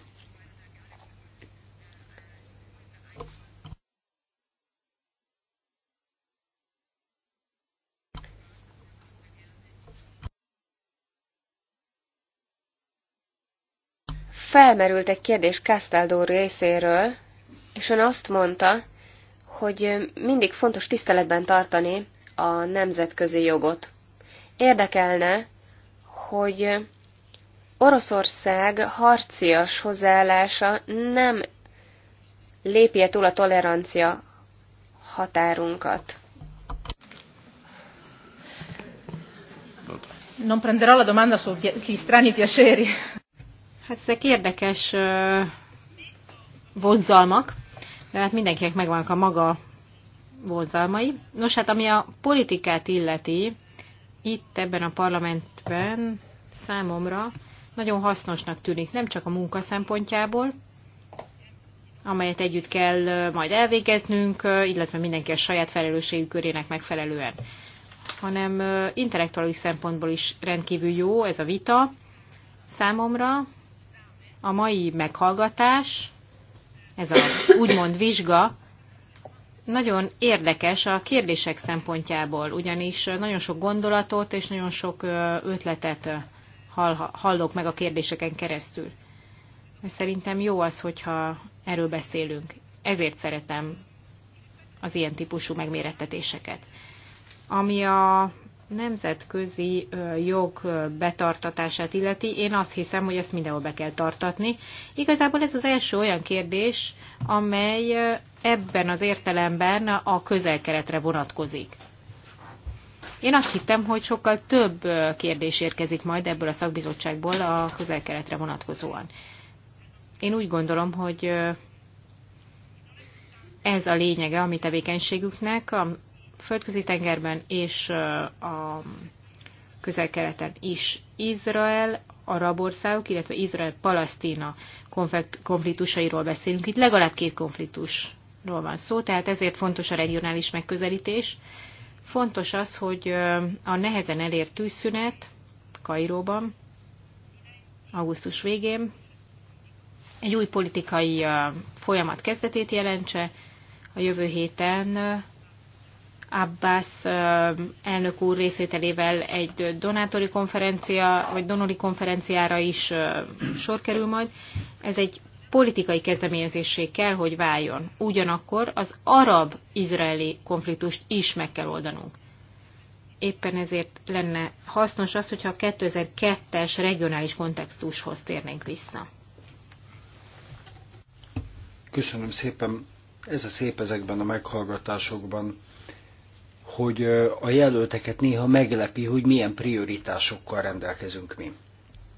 felmerült egy kérdés Castaldo részéről, és ön azt mondta, hogy mindig fontos tiszteletben tartani a nemzetközi jogot. Érdekelne, hogy Oroszország harcias hozzáállása nem lépje túl a tolerancia határunkat. Non prenderò la domanda sugli strani piaceri. Hát ezek érdekes vonzalmak, de hát mindenkinek megvannak a maga vonzalmai. Nos, hát ami a politikát illeti, itt ebben a parlamentben számomra nagyon hasznosnak tűnik, nem csak a munka szempontjából, amelyet együtt kell majd elvégeznünk, illetve mindenki a saját felelősségük körének megfelelően, hanem intellektuális szempontból is rendkívül jó ez a vita számomra, a mai meghallgatás, ez a úgymond vizsga, nagyon érdekes a kérdések szempontjából, ugyanis nagyon sok gondolatot és nagyon sok ötletet hallok meg a kérdéseken keresztül. Szerintem jó az, hogyha erről beszélünk. Ezért szeretem az ilyen típusú megmérettetéseket. Ami a nemzetközi jog betartatását illeti, én azt hiszem, hogy ezt mindenhol be kell tartatni. Igazából ez az első olyan kérdés, amely ebben az értelemben a közelkeretre vonatkozik. Én azt hittem, hogy sokkal több kérdés érkezik majd ebből a szakbizottságból a közelkeletre vonatkozóan. Én úgy gondolom, hogy ez a lényege a mi tevékenységüknek, földközi tengerben és a közel-keleten is. Izrael, arab országok, illetve Izrael-Palasztina konfliktusairól beszélünk. Itt legalább két konfliktusról van szó, tehát ezért fontos a regionális megközelítés. Fontos az, hogy a nehezen elért tűzszünet Kairóban, augusztus végén, egy új politikai folyamat kezdetét jelentse. A jövő héten Abbas elnök úr részvételével egy donátori konferencia, vagy donori konferenciára is sor kerül majd. Ez egy politikai kezdeményezésé kell, hogy váljon. Ugyanakkor az arab-izraeli konfliktust is meg kell oldanunk. Éppen ezért lenne hasznos az, hogyha a 2002-es regionális kontextushoz térnénk vissza. Köszönöm szépen. Ez a szép ezekben a meghallgatásokban hogy a jelölteket néha meglepi, hogy milyen prioritásokkal rendelkezünk mi.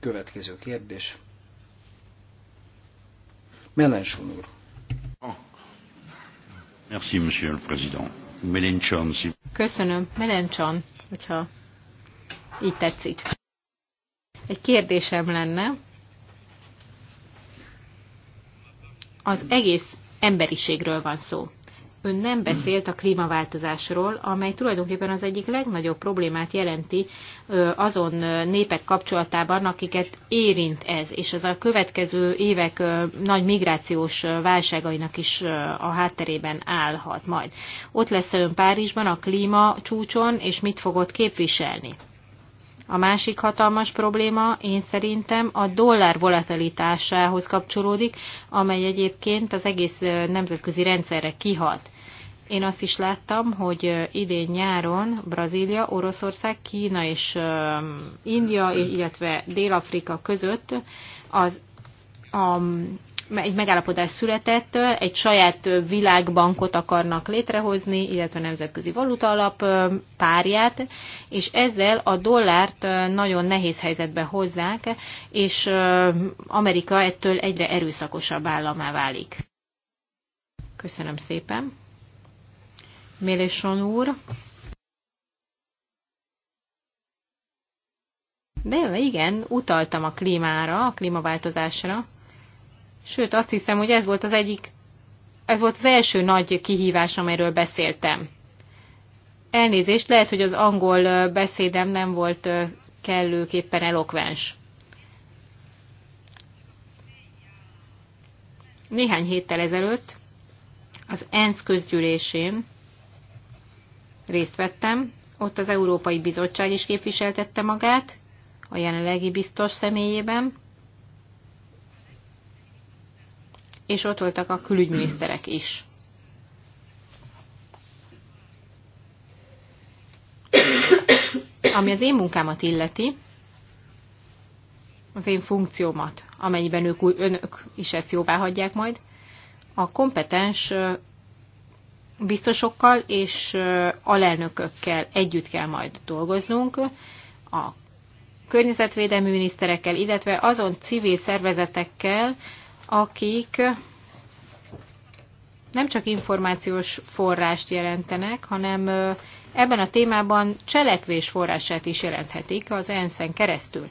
Következő kérdés. Melenchon úr. Merci, monsieur le président. Melenchon, si... Köszönöm. Melenchon, hogyha így tetszik. Egy kérdésem lenne. Az egész emberiségről van szó ön nem beszélt a klímaváltozásról, amely tulajdonképpen az egyik legnagyobb problémát jelenti azon népek kapcsolatában, akiket érint ez, és ez a következő évek nagy migrációs válságainak is a hátterében állhat majd. Ott lesz ön Párizsban a klíma csúcson, és mit fogod képviselni? A másik hatalmas probléma én szerintem a dollár volatilitásához kapcsolódik, amely egyébként az egész nemzetközi rendszerre kihat. Én azt is láttam, hogy idén nyáron Brazília, Oroszország, Kína és India, illetve Dél-Afrika között az, a, egy megállapodás született, egy saját világbankot akarnak létrehozni, illetve nemzetközi valuta alap párját, és ezzel a dollárt nagyon nehéz helyzetbe hozzák, és Amerika ettől egyre erőszakosabb államá válik. Köszönöm szépen! Méléson úr. De igen, utaltam a klímára, a klímaváltozásra. Sőt, azt hiszem, hogy ez volt az egyik, ez volt az első nagy kihívás, amiről beszéltem. Elnézést, lehet, hogy az angol beszédem nem volt kellőképpen elokvens. Néhány héttel ezelőtt az ENSZ közgyűlésén részt vettem, ott az Európai Bizottság is képviseltette magát, a jelenlegi biztos személyében, és ott voltak a külügyminiszterek is. Ami az én munkámat illeti, az én funkciómat, amennyiben ők, önök is ezt jóvá hagyják majd, a kompetens biztosokkal és alelnökökkel együtt kell majd dolgoznunk, a környezetvédelmi miniszterekkel, illetve azon civil szervezetekkel, akik nem csak információs forrást jelentenek, hanem ebben a témában cselekvés forrását is jelenthetik az ENSZ-en keresztül.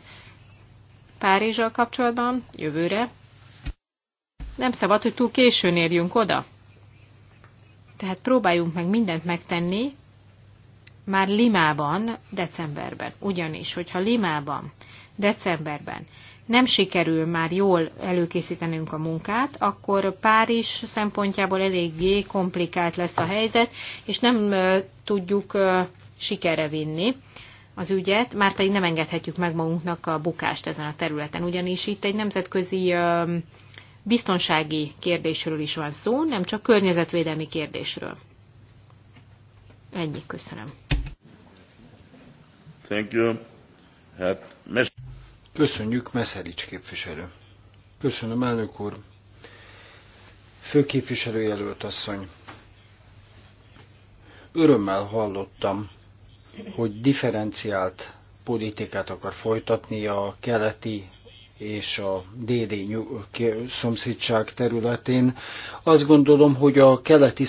Párizsal kapcsolatban jövőre nem szabad, hogy túl későn érjünk oda. Tehát próbáljunk meg mindent megtenni, már Limában, decemberben. Ugyanis, hogyha Limában, decemberben nem sikerül már jól előkészítenünk a munkát, akkor Párizs szempontjából eléggé komplikált lesz a helyzet, és nem tudjuk sikere vinni az ügyet, már pedig nem engedhetjük meg magunknak a bukást ezen a területen, ugyanis itt egy nemzetközi biztonsági kérdésről is van szó, nem csak környezetvédelmi kérdésről. Ennyi, köszönöm. Thank you. Hát, mes- Köszönjük, Meszerics képviselő. Köszönöm, elnök úr. Főképviselőjelölt asszony. Örömmel hallottam, hogy differenciált politikát akar folytatni a keleti és a DD szomszédság területén. Azt gondolom, hogy a keleti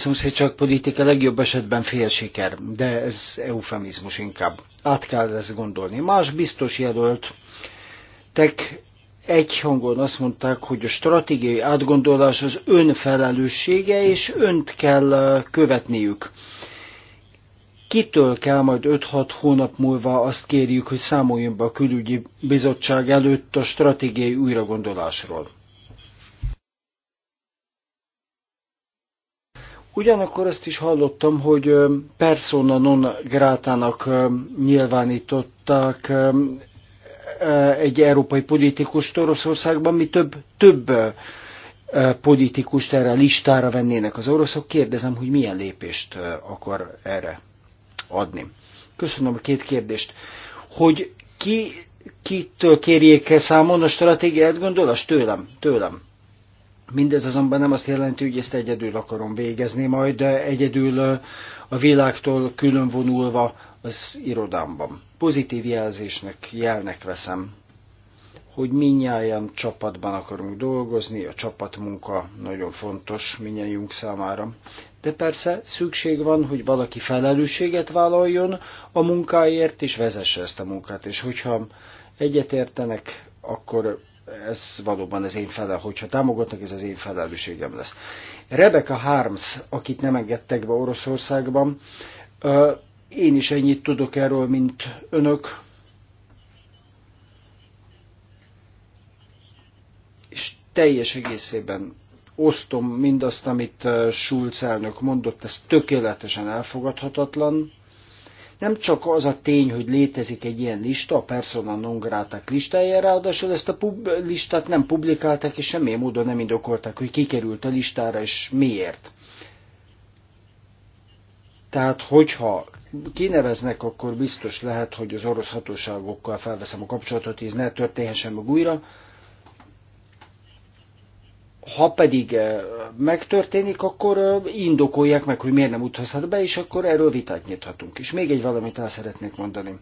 politika legjobb esetben fél siker, de ez eufemizmus inkább. Át kell ezt gondolni. Más biztos jelölt, tek egy hangon azt mondták, hogy a stratégiai átgondolás az önfelelőssége, és önt kell követniük kitől kell majd 5-6 hónap múlva azt kérjük, hogy számoljon be a külügyi bizottság előtt a stratégiai újragondolásról. Ugyanakkor azt is hallottam, hogy persona non grátának nyilvánították egy európai politikus Oroszországban, mi több, több politikust erre a listára vennének az oroszok. Kérdezem, hogy milyen lépést akar erre adni. Köszönöm a két kérdést. Hogy ki, kitől kérjék el számon a stratégiát, gondolás? Tőlem, tőlem. Mindez azonban nem azt jelenti, hogy ezt egyedül akarom végezni, majd egyedül eh, a világtól külön vonulva az irodámban. Pozitív jelzésnek, jelnek veszem, hogy minnyáján csapatban akarunk dolgozni, a csapatmunka nagyon fontos minnyájunk számára de persze szükség van, hogy valaki felelősséget vállaljon a munkáért, és vezesse ezt a munkát. És hogyha egyetértenek, akkor ez valóban az én felel, hogyha támogatnak, ez az én felelősségem lesz. Rebecca Harms, akit nem engedtek be Oroszországban, én is ennyit tudok erről, mint önök, és teljes egészében osztom mindazt, amit Schulz elnök mondott, ez tökéletesen elfogadhatatlan. Nem csak az a tény, hogy létezik egy ilyen lista, a persona non grata listájára, ráadásul ezt a pub- listát nem publikálták, és semmilyen módon nem indokolták, hogy kikerült a listára, és miért. Tehát, hogyha kineveznek, akkor biztos lehet, hogy az orosz hatóságokkal felveszem a kapcsolatot, és ne történhessen meg újra, ha pedig eh, megtörténik, akkor eh, indokolják meg, hogy miért nem utazhat be, és akkor erről vitát nyithatunk. És még egy valamit el szeretnék mondani,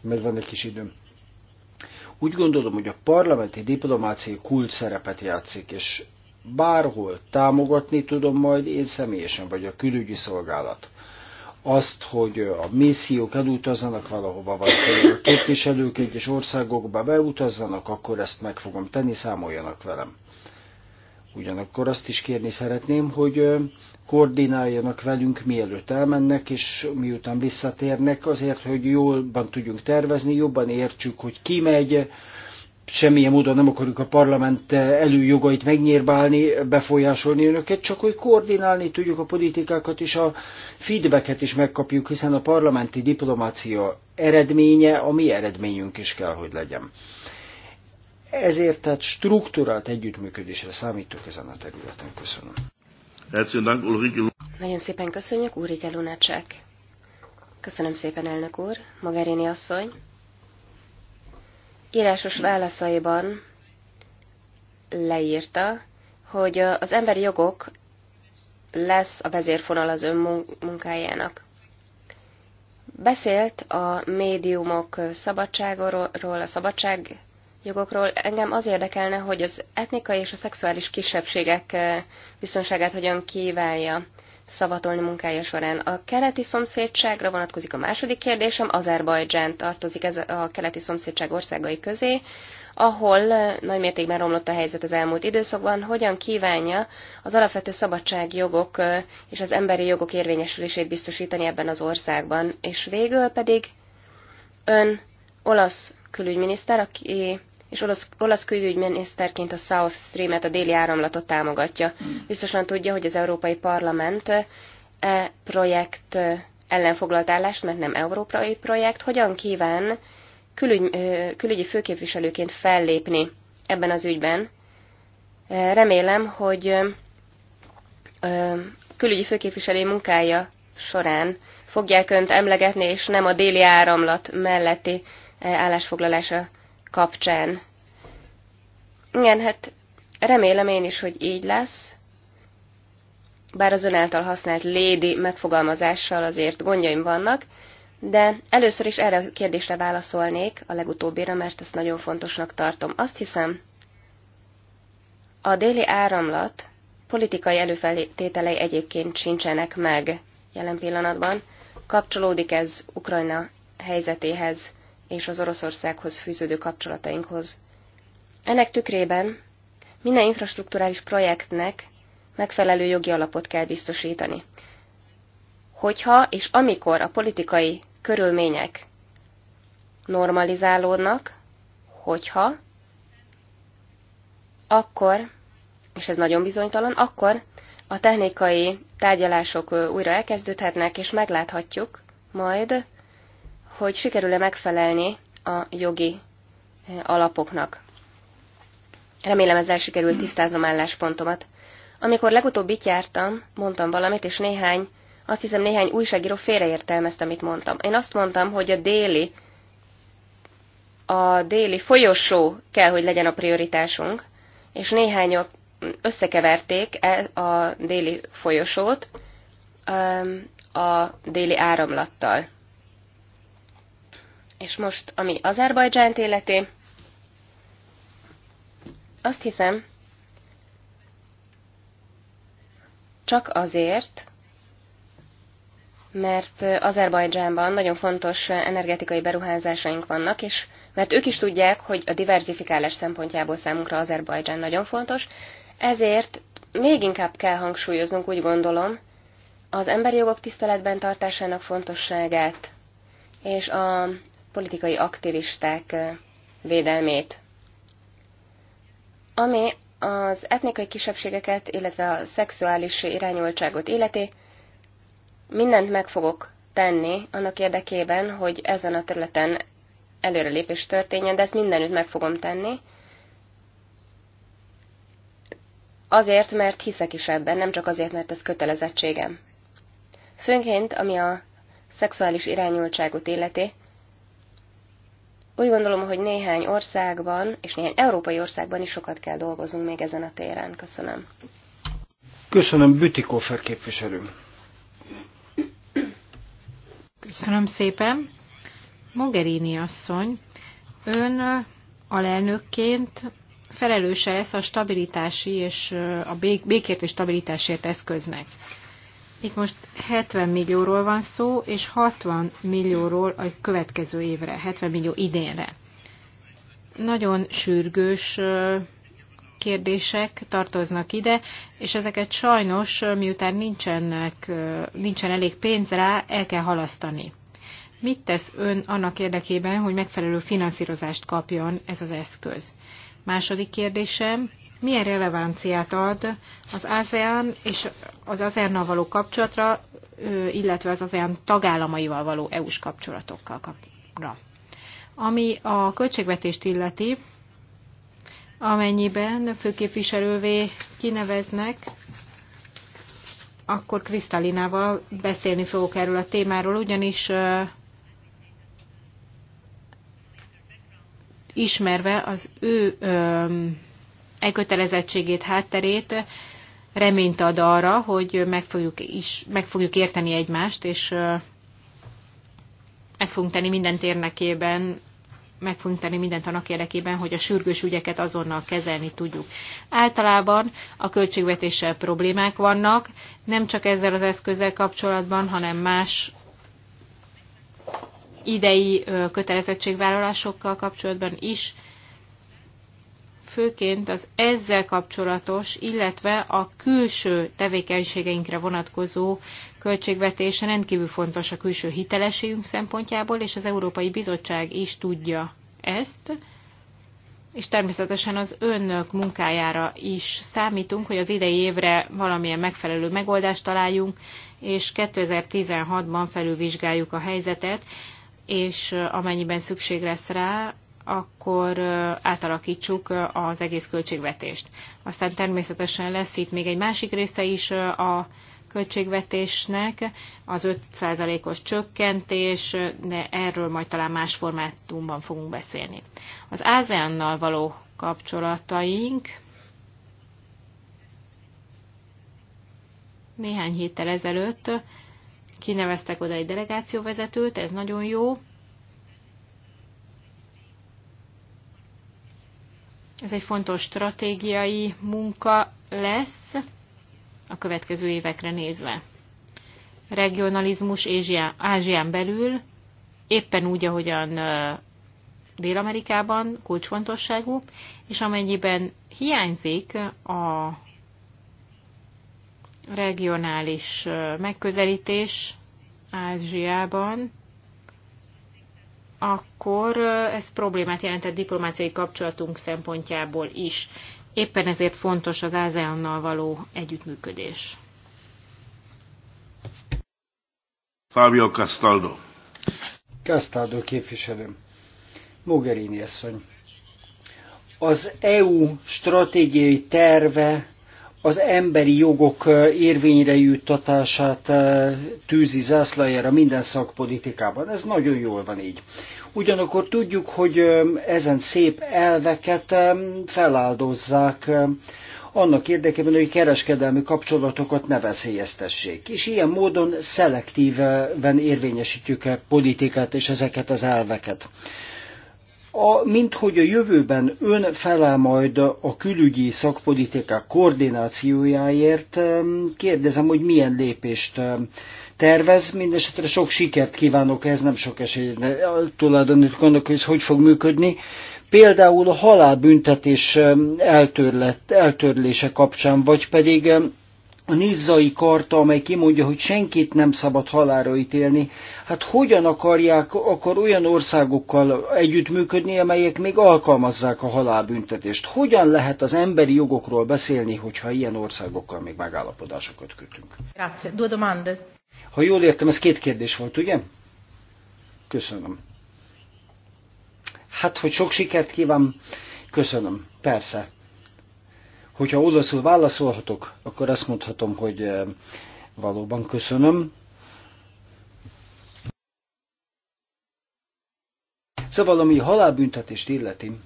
mert van egy kis időm. Úgy gondolom, hogy a parlamenti diplomáciai kult szerepet játszik, és bárhol támogatni tudom majd, én személyesen vagy a külügyi szolgálat. Azt, hogy a missziók elutazzanak valahova, vagy a képviselők egyes országokba beutazzanak, akkor ezt meg fogom tenni, számoljanak velem. Ugyanakkor azt is kérni szeretném, hogy koordináljanak velünk, mielőtt elmennek, és miután visszatérnek, azért, hogy jobban tudjunk tervezni, jobban értsük, hogy ki megy, semmilyen módon nem akarjuk a parlament előjogait megnyírbálni, befolyásolni önöket, csak hogy koordinálni tudjuk a politikákat, és a feedbacket is megkapjuk, hiszen a parlamenti diplomácia eredménye a mi eredményünk is kell, hogy legyen. Ezért tehát struktúrált együttműködésre számítok ezen a területen. Köszönöm. Nagyon szépen köszönjük, Ulrike Lunacek. Köszönöm szépen, elnök úr, Magaréni asszony. Írásos válaszaiban leírta, hogy az emberi jogok lesz a vezérfonal az ön munkájának. Beszélt a médiumok szabadságról, a szabadság jogokról. Engem az érdekelne, hogy az etnikai és a szexuális kisebbségek eh, biztonságát hogyan kívánja szavatolni munkája során. A keleti szomszédságra vonatkozik a második kérdésem, Azerbajdzsán tartozik ez a keleti szomszédság országai közé, ahol eh, nagymértékben romlott a helyzet az elmúlt időszakban, hogyan kívánja az alapvető szabadságjogok eh, és az emberi jogok érvényesülését biztosítani ebben az országban. És végül pedig ön olasz külügyminiszter, aki és olasz, olasz külügyminiszterként a South Stream-et, a déli áramlatot támogatja. Biztosan tudja, hogy az Európai Parlament e projekt ellen foglalt állást, mert nem európai projekt, hogyan kíván külügy, külügyi főképviselőként fellépni ebben az ügyben. E, remélem, hogy külügyi főképviselői munkája során fogják önt emlegetni, és nem a déli áramlat melletti e, állásfoglalása kapcsán. Igen, hát remélem én is, hogy így lesz. Bár az ön által használt lédi megfogalmazással azért gondjaim vannak, de először is erre a kérdésre válaszolnék, a legutóbbira, mert ezt nagyon fontosnak tartom. Azt hiszem, a déli áramlat politikai előfeltételei egyébként sincsenek meg jelen pillanatban. Kapcsolódik ez Ukrajna helyzetéhez és az Oroszországhoz fűződő kapcsolatainkhoz. Ennek tükrében minden infrastruktúrális projektnek megfelelő jogi alapot kell biztosítani. Hogyha és amikor a politikai körülmények normalizálódnak, hogyha, akkor, és ez nagyon bizonytalan, akkor a technikai tárgyalások újra elkezdődhetnek, és megláthatjuk majd, hogy sikerül-e megfelelni a jogi eh, alapoknak. Remélem ezzel sikerült tisztáznom álláspontomat. Amikor legutóbb itt jártam, mondtam valamit, és néhány, azt hiszem néhány újságíró félreértelmezte, amit mondtam. Én azt mondtam, hogy a déli, a déli folyosó kell, hogy legyen a prioritásunk, és néhányok összekeverték e, a déli folyosót a déli áramlattal. És most, ami Azerbajdzsánt életé, azt hiszem, csak azért, mert Azerbajdzsánban nagyon fontos energetikai beruházásaink vannak, és mert ők is tudják, hogy a diverzifikálás szempontjából számunkra Azerbajdzsán nagyon fontos, ezért még inkább kell hangsúlyoznunk, úgy gondolom, az emberi jogok tiszteletben tartásának fontosságát, és a politikai aktivisták védelmét. Ami az etnikai kisebbségeket, illetve a szexuális irányultságot illeti, mindent meg fogok tenni annak érdekében, hogy ezen a területen előrelépés történjen, de ezt mindenütt meg fogom tenni. Azért, mert hiszek is ebben, nem csak azért, mert ez kötelezettségem. Főnként, ami a szexuális irányultságot illeti, úgy gondolom, hogy néhány országban, és néhány európai országban is sokat kell dolgoznunk még ezen a téren. Köszönöm. Köszönöm, Bütikófer képviselő. Köszönöm szépen. Mogherini asszony, ön alelnökként felelőse lesz a stabilitási és a békért és stabilitásért eszköznek. Itt most 70 millióról van szó, és 60 millióról a következő évre, 70 millió idénre. Nagyon sürgős kérdések tartoznak ide, és ezeket sajnos, miután nincsenek, nincsen elég pénz rá, el kell halasztani. Mit tesz ön annak érdekében, hogy megfelelő finanszírozást kapjon ez az eszköz? Második kérdésem, milyen relevanciát ad az ASEAN és az ASEAN-nal való kapcsolatra, illetve az ASEAN tagállamaival való EU-s kapcsolatokkal kapcsolatra. Ami a költségvetést illeti, amennyiben főképviselővé kineveznek, akkor Krisztalinával beszélni fogok erről a témáról, ugyanis ismerve az ő um, elkötelezettségét, hátterét reményt ad arra, hogy meg fogjuk, is, meg fogjuk érteni egymást, és meg fogunk tenni mindent érdekében, meg fogunk tenni mindent annak érdekében, hogy a sürgős ügyeket azonnal kezelni tudjuk. Általában a költségvetéssel problémák vannak, nem csak ezzel az eszközzel kapcsolatban, hanem más idei kötelezettségvállalásokkal kapcsolatban is, főként az ezzel kapcsolatos, illetve a külső tevékenységeinkre vonatkozó költségvetése rendkívül fontos a külső hitelességünk szempontjából, és az Európai Bizottság is tudja ezt, és természetesen az önök munkájára is számítunk, hogy az idei évre valamilyen megfelelő megoldást találjunk, és 2016-ban felülvizsgáljuk a helyzetet, és amennyiben szükség lesz rá, akkor átalakítsuk az egész költségvetést. Aztán természetesen lesz itt még egy másik része is a költségvetésnek, az 5%-os csökkentés, de erről majd talán más formátumban fogunk beszélni. Az ASEAN-nal való kapcsolataink néhány héttel ezelőtt kineveztek oda egy delegációvezetőt, ez nagyon jó, Ez egy fontos stratégiai munka lesz a következő évekre nézve. Regionalizmus Ázsia, Ázsián belül éppen úgy, ahogyan Dél-Amerikában kulcsfontosságú, és amennyiben hiányzik a regionális megközelítés Ázsiában, akkor ez problémát jelentett diplomáciai kapcsolatunk szempontjából is. Éppen ezért fontos az ASEAN-nal való együttműködés. Fábio Castaldo. Castaldo képviselő. Mogherini asszony. Az EU stratégiai terve az emberi jogok érvényre juttatását tűzi zászlajára minden szakpolitikában. Ez nagyon jól van így. Ugyanakkor tudjuk, hogy ezen szép elveket feláldozzák annak érdekében, hogy kereskedelmi kapcsolatokat ne veszélyeztessék. És ilyen módon szelektíven érvényesítjük a politikát és ezeket az elveket a, mint hogy a jövőben ön felel majd a külügyi szakpolitikák koordinációjáért, kérdezem, hogy milyen lépést tervez, mindesetre sok sikert kívánok, ez nem sok esély, tulajdonítok gondolok, hogy ez hogy fog működni. Például a halálbüntetés eltörlet, eltörlése kapcsán, vagy pedig a nizzai karta, amely kimondja, hogy senkit nem szabad halára ítélni, hát hogyan akarják akkor olyan országokkal együttműködni, amelyek még alkalmazzák a halálbüntetést? Hogyan lehet az emberi jogokról beszélni, hogyha ilyen országokkal még megállapodásokat kötünk? Grazie. Due domande. Ha jól értem, ez két kérdés volt, ugye? Köszönöm. Hát, hogy sok sikert kíván, köszönöm, persze Hogyha olaszul válaszolhatok, akkor azt mondhatom, hogy eh, valóban köszönöm. Szóval, ami halálbüntetést illeti,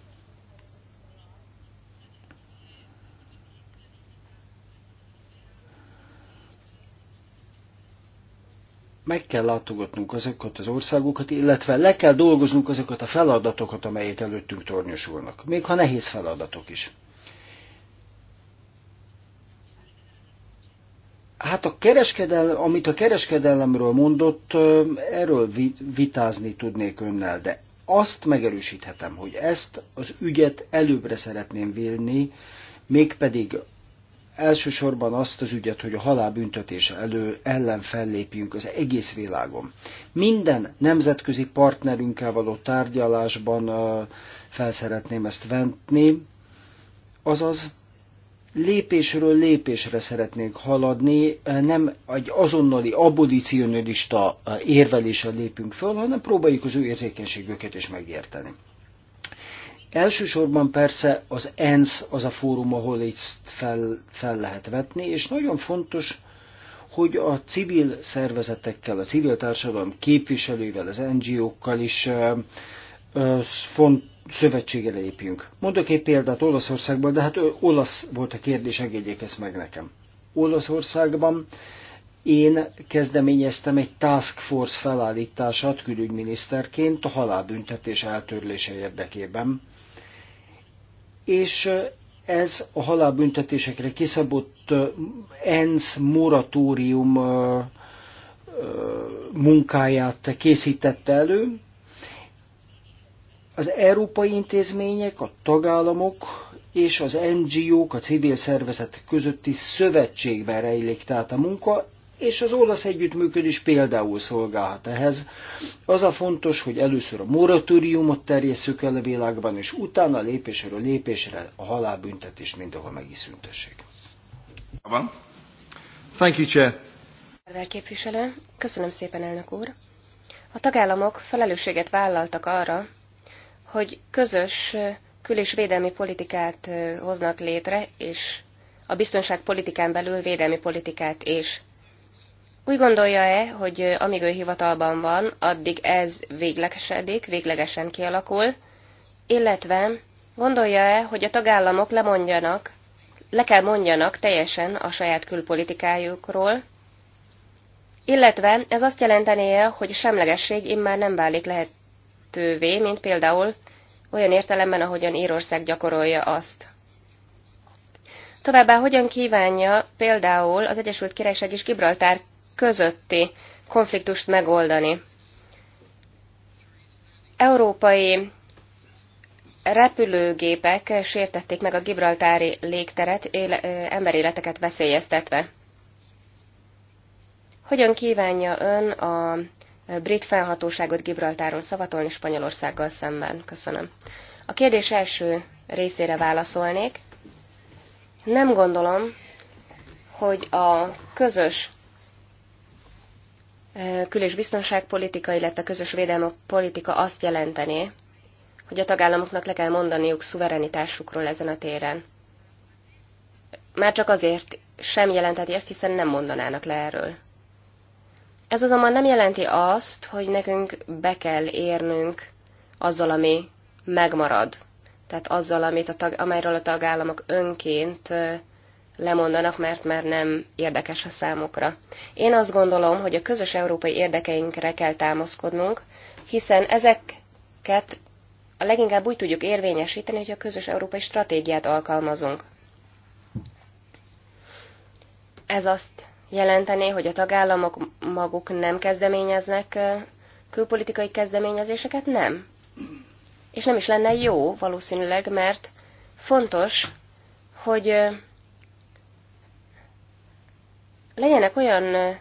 meg kell látogatnunk azokat az országokat, illetve le kell dolgoznunk azokat a feladatokat, amelyek előttünk tornyosulnak, még ha nehéz feladatok is. Hát a kereskedelem, amit a kereskedelemről mondott, erről vitázni tudnék önnel, de azt megerősíthetem, hogy ezt az ügyet előbbre szeretném vinni, mégpedig elsősorban azt az ügyet, hogy a halálbüntetése elő ellen fellépjünk az egész világon. Minden nemzetközi partnerünkkel való tárgyalásban fel felszeretném ezt venni, azaz lépésről lépésre szeretnénk haladni, nem egy azonnali abolicionista érveléssel lépünk föl, hanem próbáljuk az ő érzékenységüket is megérteni. Elsősorban persze az ENSZ az a fórum, ahol ezt fel, fel lehet vetni, és nagyon fontos, hogy a civil szervezetekkel, a civil társadalom képviselőivel, az NGO-kkal is font, szövetségre lépjünk. Mondok egy példát Olaszországból, de hát olasz volt a kérdés, engedjék ezt meg nekem. Olaszországban én kezdeményeztem egy task force felállítását külügyminiszterként a halálbüntetés eltörlése érdekében, és ez a halálbüntetésekre kiszabott ENSZ moratórium munkáját készítette elő, az európai intézmények, a tagállamok és az NGO-k, a civil szervezetek közötti szövetségben rejlik tehát a munka, és az olasz együttműködés például szolgálhat ehhez. Az a fontos, hogy először a moratóriumot terjesszük el a világban, és utána lépésről lépésre a halálbüntetés mindenhol is szüntessék. Thank you, Chair. Képviselő, köszönöm szépen, elnök úr. A tagállamok felelősséget vállaltak arra, hogy közös kül- és védelmi politikát hoznak létre, és a biztonságpolitikán belül védelmi politikát is. Úgy gondolja-e, hogy amíg ő hivatalban van, addig ez véglegesedik, véglegesen kialakul, illetve gondolja-e, hogy a tagállamok lemondjanak, le kell mondjanak teljesen a saját külpolitikájukról, illetve ez azt jelentené, hogy semlegesség immár nem válik lehet, lehetővé, mint például olyan értelemben, ahogyan Írország gyakorolja azt. Továbbá hogyan kívánja például az Egyesült Királyság és Gibraltár közötti konfliktust megoldani. Európai repülőgépek sértették meg a gibraltári légteret, éle, emberéleteket veszélyeztetve. Hogyan kívánja ön a brit felhatóságot Gibraltáról szavatolni Spanyolországgal szemben. Köszönöm. A kérdés első részére válaszolnék. Nem gondolom, hogy a közös e, kül- és biztonságpolitika, illetve közös védelmi politika azt jelenteni, hogy a tagállamoknak le kell mondaniuk szuverenitásukról ezen a téren. Már csak azért sem jelentheti ezt, hiszen nem mondanának le erről. Ez azonban nem jelenti azt, hogy nekünk be kell érnünk azzal, ami megmarad. Tehát azzal, amit a tag, amelyről a tagállamok önként lemondanak, mert már nem érdekes a számukra. Én azt gondolom, hogy a közös európai érdekeinkre kell támaszkodnunk, hiszen ezeket a leginkább úgy tudjuk érvényesíteni, hogy a közös európai stratégiát alkalmazunk. Ez azt jelenteni, hogy a tagállamok maguk nem kezdeményeznek külpolitikai kezdeményezéseket? Nem. És nem is lenne jó valószínűleg, mert fontos, hogy legyenek olyan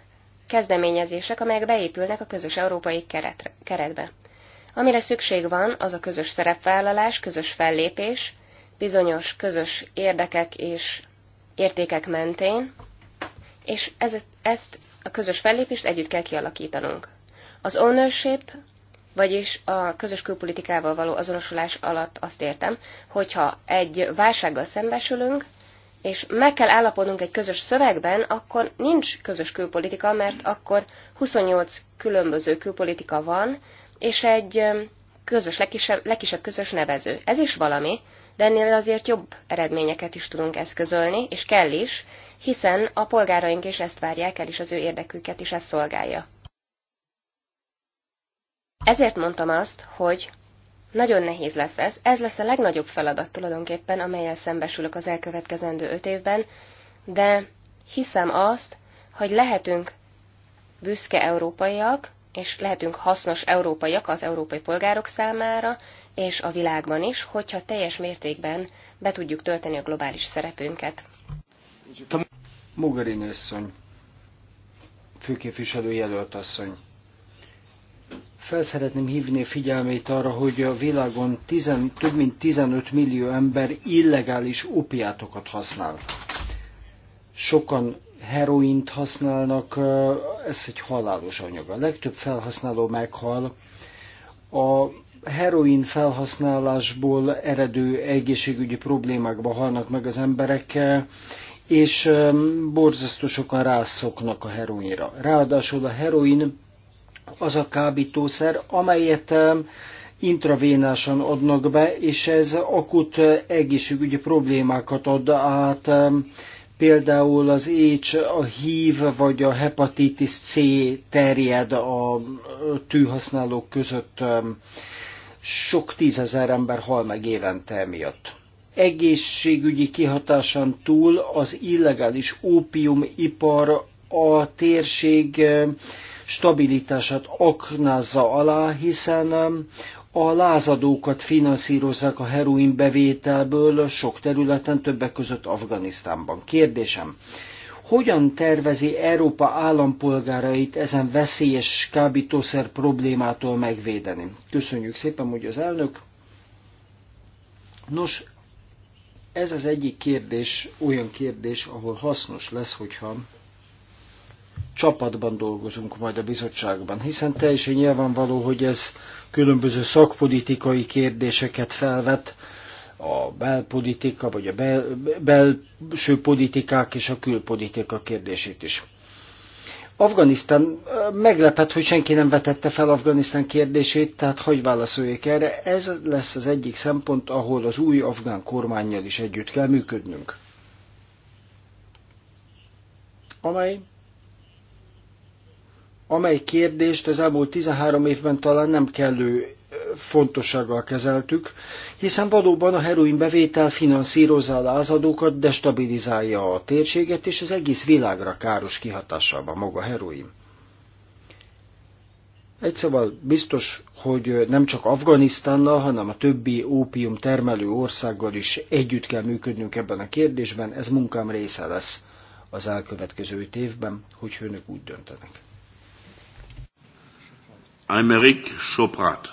kezdeményezések, amelyek beépülnek a közös európai keretre, keretbe. Amire szükség van, az a közös szerepvállalás, közös fellépés, bizonyos közös érdekek és értékek mentén, és ez, ezt a közös fellépést együtt kell kialakítanunk. Az ownership, vagyis a közös külpolitikával való azonosulás alatt azt értem, hogyha egy válsággal szembesülünk, és meg kell állapodnunk egy közös szövegben, akkor nincs közös külpolitika, mert akkor 28 különböző külpolitika van, és egy közös, legkisebb, legkisebb közös nevező. Ez is valami, de ennél azért jobb eredményeket is tudunk eszközölni, és kell is, hiszen a polgáraink is ezt várják el, és az ő érdeküket is ez szolgálja. Ezért mondtam azt, hogy nagyon nehéz lesz ez, ez lesz a legnagyobb feladat tulajdonképpen, amelyel szembesülök az elkövetkezendő öt évben, de hiszem azt, hogy lehetünk büszke európaiak, és lehetünk hasznos európaiak az európai polgárok számára, és a világban is, hogyha teljes mértékben be tudjuk tölteni a globális szerepünket. Mogherini asszony, főképviselő jelölt asszony. Felszeretném hívni figyelmét arra, hogy a világon tizen, több mint 15 millió ember illegális opiátokat használ. Sokan heroint használnak, ez egy halálos anyag. A legtöbb felhasználó meghal. A heroin felhasználásból eredő egészségügyi problémákba halnak meg az emberek, és borzasztó sokan rászoknak a heroinra. Ráadásul a heroin az a kábítószer, amelyet intravénásan adnak be, és ez akut egészségügyi problémákat ad át, például az H, a HIV vagy a hepatitis C terjed a tűhasználók között. Sok tízezer ember hal meg évente emiatt egészségügyi kihatásán túl az illegális ópiumipar a térség eh, stabilitását aknázza alá, hiszen eh, a lázadókat finanszírozzák a heroin bevételből sok területen, többek között Afganisztánban. Kérdésem, hogyan tervezi Európa állampolgárait ezen veszélyes kábítószer problémától megvédeni? Köszönjük szépen, hogy az elnök. Nos, ez az egyik kérdés, olyan kérdés, ahol hasznos lesz, hogyha csapatban dolgozunk majd a bizottságban, hiszen teljesen nyilvánvaló, hogy ez különböző szakpolitikai kérdéseket felvet, a belpolitika, vagy a bel, belső politikák és a külpolitika kérdését is. Afganisztán, meglepett, hogy senki nem vetette fel Afganisztán kérdését, tehát hogy válaszoljék erre? Ez lesz az egyik szempont, ahol az új afgán kormányjal is együtt kell működnünk. Amely, amely kérdést az elmúlt 13 évben talán nem kellő fontossággal kezeltük, hiszen valóban a heroin bevétel finanszírozza a lázadókat, destabilizálja a térséget, és az egész világra káros kihatással van maga heroin. Egy szóval biztos, hogy nem csak Afganisztánnal, hanem a többi ópium termelő országgal is együtt kell működnünk ebben a kérdésben, ez munkám része lesz az elkövetkező öt évben, hogy hőnök úgy döntenek. Aymeric Soprat.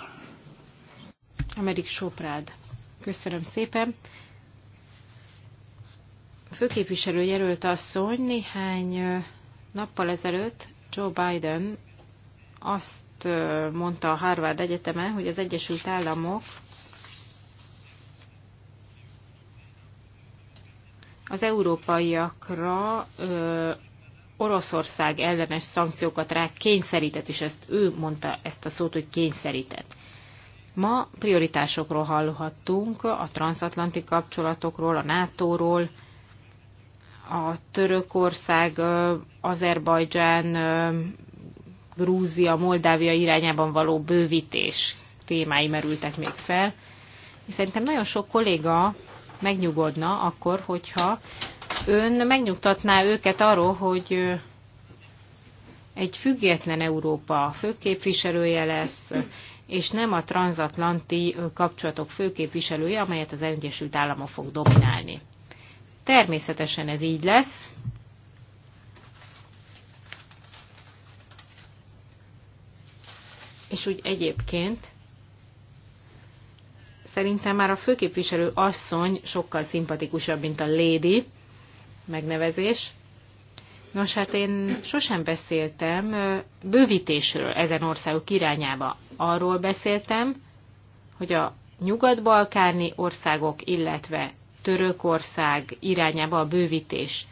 Amerik Soprád. Köszönöm szépen. A főképviselő jelölt asszony néhány nappal ezelőtt Joe Biden azt mondta a Harvard Egyetemen, hogy az Egyesült Államok az európaiakra ö, Oroszország ellenes szankciókat rá kényszerített, és ezt ő mondta ezt a szót, hogy kényszerített. Ma prioritásokról hallhattunk, a transatlanti kapcsolatokról, a NATO-ról, a Törökország, Azerbajdzsán, Grúzia, Moldávia irányában való bővítés témái merültek még fel. Szerintem nagyon sok kolléga megnyugodna akkor, hogyha ön megnyugtatná őket arról, hogy egy független Európa főképviselője lesz, és nem a transatlanti kapcsolatok főképviselője, amelyet az Egyesült Államok fog dominálni. Természetesen ez így lesz. És úgy egyébként szerintem már a főképviselő asszony sokkal szimpatikusabb, mint a lady megnevezés. Nos, hát én sosem beszéltem bővítésről ezen országok irányába. Arról beszéltem, hogy a nyugat-balkáni országok, illetve Törökország irányába a bővítés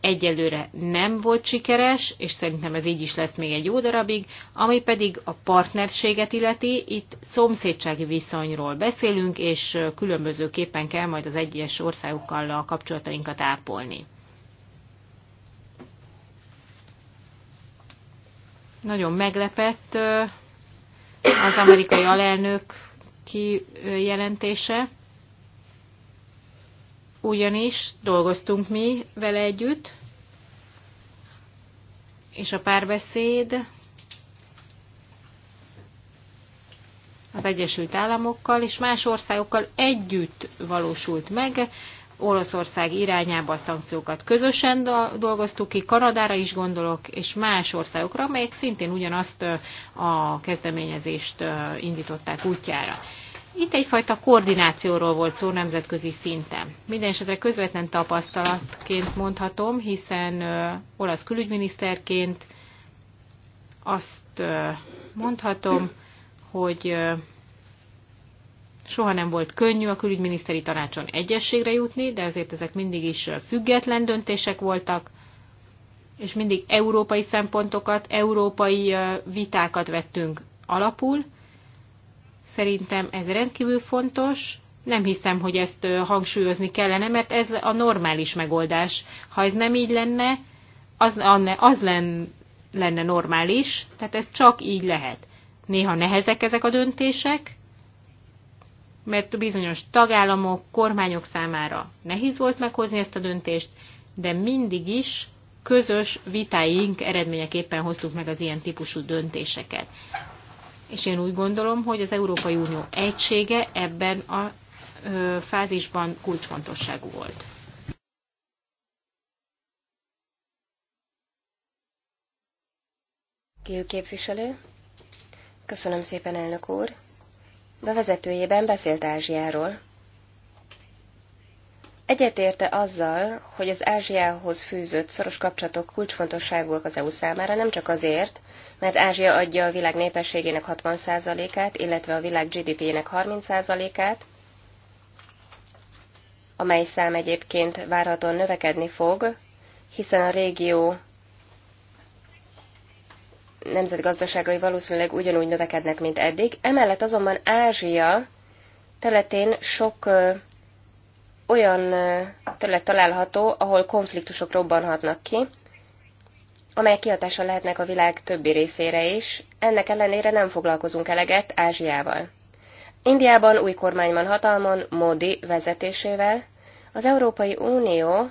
egyelőre nem volt sikeres, és szerintem ez így is lesz még egy jó darabig, ami pedig a partnerséget illeti, itt szomszédsági viszonyról beszélünk, és különbözőképpen kell majd az egyes országokkal a kapcsolatainkat ápolni. Nagyon meglepett az amerikai alelnök kijelentése, ugyanis dolgoztunk mi vele együtt, és a párbeszéd az Egyesült Államokkal és más országokkal együtt valósult meg, Oroszország irányába a szankciókat közösen dolgoztuk ki, Kanadára is gondolok, és más országokra, amelyek szintén ugyanazt a kezdeményezést indították útjára. Itt egyfajta koordinációról volt szó nemzetközi szinten. Mindenesetre közvetlen tapasztalatként mondhatom, hiszen olasz külügyminiszterként azt mondhatom, hogy Soha nem volt könnyű a külügyminiszteri tanácson egyességre jutni, de azért ezek mindig is független döntések voltak, és mindig európai szempontokat, európai vitákat vettünk alapul. Szerintem ez rendkívül fontos. Nem hiszem, hogy ezt hangsúlyozni kellene, mert ez a normális megoldás. Ha ez nem így lenne, az, az lenne, lenne normális, tehát ez csak így lehet. Néha nehezek ezek a döntések, mert bizonyos tagállamok, kormányok számára nehéz volt meghozni ezt a döntést, de mindig is közös vitáink eredményeképpen hoztuk meg az ilyen típusú döntéseket. És én úgy gondolom, hogy az Európai Unió egysége ebben a ö, fázisban kulcsfontosságú volt. Gil képviselő. Köszönöm szépen, elnök úr bevezetőjében beszélt Ázsiáról. Egyetérte azzal, hogy az Ázsiához fűzött szoros kapcsolatok kulcsfontosságúak az EU számára nem csak azért, mert Ázsia adja a világ népességének 60%-át, illetve a világ GDP-jének 30%-át, amely szám egyébként várhatóan növekedni fog, hiszen a régió nemzetgazdaságai valószínűleg ugyanúgy növekednek, mint eddig. Emellett azonban Ázsia területén sok olyan terület található, ahol konfliktusok robbanhatnak ki, amelyek kihatása lehetnek a világ többi részére is, ennek ellenére nem foglalkozunk eleget Ázsiával. Indiában új kormány van hatalmon, Modi vezetésével, az Európai Unió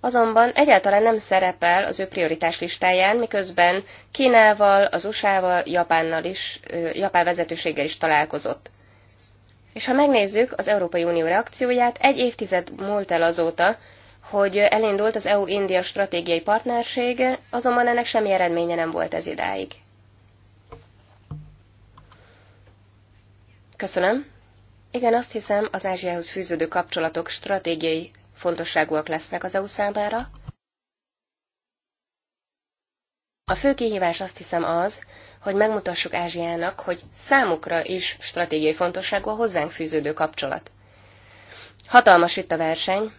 azonban egyáltalán nem szerepel az ő prioritás listáján, miközben Kínával, az USA-val, Japánnal is, Japán vezetőséggel is találkozott. És ha megnézzük az Európai Unió reakcióját, egy évtized múlt el azóta, hogy elindult az EU-India stratégiai partnerség, azonban ennek semmi eredménye nem volt ez idáig. Köszönöm. Igen, azt hiszem, az Ázsiához fűződő kapcsolatok stratégiai fontosságúak lesznek az EU számára. A fő kihívás azt hiszem az, hogy megmutassuk Ázsiának, hogy számukra is stratégiai fontosságú a hozzánk fűződő kapcsolat. Hatalmas itt a verseny.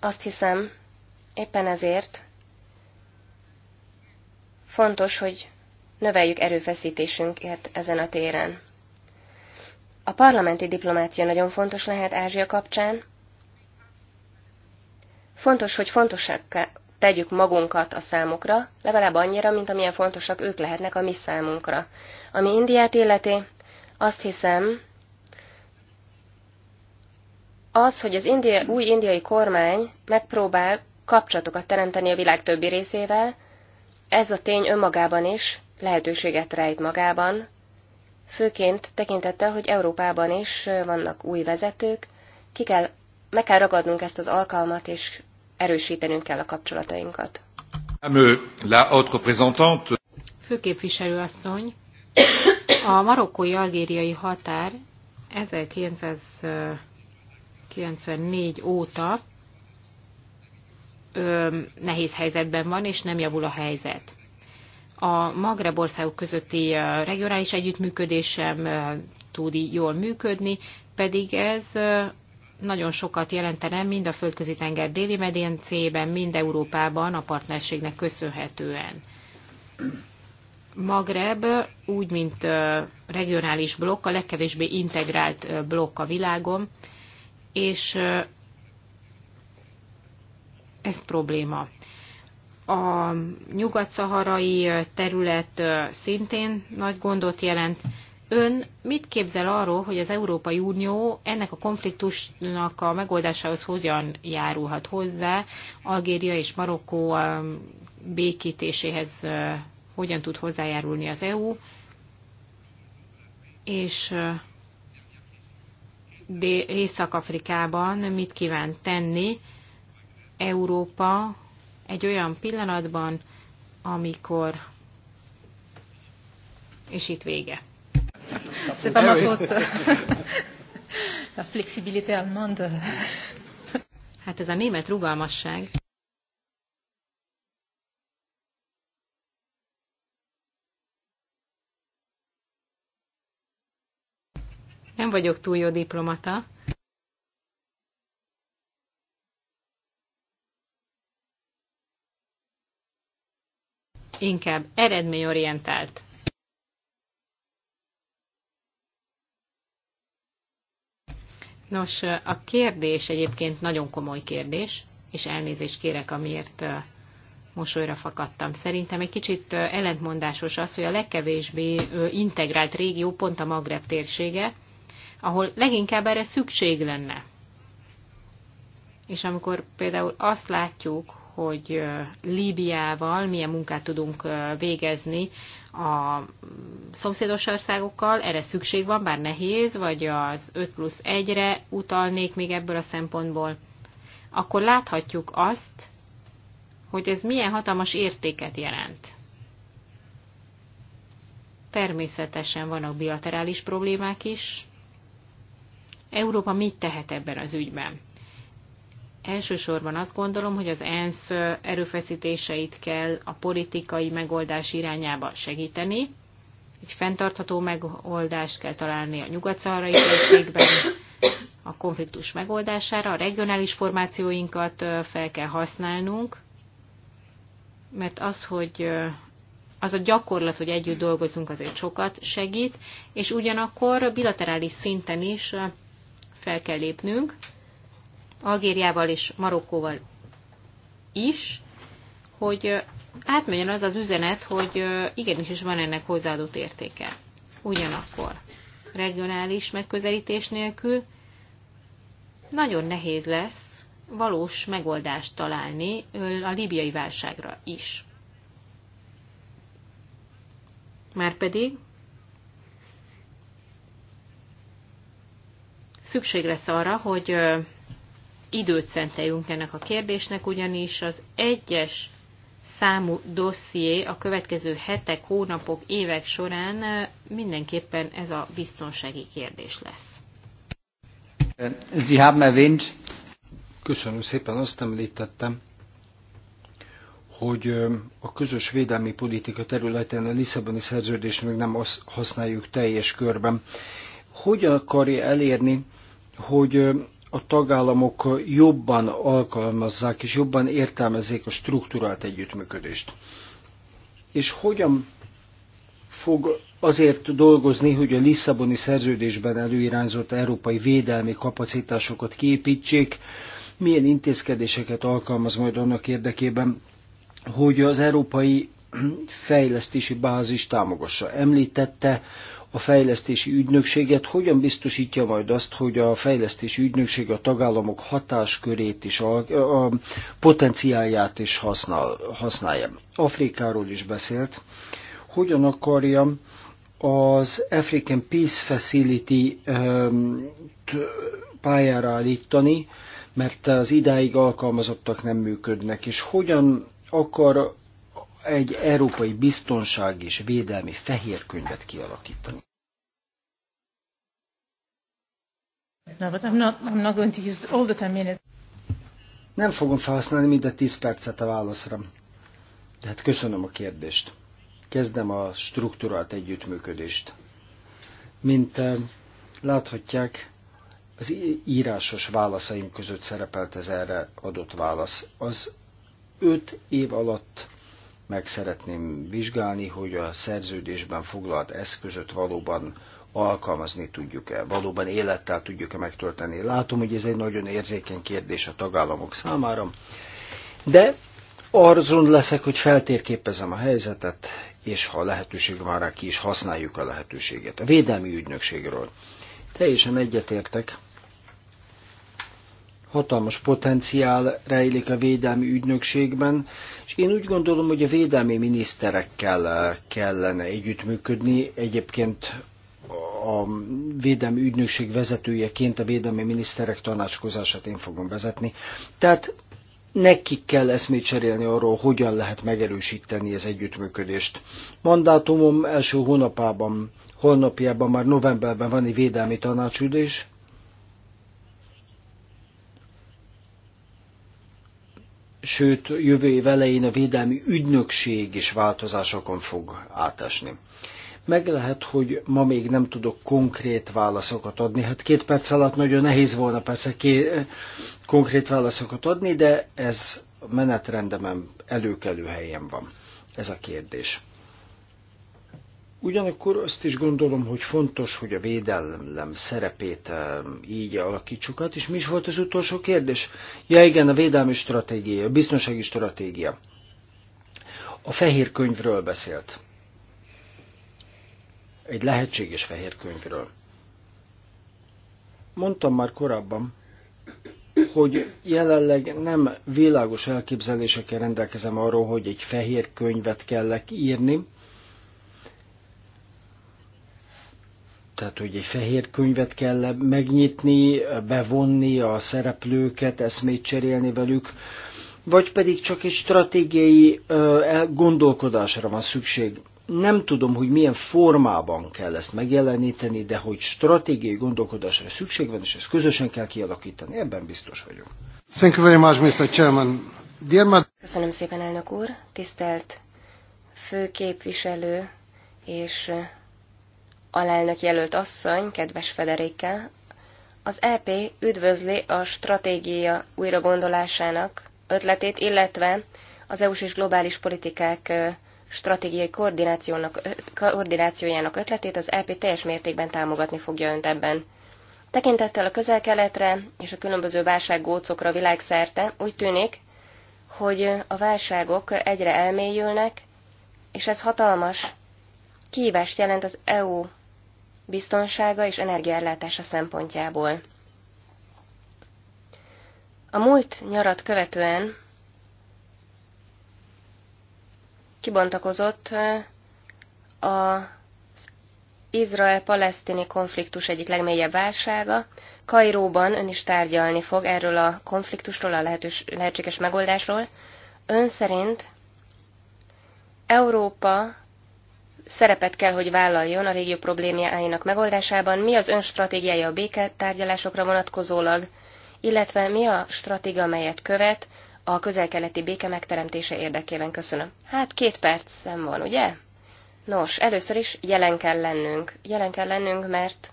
Azt hiszem, éppen ezért fontos, hogy növeljük erőfeszítésünket ezen a téren. A parlamenti diplomácia nagyon fontos lehet Ázsia kapcsán, Fontos, hogy fontosak tegyük magunkat a számokra, legalább annyira, mint amilyen fontosak ők lehetnek a mi számunkra. Ami Indiát illeti, azt hiszem, az, hogy az india, új indiai kormány megpróbál kapcsolatokat teremteni a világ többi részével, ez a tény önmagában is lehetőséget rejt magában, főként tekintettel, hogy Európában is vannak új vezetők, ki kell, meg kell ragadnunk ezt az alkalmat, és erősítenünk kell a kapcsolatainkat. Főképviselő asszony, a marokkói-algériai határ 1994 óta ö, nehéz helyzetben van, és nem javul a helyzet. A Magreb országok közötti regionális együttműködés sem tud jól működni, pedig ez nagyon sokat jelentene mind a földközi tenger déli medencében, mind Európában a partnerségnek köszönhetően. Magreb úgy, mint regionális blokk, a legkevésbé integrált blokk a világon, és ez probléma. A nyugat-szaharai terület szintén nagy gondot jelent, Ön mit képzel arról, hogy az Európai Unió ennek a konfliktusnak a megoldásához hogyan járulhat hozzá, Algéria és Marokkó békítéséhez hogyan tud hozzájárulni az EU, és Észak-Afrikában mit kíván tenni Európa egy olyan pillanatban, amikor, és itt vége. C'est eh pas ma faute. (laughs) La flexibilité allemande. Hát ez a német rugalmasság. Nem vagyok túl jó diplomata. Inkább eredményorientált. Nos, a kérdés egyébként nagyon komoly kérdés, és elnézést kérek, amiért mosolyra fakadtam. Szerintem egy kicsit ellentmondásos az, hogy a legkevésbé integrált régió pont a Magreb térsége, ahol leginkább erre szükség lenne. És amikor például azt látjuk, hogy Líbiával milyen munkát tudunk végezni a szomszédos országokkal, erre szükség van, bár nehéz, vagy az 5 plusz 1-re utalnék még ebből a szempontból, akkor láthatjuk azt, hogy ez milyen hatalmas értéket jelent. Természetesen vannak bilaterális problémák is. Európa mit tehet ebben az ügyben? Elsősorban azt gondolom, hogy az ENSZ erőfeszítéseit kell a politikai megoldás irányába segíteni. Egy fenntartható megoldást kell találni a nyugat-szaharai térségben a konfliktus megoldására. A regionális formációinkat fel kell használnunk, mert az, hogy az a gyakorlat, hogy együtt dolgozunk, azért sokat segít, és ugyanakkor bilaterális szinten is fel kell lépnünk, Algériával és Marokkóval is, hogy átmenjen az az üzenet, hogy igenis is van ennek hozzáadott értéke. Ugyanakkor regionális megközelítés nélkül nagyon nehéz lesz valós megoldást találni a libiai válságra is. Márpedig szükség lesz arra, hogy időt szenteljünk ennek a kérdésnek, ugyanis az egyes számú dosszié a következő hetek, hónapok, évek során mindenképpen ez a biztonsági kérdés lesz. Sie haben erwähnt. Köszönöm szépen, azt említettem, hogy a közös védelmi politika területén a Lisszaboni szerződést még nem használjuk teljes körben. Hogy akarja elérni, hogy a tagállamok jobban alkalmazzák és jobban értelmezzék a struktúrált együttműködést. És hogyan fog azért dolgozni, hogy a Lisszaboni szerződésben előirányzott európai védelmi kapacitásokat képítsék, milyen intézkedéseket alkalmaz majd annak érdekében, hogy az európai fejlesztési bázis támogassa. Említette a fejlesztési ügynökséget, hogyan biztosítja majd azt, hogy a fejlesztési ügynökség a tagállamok hatáskörét is, a, a potenciálját is használ, használja. Afrikáról is beszélt. Hogyan akarja az African Peace Facility ehm, pályára állítani, mert az idáig alkalmazottak nem működnek, és hogyan akar egy európai biztonság és védelmi fehér könyvet kialakítani. Nem fogom felhasználni a 10 percet a válaszra. Tehát köszönöm a kérdést. Kezdem a struktúrált együttműködést. Mint eh, láthatják, az írásos válaszaim között szerepelt ez erre adott válasz. Az öt év alatt meg szeretném vizsgálni, hogy a szerződésben foglalt eszközöt valóban alkalmazni tudjuk-e, valóban élettel tudjuk-e megtölteni. Látom, hogy ez egy nagyon érzékeny kérdés a tagállamok számára, de arzon leszek, hogy feltérképezem a helyzetet, és ha lehetőség van rá, ki is használjuk a lehetőséget. A védelmi ügynökségről. Teljesen egyetértek, hatalmas potenciál rejlik a védelmi ügynökségben, és én úgy gondolom, hogy a védelmi miniszterekkel kellene együttműködni. Egyébként a védelmi ügynökség vezetőjeként a védelmi miniszterek tanácskozását én fogom vezetni. Tehát nekik kell eszmét cserélni arról, hogyan lehet megerősíteni az együttműködést. Mandátumom első hónapában, holnapjában már novemberben van egy védelmi tanácsülés, sőt jövő év elején a védelmi ügynökség is változásokon fog átesni. Meg lehet, hogy ma még nem tudok konkrét válaszokat adni. Hát két perc alatt nagyon nehéz volna persze ké- konkrét válaszokat adni, de ez menetrendemen előkelő helyen van ez a kérdés. Ugyanakkor azt is gondolom, hogy fontos, hogy a védelem szerepét eh, így alakítsuk át, és mi is volt az utolsó kérdés? Ja igen, a védelmi stratégia, a biztonsági stratégia. A fehér könyvről beszélt. Egy lehetséges fehér könyvről. Mondtam már korábban, hogy jelenleg nem világos elképzelésekkel rendelkezem arról, hogy egy fehér könyvet kellek írni, tehát hogy egy fehér könyvet kell megnyitni, bevonni a szereplőket, eszmét cserélni velük, vagy pedig csak egy stratégiai gondolkodásra van szükség. Nem tudom, hogy milyen formában kell ezt megjeleníteni, de hogy stratégiai gondolkodásra szükség van, és ezt közösen kell kialakítani, ebben biztos vagyok. Thank you very much, Mr. Chairman. Köszönöm szépen, elnök úr. Tisztelt főképviselő és alelnök jelölt asszony, kedves Federike, az EP üdvözli a stratégia újragondolásának ötletét, illetve az EU-s és globális politikák stratégiai koordinációnak, koordinációjának ötletét az EP teljes mértékben támogatni fogja önt ebben. Tekintettel a közel-keletre és a különböző válsággócokra világszerte úgy tűnik, hogy a válságok egyre elmélyülnek, és ez hatalmas kihívást jelent az EU biztonsága és energiaellátása szempontjából. A múlt nyarat követően kibontakozott uh, az Izrael-palesztini konfliktus egyik legmélyebb válsága. Kairóban ön is tárgyalni fog erről a konfliktusról, a lehetős, lehetséges megoldásról. Ön szerint Európa szerepet kell, hogy vállaljon a régió problémáinak megoldásában, mi az ön stratégiája a béketárgyalásokra vonatkozólag, illetve mi a stratégia, amelyet követ a közel-keleti béke megteremtése érdekében. Köszönöm. Hát két perc szem van, ugye? Nos, először is jelen kell lennünk. Jelen kell lennünk, mert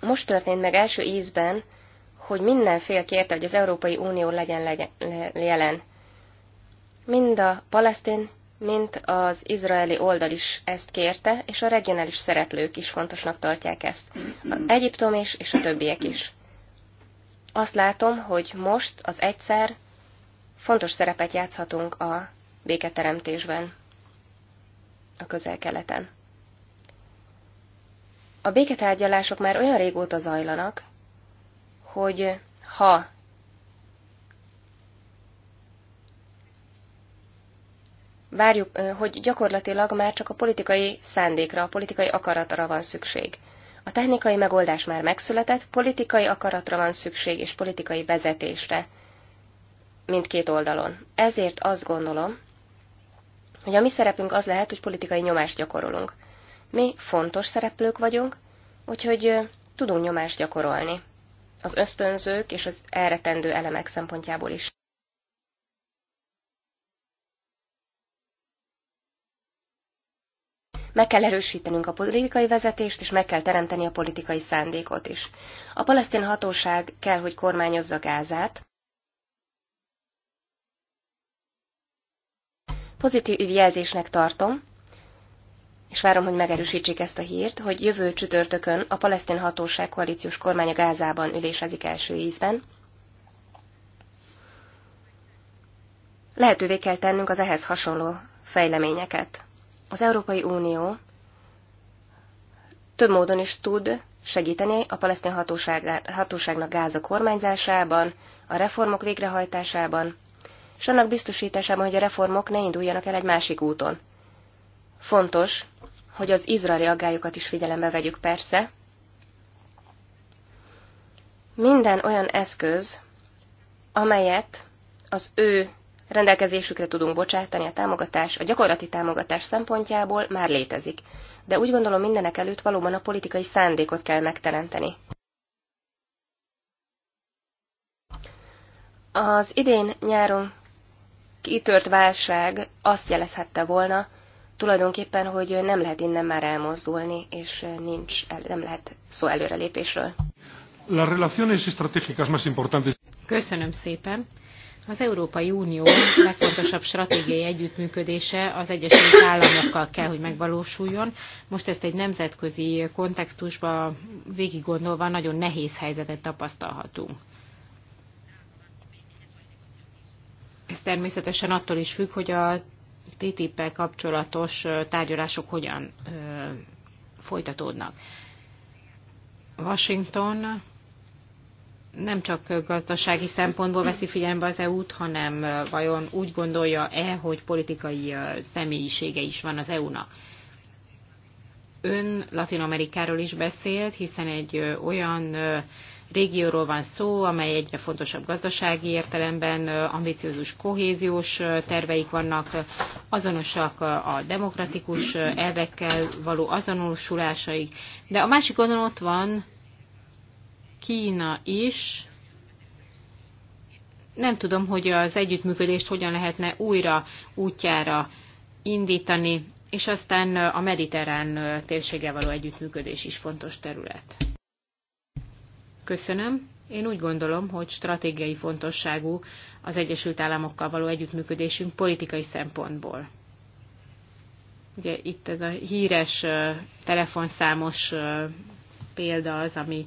most történt meg első ízben, hogy minden fél kérte, hogy az Európai Unió legyen, legyen jelen. Mind a palesztin mint az izraeli oldal is ezt kérte, és a regionális szereplők is fontosnak tartják ezt. Az Egyiptom is, és a többiek is. Azt látom, hogy most az egyszer fontos szerepet játszhatunk a béketeremtésben a közel-keleten. A béketárgyalások már olyan régóta zajlanak, hogy ha várjuk, hogy gyakorlatilag már csak a politikai szándékra, a politikai akaratra van szükség. A technikai megoldás már megszületett, politikai akaratra van szükség és politikai vezetésre mindkét oldalon. Ezért azt gondolom, hogy a mi szerepünk az lehet, hogy politikai nyomást gyakorolunk. Mi fontos szereplők vagyunk, úgyhogy tudunk nyomást gyakorolni. Az ösztönzők és az elretendő elemek szempontjából is. Meg kell erősítenünk a politikai vezetést, és meg kell teremteni a politikai szándékot is. A palesztin hatóság kell, hogy kormányozza Gázát. Pozitív jelzésnek tartom, és várom, hogy megerősítsék ezt a hírt, hogy jövő csütörtökön a palesztin hatóság koalíciós kormánya Gázában ülésezik első ízben. Lehetővé kell tennünk az ehhez hasonló fejleményeket. Az Európai Unió több módon is tud segíteni a palesztin hatóság, hatóságnak Gáza kormányzásában, a reformok végrehajtásában, és annak biztosításában, hogy a reformok ne induljanak el egy másik úton. Fontos, hogy az izraeli aggályokat is figyelembe vegyük persze. Minden olyan eszköz, amelyet az ő rendelkezésükre tudunk bocsátani a támogatás, a gyakorlati támogatás szempontjából már létezik, de úgy gondolom mindenek előtt valóban a politikai szándékot kell megteremteni. Az idén nyáron kitört válság azt jelezhette volna, tulajdonképpen, hogy nem lehet innen már elmozdulni, és nincs, nem lehet szó előrelépésről. Las relaciones estratégicas más importantes. Köszönöm szépen. Az Európai Unió legfontosabb stratégiai együttműködése az Egyesült Államokkal kell, hogy megvalósuljon. Most ezt egy nemzetközi kontextusban végig gondolva nagyon nehéz helyzetet tapasztalhatunk. Ez természetesen attól is függ, hogy a ttip kapcsolatos tárgyalások hogyan folytatódnak. Washington nem csak gazdasági szempontból veszi figyelembe az EU-t, hanem vajon úgy gondolja-e, hogy politikai személyisége is van az EU-nak. Ön Latin Amerikáról is beszélt, hiszen egy olyan régióról van szó, amely egyre fontosabb gazdasági értelemben, ambiciózus kohéziós terveik vannak, azonosak a demokratikus elvekkel való azonosulásaik, de a másik oldalon ott van Kína is. Nem tudom, hogy az együttműködést hogyan lehetne újra útjára indítani, és aztán a mediterrán térséggel való együttműködés is fontos terület. Köszönöm. Én úgy gondolom, hogy stratégiai fontosságú az Egyesült Államokkal való együttműködésünk politikai szempontból. Ugye itt ez a híres telefonszámos példa az, ami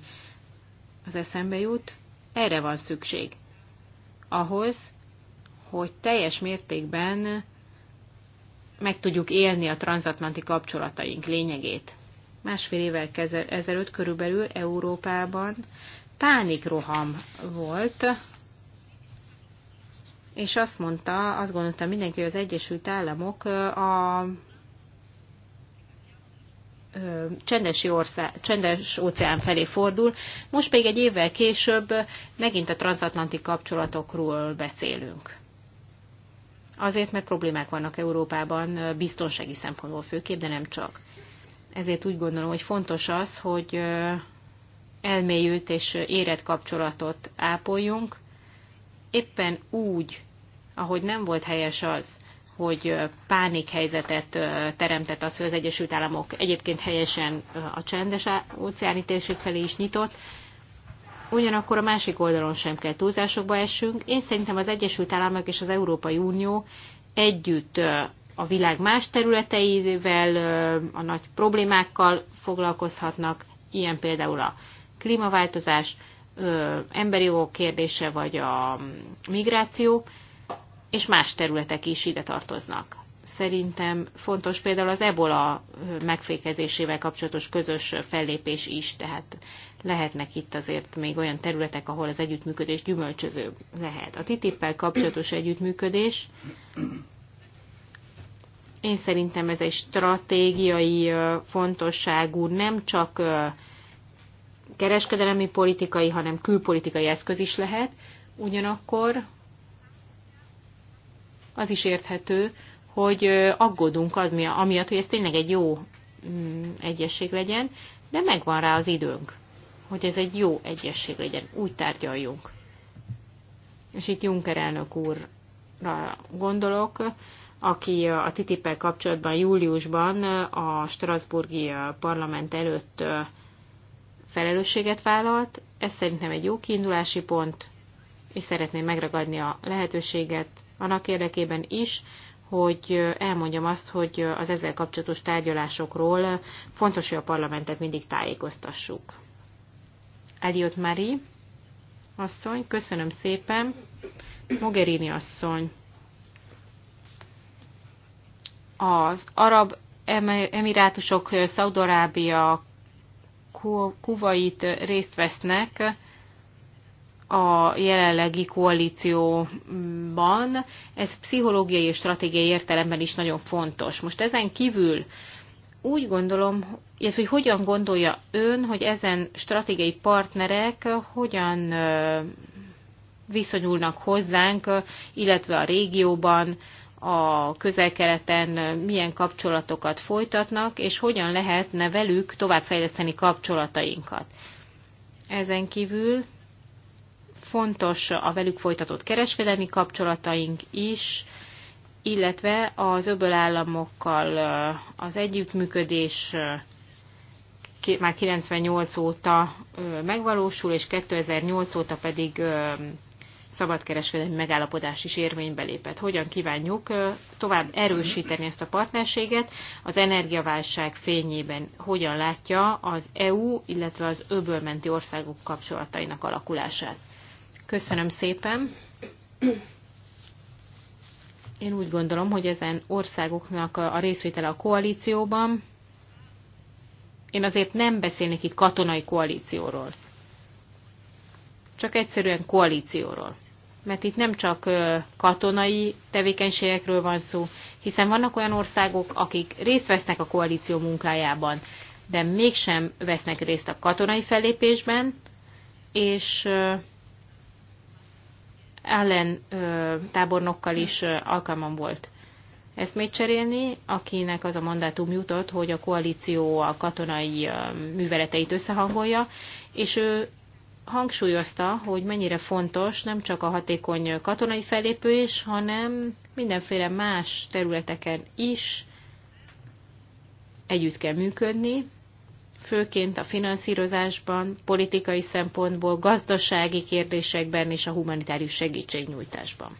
az eszembe jut, erre van szükség. Ahhoz, hogy teljes mértékben meg tudjuk élni a transatlanti kapcsolataink lényegét. Másfél évvel ezelőtt körülbelül Európában pánikroham volt, és azt mondta, azt gondolta mindenki, hogy az Egyesült Államok a ország, csendes óceán felé fordul, most pedig egy évvel később megint a transatlanti kapcsolatokról beszélünk. Azért, mert problémák vannak Európában biztonsági szempontból főképp, de nem csak. Ezért úgy gondolom, hogy fontos az, hogy elmélyült és érett kapcsolatot ápoljunk, éppen úgy, ahogy nem volt helyes az, hogy pánikhelyzetet teremtett az, hogy az Egyesült Államok egyébként helyesen a csendes óceáni térség felé is nyitott, ugyanakkor a másik oldalon sem kell túlzásokba essünk. Én szerintem az Egyesült Államok és az Európai Unió együtt a világ más területeivel, a nagy problémákkal foglalkozhatnak, ilyen például a klímaváltozás, emberi jogok kérdése vagy a migráció, és más területek is ide tartoznak. Szerintem fontos például az ebola megfékezésével kapcsolatos közös fellépés is, tehát lehetnek itt azért még olyan területek, ahol az együttműködés gyümölcsöző lehet. A TTIP-pel kapcsolatos együttműködés, én szerintem ez egy stratégiai fontosságú, nem csak kereskedelemi politikai, hanem külpolitikai eszköz is lehet. Ugyanakkor az is érthető, hogy aggódunk az, amiatt, hogy ez tényleg egy jó mm, egyesség legyen, de megvan rá az időnk, hogy ez egy jó egyesség legyen, úgy tárgyaljunk. És itt Juncker elnök úrra gondolok, aki a ttip kapcsolatban júliusban a Strasburgi parlament előtt felelősséget vállalt. Ez szerintem egy jó kiindulási pont, és szeretném megragadni a lehetőséget annak érdekében is, hogy elmondjam azt, hogy az ezzel kapcsolatos tárgyalásokról fontos, hogy a parlamentet mindig tájékoztassuk. Eliott Mari asszony, köszönöm szépen. Mogherini asszony. Az arab emirátusok, Szaudarábia, Kuwait részt vesznek a jelenlegi koalícióban, ez pszichológiai és stratégiai értelemben is nagyon fontos. Most ezen kívül úgy gondolom, illetve hogy hogyan gondolja ön, hogy ezen stratégiai partnerek hogyan viszonyulnak hozzánk, illetve a régióban, a közelkeleten milyen kapcsolatokat folytatnak, és hogyan lehetne velük továbbfejleszteni kapcsolatainkat. Ezen kívül fontos a velük folytatott kereskedelmi kapcsolataink is, illetve az öböl államokkal az együttműködés már 98 óta megvalósul, és 2008 óta pedig szabadkereskedelmi megállapodás is érvénybe lépett. Hogyan kívánjuk tovább erősíteni ezt a partnerséget? Az energiaválság fényében hogyan látja az EU, illetve az öbölmenti országok kapcsolatainak alakulását? Köszönöm szépen. Én úgy gondolom, hogy ezen országoknak a részvétele a koalícióban. Én azért nem beszélnék itt katonai koalícióról. Csak egyszerűen koalícióról. Mert itt nem csak katonai tevékenységekről van szó, hiszen vannak olyan országok, akik részt vesznek a koalíció munkájában, de mégsem vesznek részt a katonai fellépésben, és ellen tábornokkal is alkalmam volt eszmét cserélni, akinek az a mandátum jutott, hogy a koalíció a katonai műveleteit összehangolja, és ő hangsúlyozta, hogy mennyire fontos nem csak a hatékony katonai fellépés, hanem mindenféle más területeken is együtt kell működni, főként a finanszírozásban, politikai szempontból, gazdasági kérdésekben és a humanitárius segítségnyújtásban.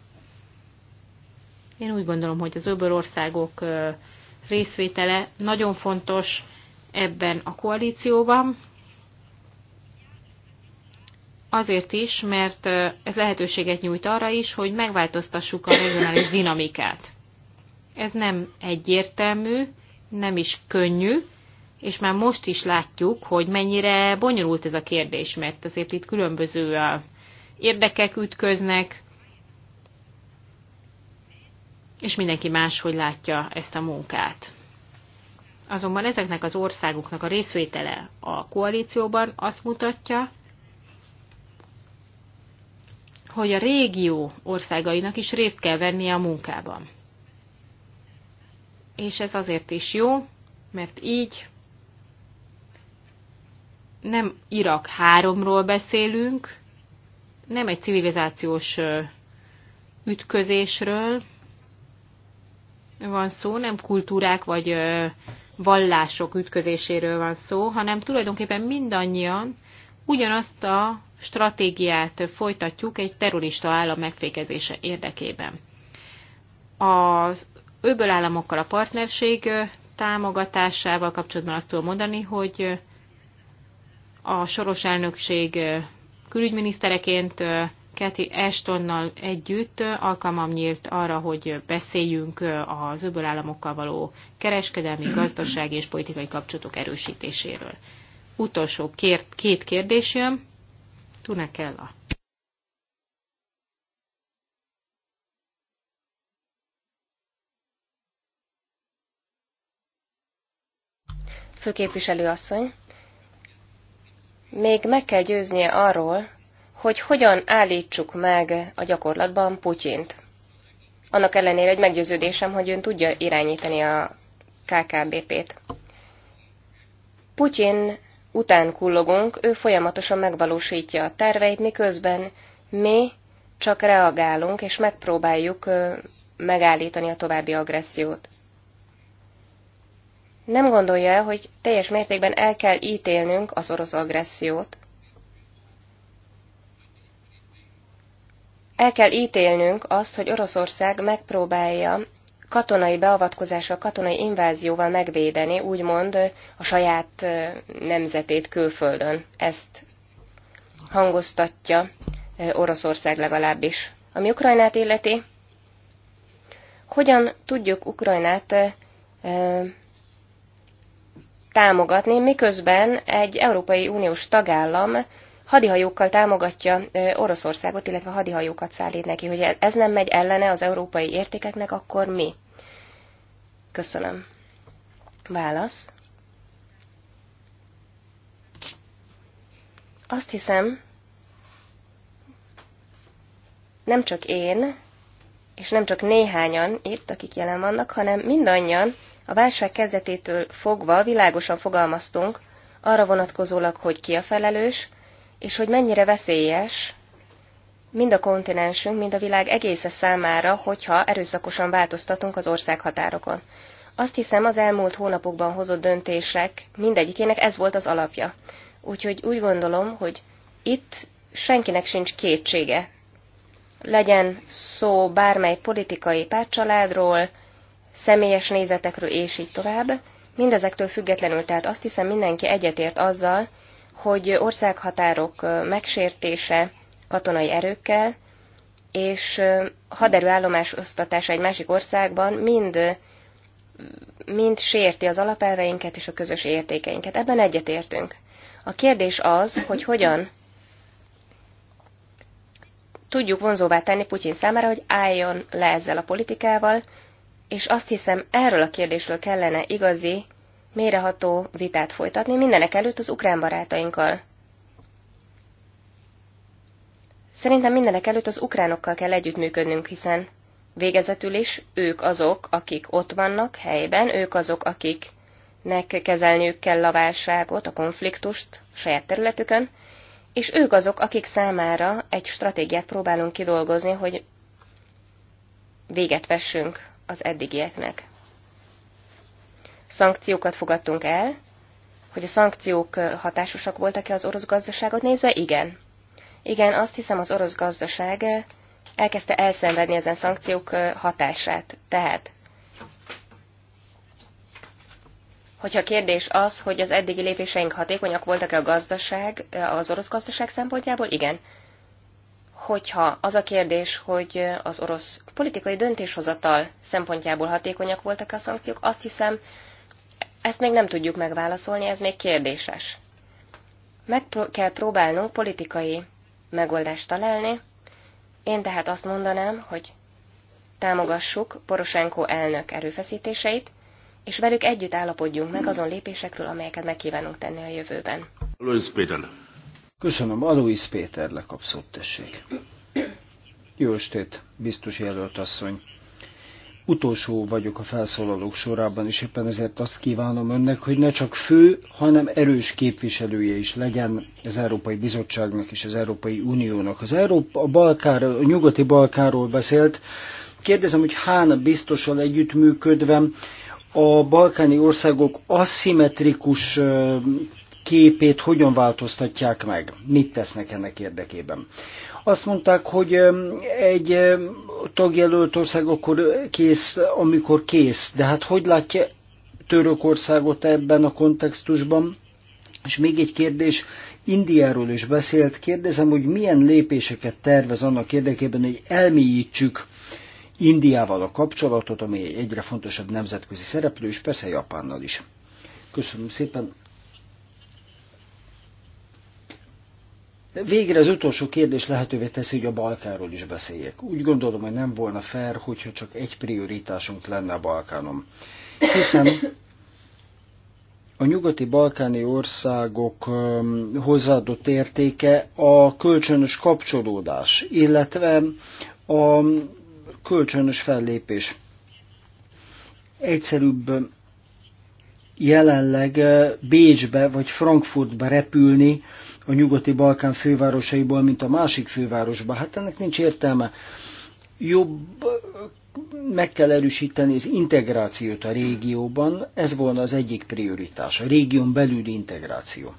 Én úgy gondolom, hogy az országok részvétele nagyon fontos ebben a koalícióban, azért is, mert ez lehetőséget nyújt arra is, hogy megváltoztassuk a regionális dinamikát. Ez nem egyértelmű, nem is könnyű, és már most is látjuk, hogy mennyire bonyolult ez a kérdés, mert azért itt különböző érdekek ütköznek, és mindenki máshogy látja ezt a munkát. Azonban ezeknek az országoknak a részvétele a koalícióban azt mutatja, hogy a régió országainak is részt kell vennie a munkában. És ez azért is jó, mert így nem Irak háromról beszélünk, nem egy civilizációs ütközésről van szó, nem kultúrák vagy vallások ütközéséről van szó, hanem tulajdonképpen mindannyian ugyanazt a stratégiát folytatjuk egy terrorista állam megfékezése érdekében. Az öböl államokkal a partnerség támogatásával kapcsolatban azt tudom mondani, hogy a soros elnökség külügyminisztereként Kathy Ashtonnal együtt alkalmam nyílt arra, hogy beszéljünk az öböl államokkal való kereskedelmi, gazdasági és politikai kapcsolatok erősítéséről. Utolsó kért, két kérdés jön. Tuna Kella. Főképviselő asszony még meg kell győznie arról, hogy hogyan állítsuk meg a gyakorlatban Putyint. Annak ellenére, egy meggyőződésem, hogy ön tudja irányítani a KKBP-t. Putyin után kullogunk, ő folyamatosan megvalósítja a terveit, miközben mi csak reagálunk és megpróbáljuk megállítani a további agressziót nem gondolja el, hogy teljes mértékben el kell ítélnünk az orosz agressziót. El kell ítélnünk azt, hogy Oroszország megpróbálja katonai beavatkozással, katonai invázióval megvédeni, úgymond a saját nemzetét külföldön. Ezt hangoztatja Oroszország legalábbis. Ami Ukrajnát illeti, hogyan tudjuk Ukrajnát támogatni, miközben egy Európai Uniós tagállam hadihajókkal támogatja Oroszországot, illetve hadihajókat szállít neki. Hogy e- ez nem megy ellene az európai értékeknek, akkor mi? Köszönöm. Válasz. Azt hiszem, nem csak én, és nem csak néhányan itt, akik jelen vannak, hanem mindannyian a válság kezdetétől fogva világosan fogalmaztunk arra vonatkozólag, hogy ki a felelős, és hogy mennyire veszélyes mind a kontinensünk, mind a világ egésze számára, hogyha erőszakosan változtatunk az országhatárokon. Azt hiszem, az elmúlt hónapokban hozott döntések mindegyikének ez volt az alapja. Úgyhogy úgy gondolom, hogy itt senkinek sincs kétsége. Legyen szó bármely politikai pártcsaládról, személyes nézetekről, és így tovább. Mindezektől függetlenül, tehát azt hiszem mindenki egyetért azzal, hogy országhatárok megsértése katonai erőkkel és haderőállomás osztatása egy másik országban mind, mind sérti az alapelveinket és a közös értékeinket. Ebben egyetértünk. A kérdés az, hogy hogyan tudjuk vonzóvá tenni Putyin számára, hogy álljon le ezzel a politikával, és azt hiszem erről a kérdésről kellene igazi, méreható vitát folytatni, mindenek előtt az ukrán barátainkkal. Szerintem mindenek előtt az ukránokkal kell együttműködnünk, hiszen végezetül is ők azok, akik ott vannak helyben, ők azok, akiknek kezelniük kell a válságot, a konfliktust a saját területükön, és ők azok, akik számára egy stratégiát próbálunk kidolgozni, hogy véget vessünk az eddigieknek. Szankciókat fogadtunk el, hogy a szankciók hatásosak voltak-e az orosz gazdaságot nézve? Igen. Igen, azt hiszem az orosz gazdaság elkezdte elszenvedni ezen szankciók hatását. Tehát, hogyha a kérdés az, hogy az eddigi lépéseink hatékonyak voltak-e a gazdaság, az orosz gazdaság szempontjából, igen hogyha az a kérdés, hogy az orosz politikai döntéshozatal szempontjából hatékonyak voltak a szankciók, azt hiszem, ezt még nem tudjuk megválaszolni, ez még kérdéses. Meg kell próbálnunk politikai megoldást találni, én tehát azt mondanám, hogy támogassuk Poroshenko elnök erőfeszítéseit, és velük együtt állapodjunk meg azon lépésekről, amelyeket megkívánunk tenni a jövőben. Köszönöm, Alois Péter lekapszott, tessék. Jó estét, biztos jelölt asszony. Utolsó vagyok a felszólalók sorában, és éppen ezért azt kívánom önnek, hogy ne csak fő, hanem erős képviselője is legyen az Európai Bizottságnak és az Európai Uniónak. Az Európa, a, Balkár, a nyugati Balkáról beszélt. Kérdezem, hogy hána biztosan együttműködve a balkáni országok aszimmetrikus képét hogyan változtatják meg, mit tesznek ennek érdekében. Azt mondták, hogy egy tagjelölt ország akkor kész, amikor kész. De hát hogy látja Törökországot ebben a kontextusban? És még egy kérdés, Indiáról is beszélt, kérdezem, hogy milyen lépéseket tervez annak érdekében, hogy elmélyítsük Indiával a kapcsolatot, ami egyre fontosabb nemzetközi szereplő, és persze Japánnal is. Köszönöm szépen. Végre az utolsó kérdés lehetővé teszi, hogy a Balkánról is beszéljek. Úgy gondolom, hogy nem volna fair, hogyha csak egy prioritásunk lenne a Balkánom. Hiszen a nyugati balkáni országok hozzáadott értéke a kölcsönös kapcsolódás, illetve a kölcsönös fellépés. Egyszerűbb jelenleg Bécsbe vagy Frankfurtba repülni, a nyugati Balkán fővárosaiból, mint a másik fővárosba. Hát ennek nincs értelme. Jobb meg kell erősíteni az integrációt a régióban, ez volna az egyik prioritás, a régión belüli integráció.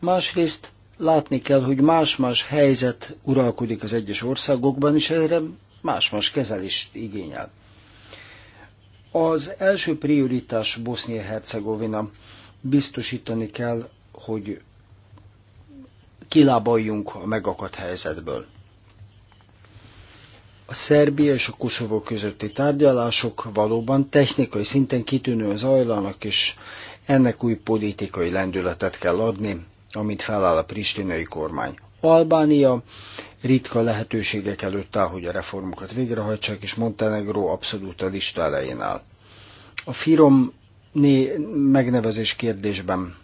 Másrészt látni kell, hogy más-más helyzet uralkodik az egyes országokban, és erre más-más kezelést igényel. Az első prioritás Bosznia-Hercegovina. Biztosítani kell, hogy kilábaljunk a megakadt helyzetből. A Szerbia és a Koszovó közötti tárgyalások valóban technikai szinten kitűnően zajlanak, és ennek új politikai lendületet kell adni, amit feláll a pristinai kormány. Albánia ritka lehetőségek előtt áll, hogy a reformokat végrehajtsák, és Montenegro abszolút a lista elején áll. A Firom né megnevezés kérdésben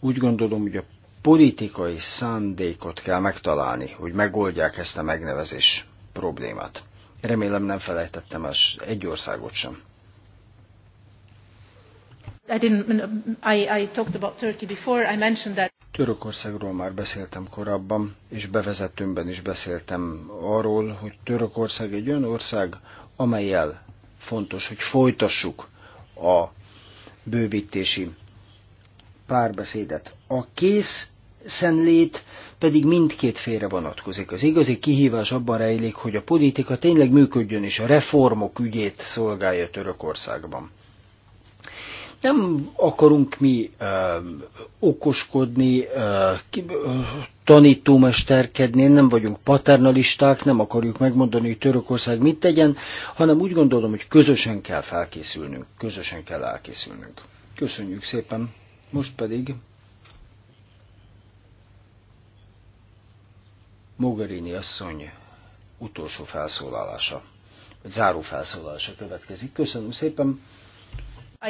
úgy gondolom, hogy a politikai szándékot kell megtalálni, hogy megoldják ezt a megnevezés problémát. Remélem nem felejtettem az egy országot sem. I didn't, I, I talked about Turkey before. I mentioned that. Törökországról már beszéltem korábban, és bevezetőmben is beszéltem arról, hogy Törökország egy olyan ország, amelyel fontos, hogy folytassuk a bővítési párbeszédet. A kész szenlét pedig mindkét félre vonatkozik. Az igazi kihívás abban rejlik, hogy a politika tényleg működjön és a reformok ügyét szolgálja Törökországban. Nem akarunk mi ö, okoskodni, ö, ki, ö, tanítómesterkedni, nem vagyunk paternalisták, nem akarjuk megmondani, hogy Törökország mit tegyen, hanem úgy gondolom, hogy közösen kell felkészülnünk, közösen kell elkészülnünk. Köszönjük szépen! Most pedig Mogherini asszony utolsó felszólalása, vagy záró felszólalása következik. Köszönöm szépen.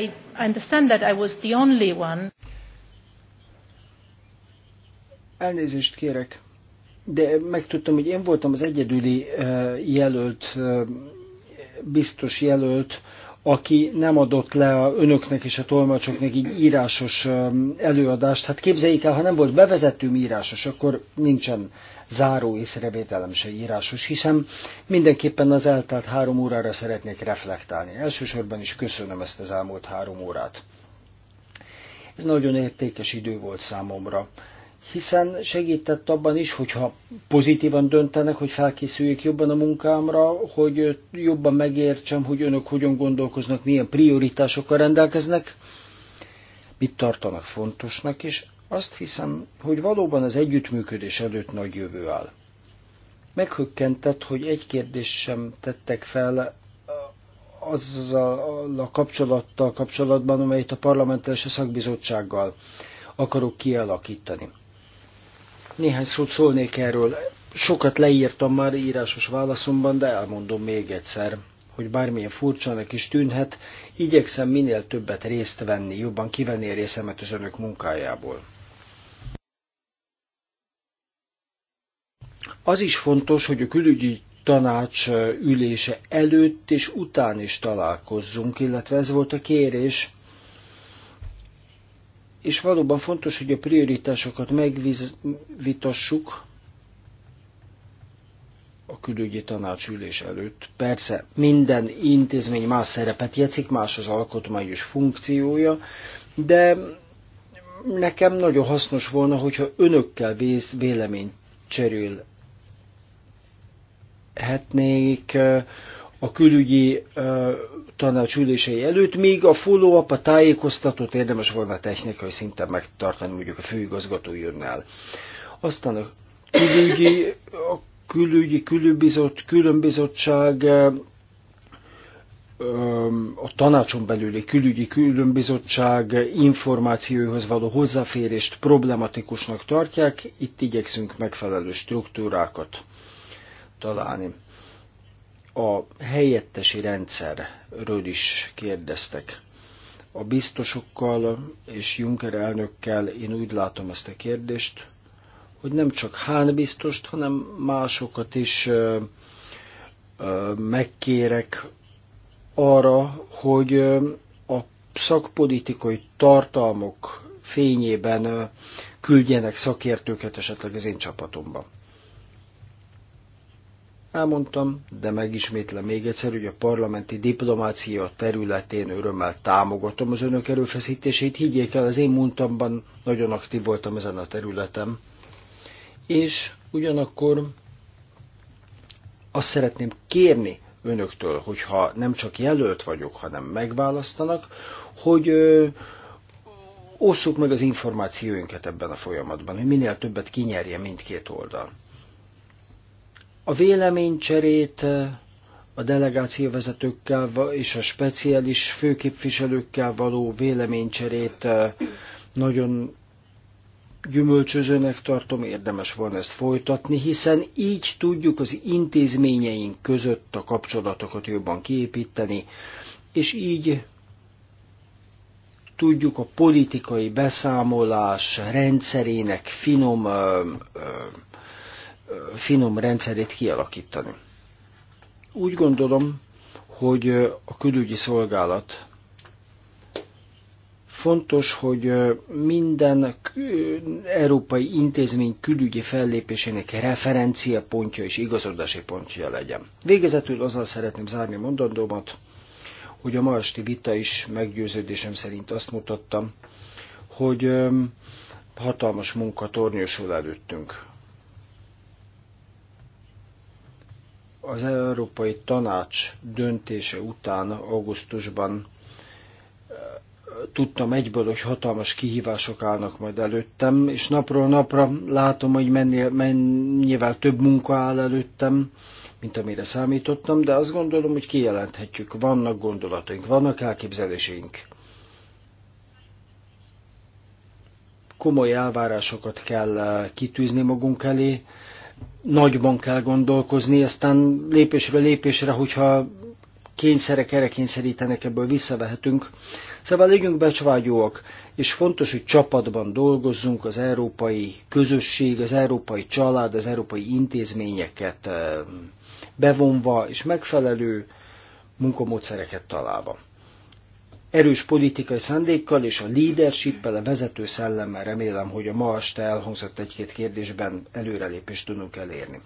I understand that I was the only one. Elnézést kérek, de megtudtam, hogy én voltam az egyedüli eh, jelölt, eh, biztos jelölt, aki nem adott le a önöknek és a tolmácsoknak így írásos eh, előadást. Hát képzeljék el, ha nem volt bevezetőm írásos, akkor nincsen záró észrevételem se írásos, hiszen mindenképpen az eltelt három órára szeretnék reflektálni. Elsősorban is köszönöm ezt az elmúlt három órát. Ez nagyon értékes idő volt számomra hiszen segített abban is, hogyha pozitívan döntenek, hogy felkészüljék jobban a munkámra, hogy jobban megértsem, hogy önök hogyan gondolkoznak, milyen prioritásokkal rendelkeznek, mit tartanak fontosnak, és azt hiszem, hogy valóban az együttműködés előtt nagy jövő áll. Meghökkentett, hogy egy kérdést sem tettek fel eh, azzal a kapcsolattal kapcsolatban, amelyet a parlamenttel és a szakbizottsággal akarok kialakítani. Néhány szót szólnék erről. Sokat leírtam már írásos válaszomban, de elmondom még egyszer, hogy bármilyen furcsának is tűnhet, igyekszem minél többet részt venni, jobban kivenni a részemet az önök munkájából. Az is fontos, hogy a külügyi tanács ülése előtt és után is találkozzunk, illetve ez volt a kérés, és valóban fontos, hogy a prioritásokat megvitassuk a külügyi ülés előtt. Persze minden intézmény más szerepet játszik, más az alkotmányos funkciója, de nekem nagyon hasznos volna, hogyha önökkel véleményt cserél megszervezhetnék a külügyi tanács ülései előtt, míg a follow-up, a tájékoztatót érdemes volna technikai szinten megtartani, mondjuk a főigazgató jönne el. Aztán a külügyi, a külügyi külübizott, különbizottság a tanácson belüli külügyi különbizottság információhoz való hozzáférést problematikusnak tartják, itt igyekszünk megfelelő struktúrákat találni. A helyettesi rendszerről is kérdeztek. A biztosokkal és Juncker elnökkel én úgy látom ezt a kérdést, hogy nem csak Hán biztost, hanem másokat is ö, ö, megkérek arra, hogy a szakpolitikai tartalmok fényében küldjenek szakértőket esetleg az én csapatomban. Elmondtam, de megismétlem még egyszer, hogy a parlamenti diplomácia területén örömmel támogatom az önök erőfeszítését. Higgyék el, az én mondtamban nagyon aktív voltam ezen a területen. És ugyanakkor azt szeretném kérni önöktől, hogyha nem csak jelölt vagyok, hanem megválasztanak, hogy osszuk meg az információinkat ebben a folyamatban, hogy minél többet kinyerje mindkét oldal. A véleménycserét a delegációvezetőkkel és a speciális főképviselőkkel való véleménycserét nagyon gyümölcsözőnek tartom, érdemes volna ezt folytatni, hiszen így tudjuk az intézményeink között a kapcsolatokat jobban kiépíteni, és így tudjuk a politikai beszámolás rendszerének finom ö, ö, finom rendszerét kialakítani. Úgy gondolom, hogy a külügyi szolgálat fontos, hogy minden európai intézmény külügyi fellépésének referencia pontja és igazodási pontja legyen. Végezetül azzal szeretném zárni mondandómat, hogy a ma esti vita is meggyőződésem szerint azt mutattam, hogy hatalmas munka tornyosul előttünk. az Európai Tanács döntése után augusztusban eh, tudtam egyből, hogy hatalmas kihívások állnak majd előttem, és napról napra látom, hogy mennyivel, mennyivel több munka áll előttem, mint amire számítottam, de azt gondolom, hogy kijelenthetjük, vannak gondolataink, vannak elképzeléseink. Komoly elvárásokat kell eh, kitűzni magunk elé, nagyban kell gondolkozni, aztán lépésről lépésre, hogyha kényszerek erre kényszerítenek, ebből visszavehetünk. Szóval legyünk becsvágyóak, és fontos, hogy csapatban dolgozzunk az európai közösség, az európai család, az európai intézményeket eh, bevonva és megfelelő munkamódszereket találva erős politikai szándékkal és a leadershippel, a vezető szellemmel remélem, hogy a ma este elhangzott egy-két kérdésben előrelépést tudunk elérni.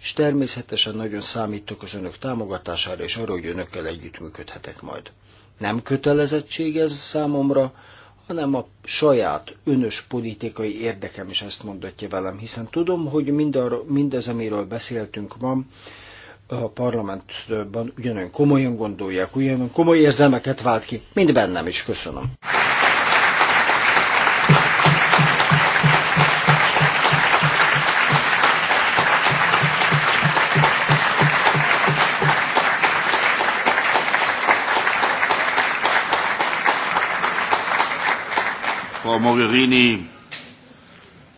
És természetesen nagyon számítok az önök támogatására és arról, hogy önökkel együttműködhetek majd. Nem kötelezettség ez számomra, hanem a saját önös politikai érdekem is ezt mondatja velem, hiszen tudom, hogy mindar, mindez, amiről beszéltünk ma, a parlamentben ugyanolyan komolyan gondolják, ugyanolyan komoly érzelmeket vált ki, mint bennem is. Köszönöm. A Mogherini,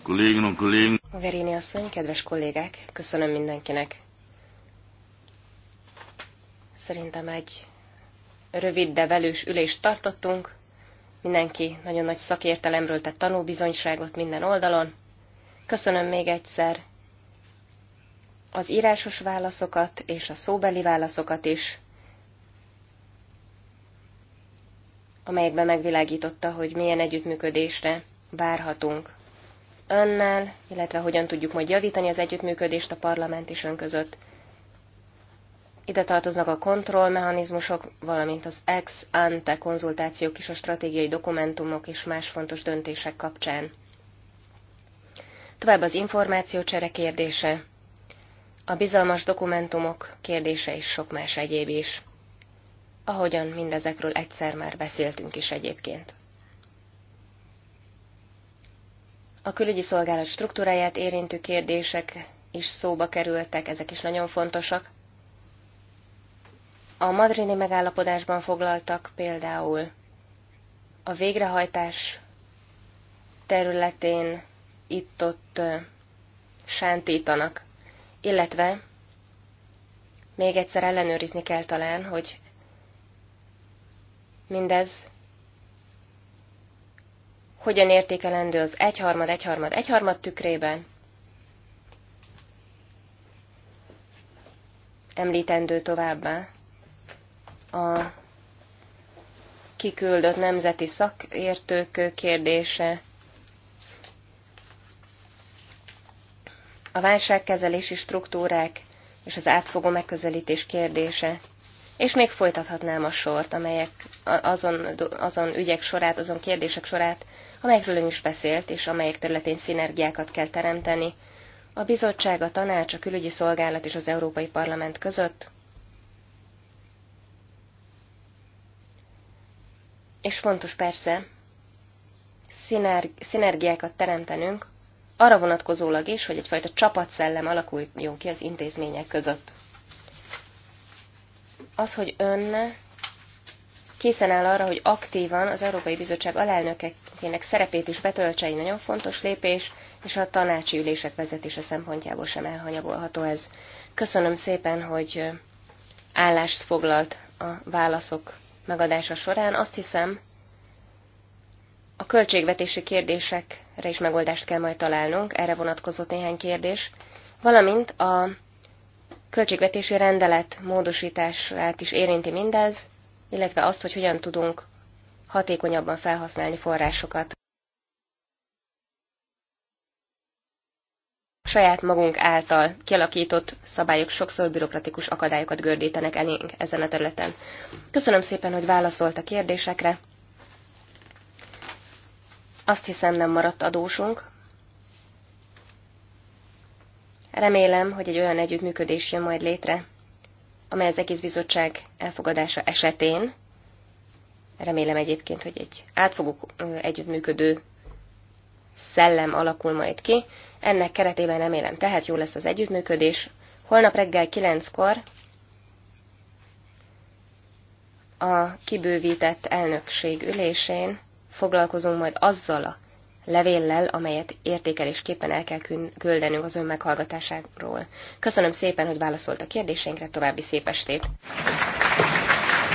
Kolleginnen und Mogherini asszony, kedves kollégák, köszönöm mindenkinek. Szerintem egy rövid, de velős ülést tartottunk. Mindenki nagyon nagy szakértelemről tett tanúbizonyságot minden oldalon. Köszönöm még egyszer az írásos válaszokat és a szóbeli válaszokat is, amelyekben megvilágította, hogy milyen együttműködésre várhatunk önnel, illetve hogyan tudjuk majd javítani az együttműködést a parlament és ön között. Ide tartoznak a kontrollmechanizmusok, valamint az ex ante konzultációk is a stratégiai dokumentumok és más fontos döntések kapcsán. Tovább az információcsere kérdése, a bizalmas dokumentumok kérdése és sok más egyéb is. Ahogyan mindezekről egyszer már beszéltünk is egyébként. A külügyi szolgálat struktúráját érintő kérdések is szóba kerültek, ezek is nagyon fontosak. A madrini megállapodásban foglaltak például a végrehajtás területén itt-ott sántítanak, illetve még egyszer ellenőrizni kell talán, hogy mindez hogyan értékelendő az egyharmad, egyharmad, egyharmad tükrében. Említendő továbbá, a kiküldött nemzeti szakértők kérdése, a válságkezelési struktúrák és az átfogó megközelítés kérdése. És még folytathatnám a sort, amelyek azon, azon ügyek sorát, azon kérdések sorát, amelyekről ön is beszélt, és amelyek területén szinergiákat kell teremteni. A bizottság, a tanács, a külügyi szolgálat és az Európai Parlament között, és fontos persze szinergiákat teremtenünk, arra vonatkozólag is, hogy egyfajta csapatszellem alakuljon ki az intézmények között. Az, hogy ön készen áll arra, hogy aktívan az Európai Bizottság alelnökekének szerepét is betöltse, egy nagyon fontos lépés, és a tanácsi ülések vezetése szempontjából sem elhanyagolható ez. Köszönöm szépen, hogy állást foglalt a válaszok megadása során azt hiszem, a költségvetési kérdésekre is megoldást kell majd találnunk, erre vonatkozott néhány kérdés, valamint a költségvetési rendelet módosítását is érinti mindez, illetve azt, hogy hogyan tudunk hatékonyabban felhasználni forrásokat. saját magunk által kialakított szabályok sokszor bürokratikus akadályokat gördítenek elénk ezen a területen. Köszönöm szépen, hogy válaszolt a kérdésekre. Azt hiszem, nem maradt adósunk. Remélem, hogy egy olyan együttműködés jön majd létre, amely az egész bizottság elfogadása esetén, remélem egyébként, hogy egy átfogó együttműködő szellem alakul majd ki, ennek keretében remélem tehát jó lesz az együttműködés. Holnap reggel 9-kor a kibővített elnökség ülésén foglalkozunk majd azzal a levéllel, amelyet értékelésképpen el kell küldenünk az ön meghallgatásáról. Köszönöm szépen, hogy válaszolt a kérdéseinkre, további szép estét!